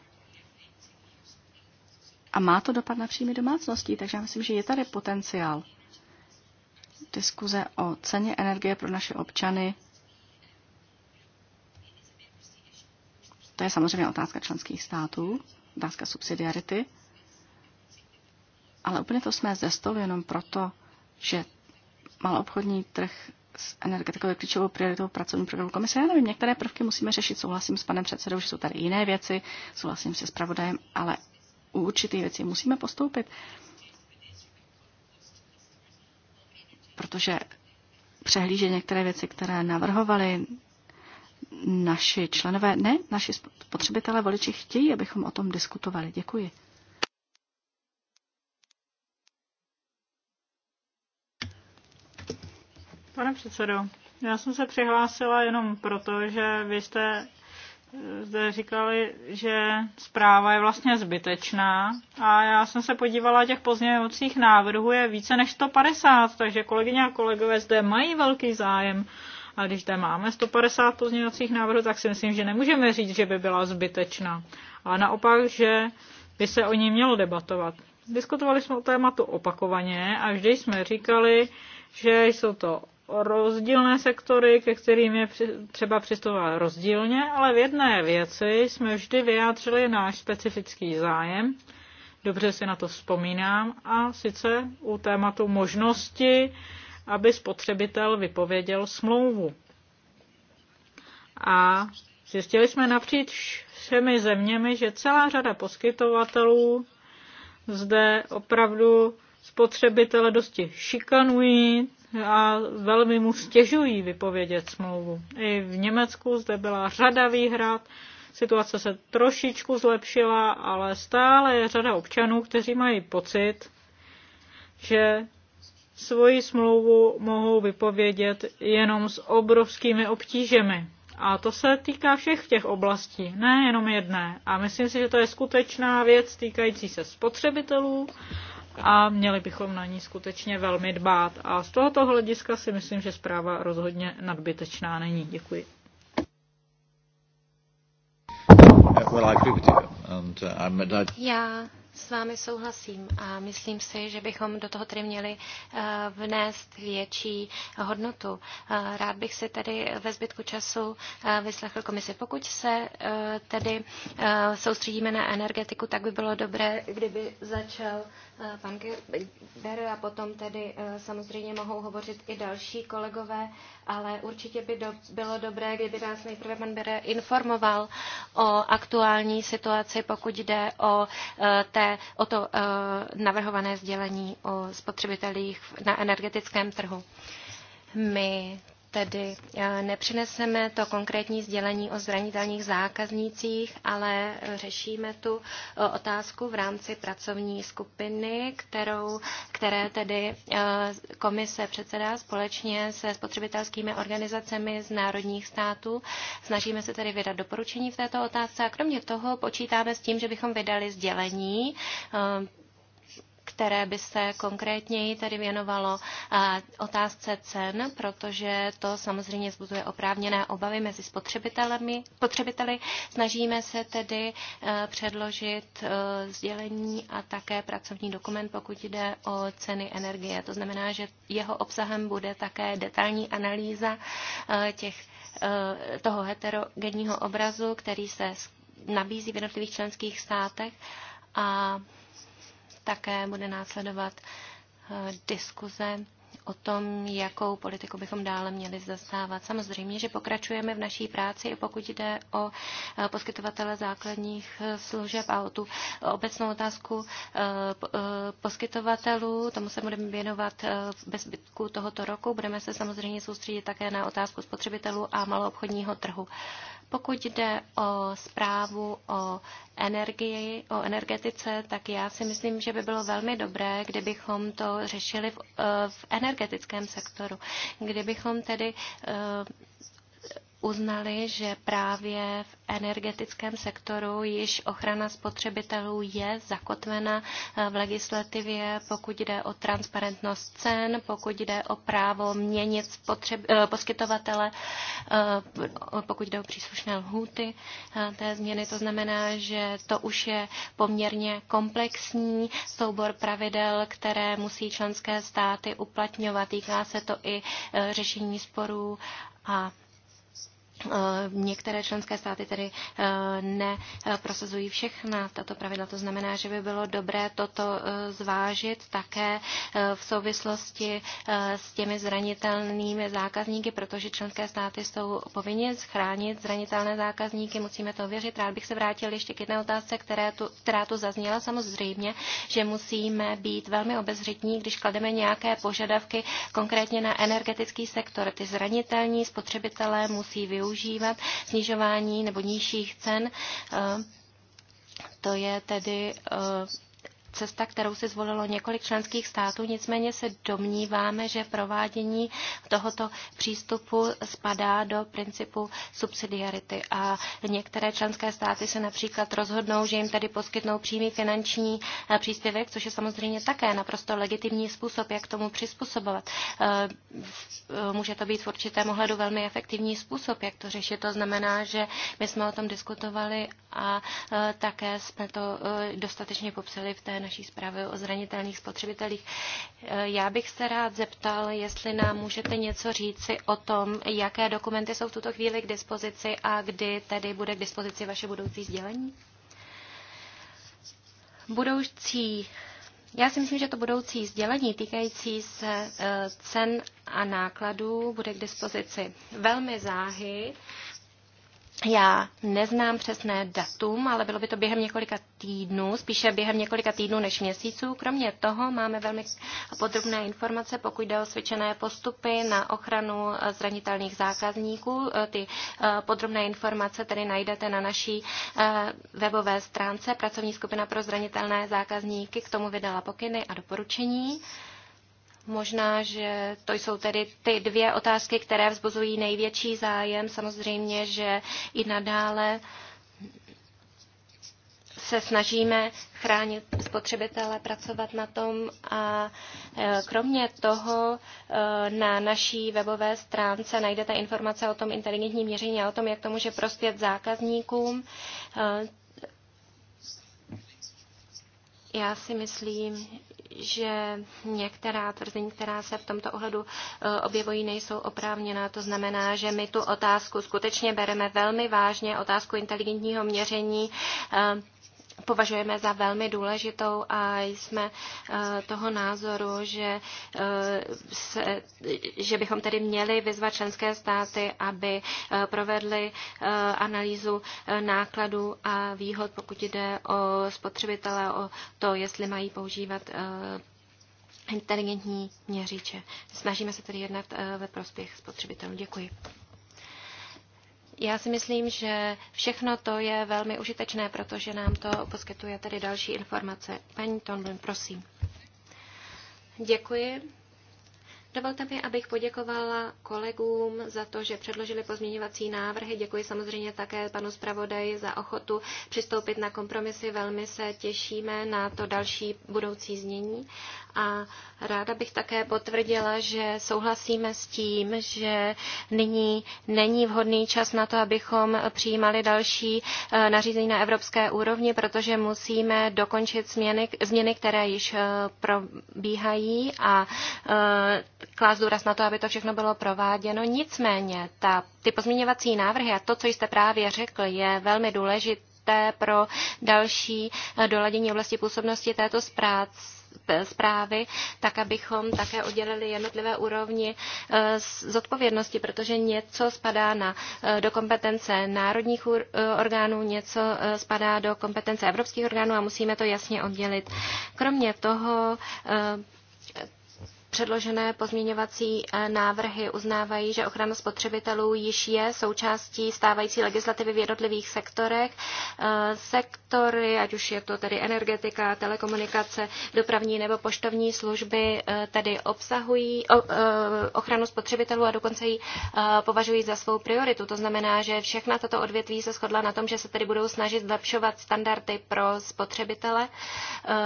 S2: a má to dopad na příjmy domácností, takže já myslím, že je tady potenciál diskuze o ceně energie pro naše občany. To je samozřejmě otázka členských států, otázka subsidiarity. Ale úplně to jsme ze stolu jenom proto, že maloobchodní trh s energetikou je klíčovou prioritou pracovní programu komise. Já nevím, některé prvky musíme řešit. Souhlasím s panem předsedou, že jsou tady jiné věci, souhlasím se s pravodajem, ale u určitých věcí musíme postoupit. protože přehlíže některé věci, které navrhovali naši členové, ne, naši spotřebitelé voliči chtějí, abychom o tom diskutovali. Děkuji.
S1: Pane předsedo, já jsem se přihlásila jenom proto, že vy jste zde říkali, že zpráva je vlastně zbytečná a já jsem se podívala, těch pozměňovacích návrhů je více než 150, takže kolegyně a kolegové zde mají velký zájem. A když zde máme 150 pozměňovacích návrhů, tak si myslím, že nemůžeme říct, že by byla zbytečná. Ale naopak, že by se o ní mělo debatovat. Diskutovali jsme o tématu opakovaně a vždy jsme říkali, že jsou to rozdílné sektory, ke kterým je třeba přistupovat rozdílně, ale v jedné věci jsme vždy vyjádřili náš specifický zájem, dobře si na to vzpomínám, a sice u tématu možnosti, aby spotřebitel vypověděl smlouvu. A zjistili jsme napříč všemi zeměmi, že celá řada poskytovatelů zde opravdu spotřebitele dosti šikanují, a velmi mu stěžují vypovědět smlouvu. I v Německu zde byla řada výhrad, situace se trošičku zlepšila, ale stále je řada občanů, kteří mají pocit, že svoji smlouvu mohou vypovědět jenom s obrovskými obtížemi. A to se týká všech těch oblastí, ne jenom jedné. A myslím si, že to je skutečná věc týkající se spotřebitelů a měli bychom na ní skutečně velmi dbát. A z tohoto hlediska si myslím, že zpráva rozhodně nadbytečná není. Děkuji. Uh,
S4: Já s vámi souhlasím a myslím si, že bychom do toho tedy měli eh, vnést větší hodnotu. Eh, rád bych si tedy ve zbytku času eh, vyslechl komisi. Pokud se tedy soustředíme na energetiku, tak by bylo dobré, kdyby začal pan Gerber a potom tedy samozřejmě mohou hovořit i další kolegové, ale určitě by do, bylo dobré, kdyby nás nejprve pan Bere informoval o aktuální situaci, pokud jde o té o to eh, navrhované sdělení o spotřebitelích na energetickém trhu. My tedy eh, nepřineseme to konkrétní sdělení o zranitelných zákaznících, ale řešíme tu eh, otázku v rámci pracovní skupiny, kterou, které tedy eh, komise předsedá společně se spotřebitelskými organizacemi z národních států. Snažíme se tedy vydat doporučení v této otázce a kromě toho počítáme s tím, že bychom vydali sdělení které by se konkrétněji tedy věnovalo otázce cen, protože to samozřejmě zbuduje oprávněné obavy mezi spotřebitelemi. Spotřebiteli snažíme se tedy e, předložit e, sdělení a také pracovní dokument, pokud jde o ceny energie. To znamená, že jeho obsahem bude také detailní analýza e, těch toho heterogenního obrazu, který se nabízí v jednotlivých členských státech a také bude následovat eh, diskuze o tom, jakou politiku bychom dále měli zastávat. Samozřejmě, že pokračujeme v naší práci, i pokud jde o eh, poskytovatele základních eh, služeb a o tu obecnou otázku poskytovatelů. Tomu se budeme věnovat ve zbytku tohoto roku. Budeme se samozřejmě soustředit také na otázku spotřebitelů a maloobchodního trhu. Pokud jde o zprávu o energii, o energetice, tak já si myslím, že by bylo velmi dobré, kdybychom to řešili v, eh, v energetickém sektoru. Kdybychom tedy eh, uznali, že právě v energetickém sektoru již ochrana spotřebitelů je zakotvena eh, v legislativě, pokud jde o transparentnost cen, pokud jde o právo měnit spotřeb, eh, poskytovatele, eh, pokud jde o příslušné lhůty té změny. To znamená, že to už je poměrně komplexní soubor pravidel, které musí členské státy uplatňovat. Týká se to i řešení sporů a Eh, některé členské státy tedy eh, neprosazují všechna tato pravidla. To znamená, že by bylo dobré toto eh, zvážit také v souvislosti s těmi zranitelnými zákazníky, protože členské státy jsou povinni chránit zranitelné zákazníky. Musíme to věřit. Rád bych se vrátil ještě k jedné otázce, která tu, která tu zazněla. Samozřejmě, že musíme být velmi obezřetní, když klademe nějaké požadavky konkrétně na energetický sektor. Ty zranitelní spotřebitelé musí využít používat, snižování nebo nižších cen. Eh, to je tedy eh, cesta, kterou si zvolilo několik členských států, nicméně se domníváme, že provádění tohoto přístupu spadá do principu subsidiarity a některé členské státy se například rozhodnou, že jim tedy poskytnou přímý finanční eh, příspěvek, což je samozřejmě také naprosto legitimní způsob, jak tomu přizpůsobovat. Eh, eh, může to být v určitém ohledu velmi efektivní způsob, jak to řešit. To znamená, že my jsme o tom diskutovali a také jsme to dostatečně popsali v té naší zprávy o zranitelných spotřebitelích. Eh, já bych se rád zeptal, jestli nám můžete něco říci o tom, jaké dokumenty jsou v tuto chvíli k dispozici a kdy tedy bude k dispozici vaše budoucí sdělení. Budoucí já si myslím, že to budoucí sdělení týkající se eh, cen a nákladů bude k dispozici velmi záhy. Já neznám přesné datum, ale bylo by to během několika týdnů, spíše během několika týdnů než měsíců. Kromě toho máme velmi podrobné informace, pokud jde o svědčené postupy na ochranu eh, zranitelných zákazníků. Eh, ty eh, podrobné informace tedy najdete na naší webové stránce. Pracovní skupina pro zranitelné zákazníky k tomu vydala pokyny a doporučení. Možná, že to jsou tedy ty dvě otázky, které vzbuzují největší zájem. Samozřejmě, že i nadále se snažíme chránit spotřebitele, pracovat na tom a e, kromě toho e, na naší webové stránce najdete informace o tom inteligentním měření a o tom, jak to může prospět zákazníkům. E, já si myslím, že některá tvrzení, která se v tomto ohledu eh, objevují, nejsou oprávněná. To znamená, že my tu otázku skutečně bereme velmi vážně, otázku inteligentního měření eh, považujeme za velmi důležitou a jsme eh, toho názoru, že, eh, se, že bychom tedy měli vyzvat členské státy, aby eh, provedly analýzu nákladů a výhod, pokud jde o spotřebitele, o to, jestli mají používat inteligentní měřiče. Snažíme se tedy jednat ve prospěch spotřebitelů. Děkuji. Já si myslím, že všechno to je velmi užitečné, protože nám to poskytuje tedy další informace. Paní Tonblin, prosím. Děkuji. Dovolte mi, abych poděkovala kolegům za to, že předložili pozměňovací návrhy. Děkuji samozřejmě také panu zpravodaji za ochotu přistoupit na kompromisy. Velmi se těšíme na to další budoucí znění. A ráda bych také potvrdila, že souhlasíme s tím, že nyní není vhodný čas na to, abychom přijímali další eh, nařízení na evropské úrovni, protože musíme dokončit změny, změny které již eh, probíhají a eh, klást důraz na to, aby to všechno bylo prováděno. Nicméně ta, ty pozměňovací návrhy a to, co jste právě řekl, je velmi důležité pro další eh, doladění oblasti působnosti této zprávy zprávy, tak abychom také oddělili jednotlivé úrovni eh, z odpovědnosti, protože něco spadá na, eh, do kompetence národních orgánů, něco spadá do kompetence evropských orgánů a musíme to jasně oddělit. Kromě toho předložené pozměňovací eh, návrhy uznávají, že ochrana spotřebitelů již je součástí stávající legislativy v jednotlivých sektorech. Eh, sektory, ať už je to tedy energetika, telekomunikace, dopravní nebo poštovní služby, eh, tedy obsahují ochranu spotřebitelů a dokonce ji považují za svou prioritu. To znamená, že všechna tato odvětví se shodla na tom, že se tedy budou snažit zlepšovat standardy pro spotřebitele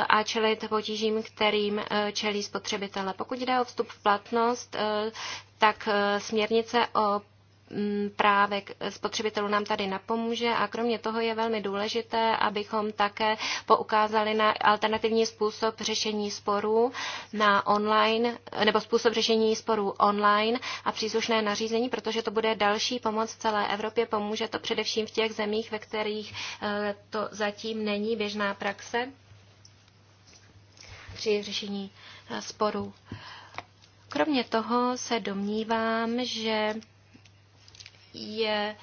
S4: a čelit potížím, kterým čelí spotřebitele. Pokud pokud jde o vstup v platnost, eh, tak eh, směrnice o mm, právek spotřebitelů nám tady napomůže a kromě toho je velmi důležité, abychom také poukázali na alternativní způsob řešení sporů na online, nebo způsob řešení sporů online a příslušné nařízení, protože to bude další pomoc celé Evropě. Pomůže to především v těch zemích, ve kterých eh, to zatím není běžná praxe při řešení sporů. Kromě toho se domnívám, že je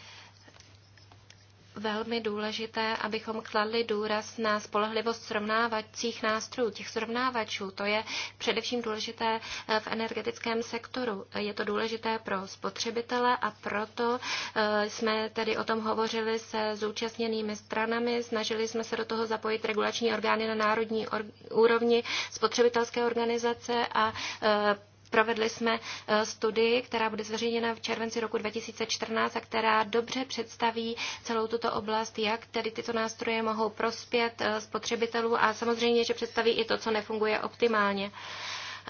S4: velmi důležité, abychom kladli důraz na spolehlivost srovnávacích nástrojů, těch srovnávačů. To je především důležité eh, v energetickém sektoru. Je to důležité pro spotřebitele a proto eh, jsme tedy o tom hovořili se zúčastněnými stranami. Snažili jsme se do toho zapojit regulační orgány na národní úrovni, spotřebitelské organizace a eh, Provedli jsme eh, studii, která bude zveřejněna v červenci roku 2014 a která dobře představí celou tuto oblast, jak tedy tyto nástroje mohou prospět eh, spotřebitelů a samozřejmě, že představí i to, co nefunguje optimálně.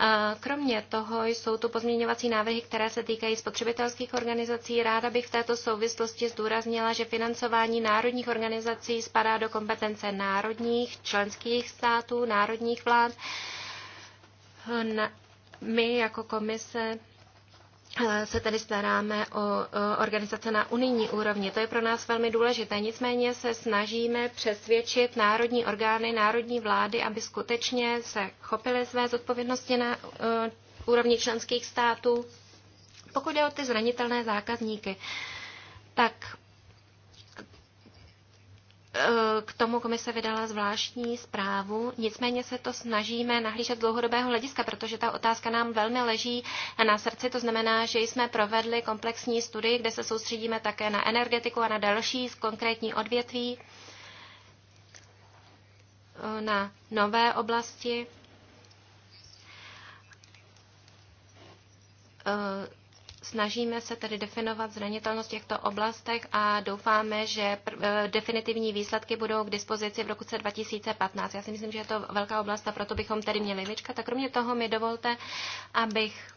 S4: Eh, kromě toho jsou tu pozměňovací návrhy, které se týkají spotřebitelských organizací. Ráda bych v této souvislosti zdůraznila, že financování národních organizací spadá do kompetence národních členských států, národních vlád. Na, my jako komise eh, se tedy staráme o organizace na unijní úrovni. To je pro nás velmi důležité. Nicméně se snažíme přesvědčit národní orgány, národní vlády, aby skutečně se chopily své zodpovědnosti na eh, úrovni členských států. Pokud je o ty zranitelné zákazníky, tak k tomu komise vydala zvláštní zprávu, nicméně se to snažíme nahlížet dlouhodobého hlediska, protože ta otázka nám velmi leží na srdci. To znamená, že jsme provedli komplexní studii, kde se soustředíme také na energetiku a na další konkrétní odvětví, na nové oblasti Snažíme se tedy definovat zranitelnost v těchto oblastech a doufáme, že eh, definitivní výsledky budou k dispozici v roku 2015. Já si myslím, že je to velká oblast a proto bychom tedy měli vyčkat. A kromě toho mi dovolte, abych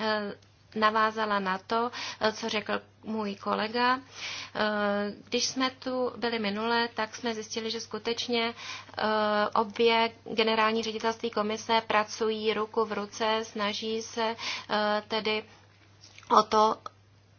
S4: eh, navázala na to, eh, co řekl můj kolega. Když jsme tu byli minule, tak jsme zjistili, že skutečně obě generální ředitelství komise pracují ruku v ruce, snaží se tedy o to,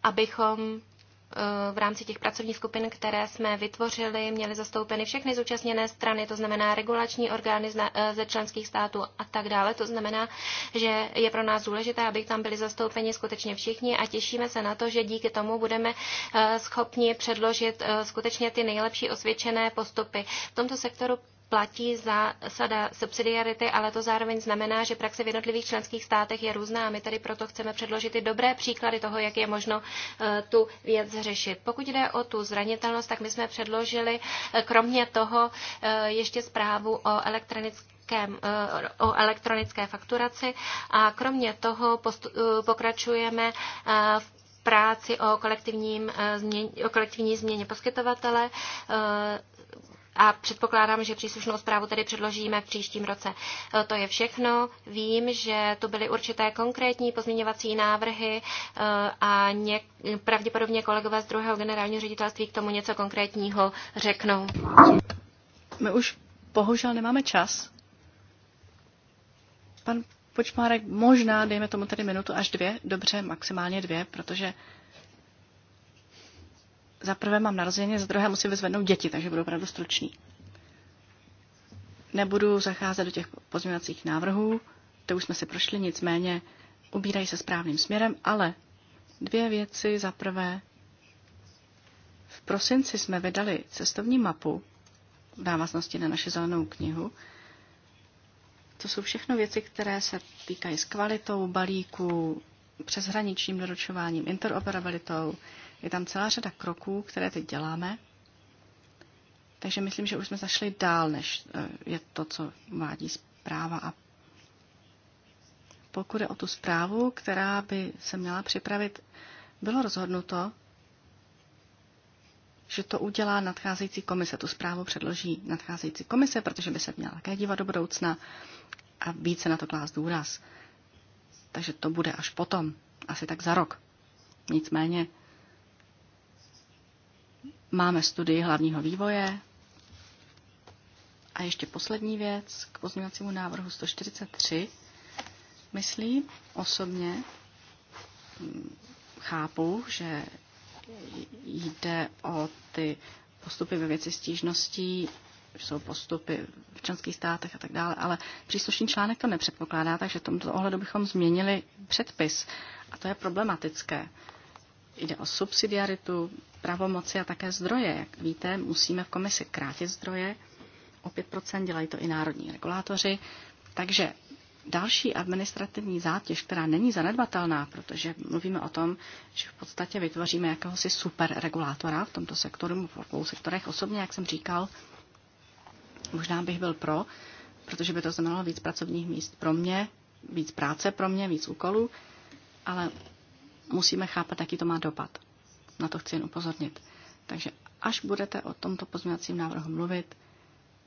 S4: abychom eh, v rámci těch pracovních skupin, které jsme vytvořili, měli zastoupeny všechny zúčastněné strany, to znamená regulační orgány eh, ze členských států a tak dále. To znamená, že je pro nás důležité, aby tam byli zastoupeni skutečně všichni a těšíme se na to, že díky tomu budeme eh, schopni předložit skutečně ty nejlepší osvědčené postupy. V tomto sektoru platí za sada subsidiarity, ale to zároveň znamená, že praxe v jednotlivých členských státech je různá a my tady proto chceme předložit i dobré příklady toho, jak je možno eh, tu věc řešit. Pokud jde o tu zranitelnost, tak my jsme předložili eh, kromě toho eh, ještě zprávu o elektronické o elektronické fakturaci a kromě toho pokračujeme v práci o, kolektivním, o kolektivní změně poskytovatele a předpokládám, že příslušnou zprávu tedy předložíme v příštím roce. E, to je všechno. Vím, že to byly určité konkrétní pozměňovací návrhy e, a něk- pravděpodobně kolegové z druhého generálního ředitelství k tomu něco konkrétního řeknou.
S2: My už bohužel nemáme čas. Pan Počmárek, možná dejme tomu tedy minutu až dvě, dobře, maximálně dvě, protože za prvé mám narozeně, za druhé musím vyzvednout děti, takže budu opravdu stručný. Nebudu zacházet do těch pozměňovacích návrhů, to už jsme si prošli, nicméně ubírají se správným směrem, ale dvě věci. Za prvé, v prosinci jsme vydali cestovní mapu v návaznosti na naši zelenou knihu. To jsou všechno věci, které se týkají s kvalitou balíku, přeshraničním doručováním, interoperabilitou, je tam celá řada kroků, které teď děláme, takže myslím, že už jsme zašli dál, než eh, je to, co vádí zpráva. A pokud je o tu zprávu, která by se měla připravit, bylo rozhodnuto, že to udělá nadcházející komise. Tu zprávu předloží nadcházející komise, protože by se měla také dívat do budoucna a více na to klást důraz. Takže to bude až potom, asi tak za rok. Nicméně Máme studii hlavního vývoje. A ještě poslední věc k pozměňovacímu návrhu 143. Myslím osobně, hm, chápu, že jde o ty postupy ve věci stížností, jsou postupy v členských státech a tak dále, ale příslušný článek to nepředpokládá, takže v tomto ohledu bychom změnili předpis. A to je problematické. Jde o subsidiaritu, pravomoci a také zdroje. Jak víte, musíme v komisi krátit zdroje o 5%, dělají to i národní regulátoři. Takže další administrativní zátěž, která není zanedbatelná, protože mluvíme o tom, že v podstatě vytvoříme jakéhosi superregulátora v tomto sektoru, v obou sektorech. Osobně, jak jsem říkal, možná bych byl pro, protože by to znamenalo víc pracovních míst pro mě, víc práce pro mě, víc úkolů, ale musíme chápat, jaký to má dopad. Na to chci jen upozornit. Takže až budete o tomto pozměňovacím návrhu mluvit,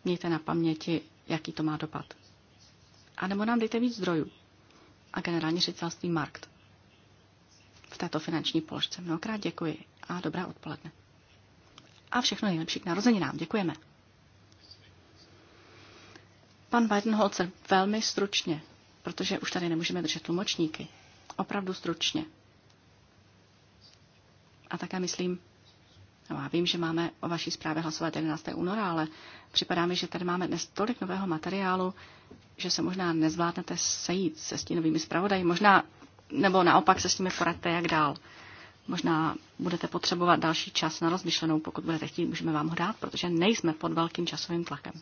S2: mějte na paměti, jaký to má dopad. A nebo nám dejte víc zdrojů. A generální ředitelství Markt. V této finanční položce mnohokrát děkuji a dobrá odpoledne. A všechno nejlepší k narozeninám. Děkujeme. Pan Weidenholzer, velmi stručně, protože už tady nemůžeme držet tlumočníky. Opravdu stručně. A také myslím, no já vím, že máme o vaší zprávě hlasovat 11. února, ale připadá mi, že tady máme dnes tolik nového materiálu, že se možná nezvládnete sejít se stínovými zpravodaji, možná, nebo naopak se s nimi poradte, jak dál. Možná budete potřebovat další čas na rozmyšlenou, pokud budete chtít, můžeme vám ho dát, protože nejsme
S1: pod velkým časovým tlakem.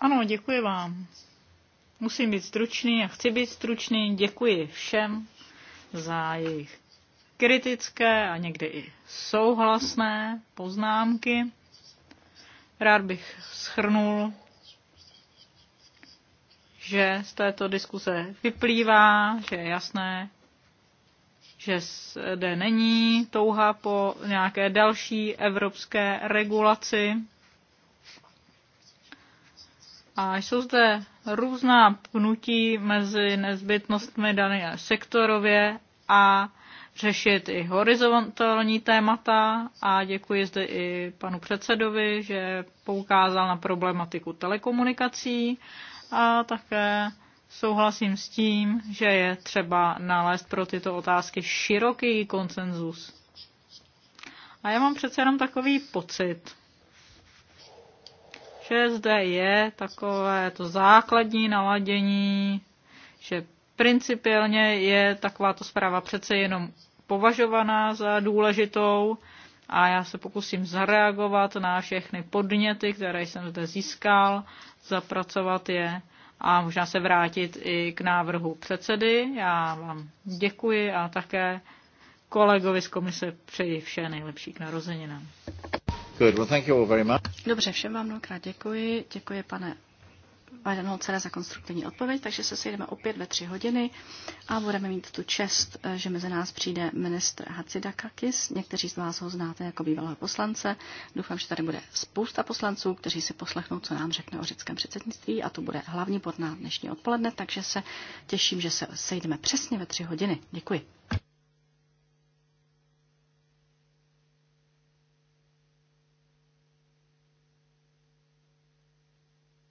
S1: Ano, děkuji vám. Musím být stručný a chci být stručný. Děkuji všem za jejich kritické a někdy i souhlasné poznámky. Rád bych schrnul, že z této diskuse vyplývá, že je jasné, že zde není touha po nějaké další evropské regulaci. A jsou zde různá pnutí mezi nezbytnostmi dané sektorově a řešit i horizontální témata a děkuji zde i panu předsedovi, že poukázal na problematiku telekomunikací a také souhlasím s tím, že je třeba nalézt pro tyto otázky široký konsenzus. A já mám přece jenom takový pocit, že zde je takové to základní naladění, že Principiálně je takováto zpráva přece jenom považovaná za důležitou a já se pokusím zareagovat na všechny podněty, které jsem zde získal, zapracovat je a možná se vrátit i k návrhu předsedy. Já vám děkuji a také kolegovi z komise přeji vše nejlepší k narozeninám. Good. Well, thank you all very much. Dobře, všem vám mnohokrát děkuji. Děkuji, pane Biden Holcera za
S2: konstruktivní odpověď, takže se sejdeme opět ve tři hodiny a budeme mít tu čest, eh, že mezi nás přijde ministr Hatsidakakis. Někteří z vás ho znáte jako bývalého poslance. Doufám, že tady bude spousta poslanců, kteří si poslechnou, co nám řekne o řeckém předsednictví a to bude hlavní bod na dnešní odpoledne, takže se těším, že se sejdeme přesně ve tři hodiny. Děkuji.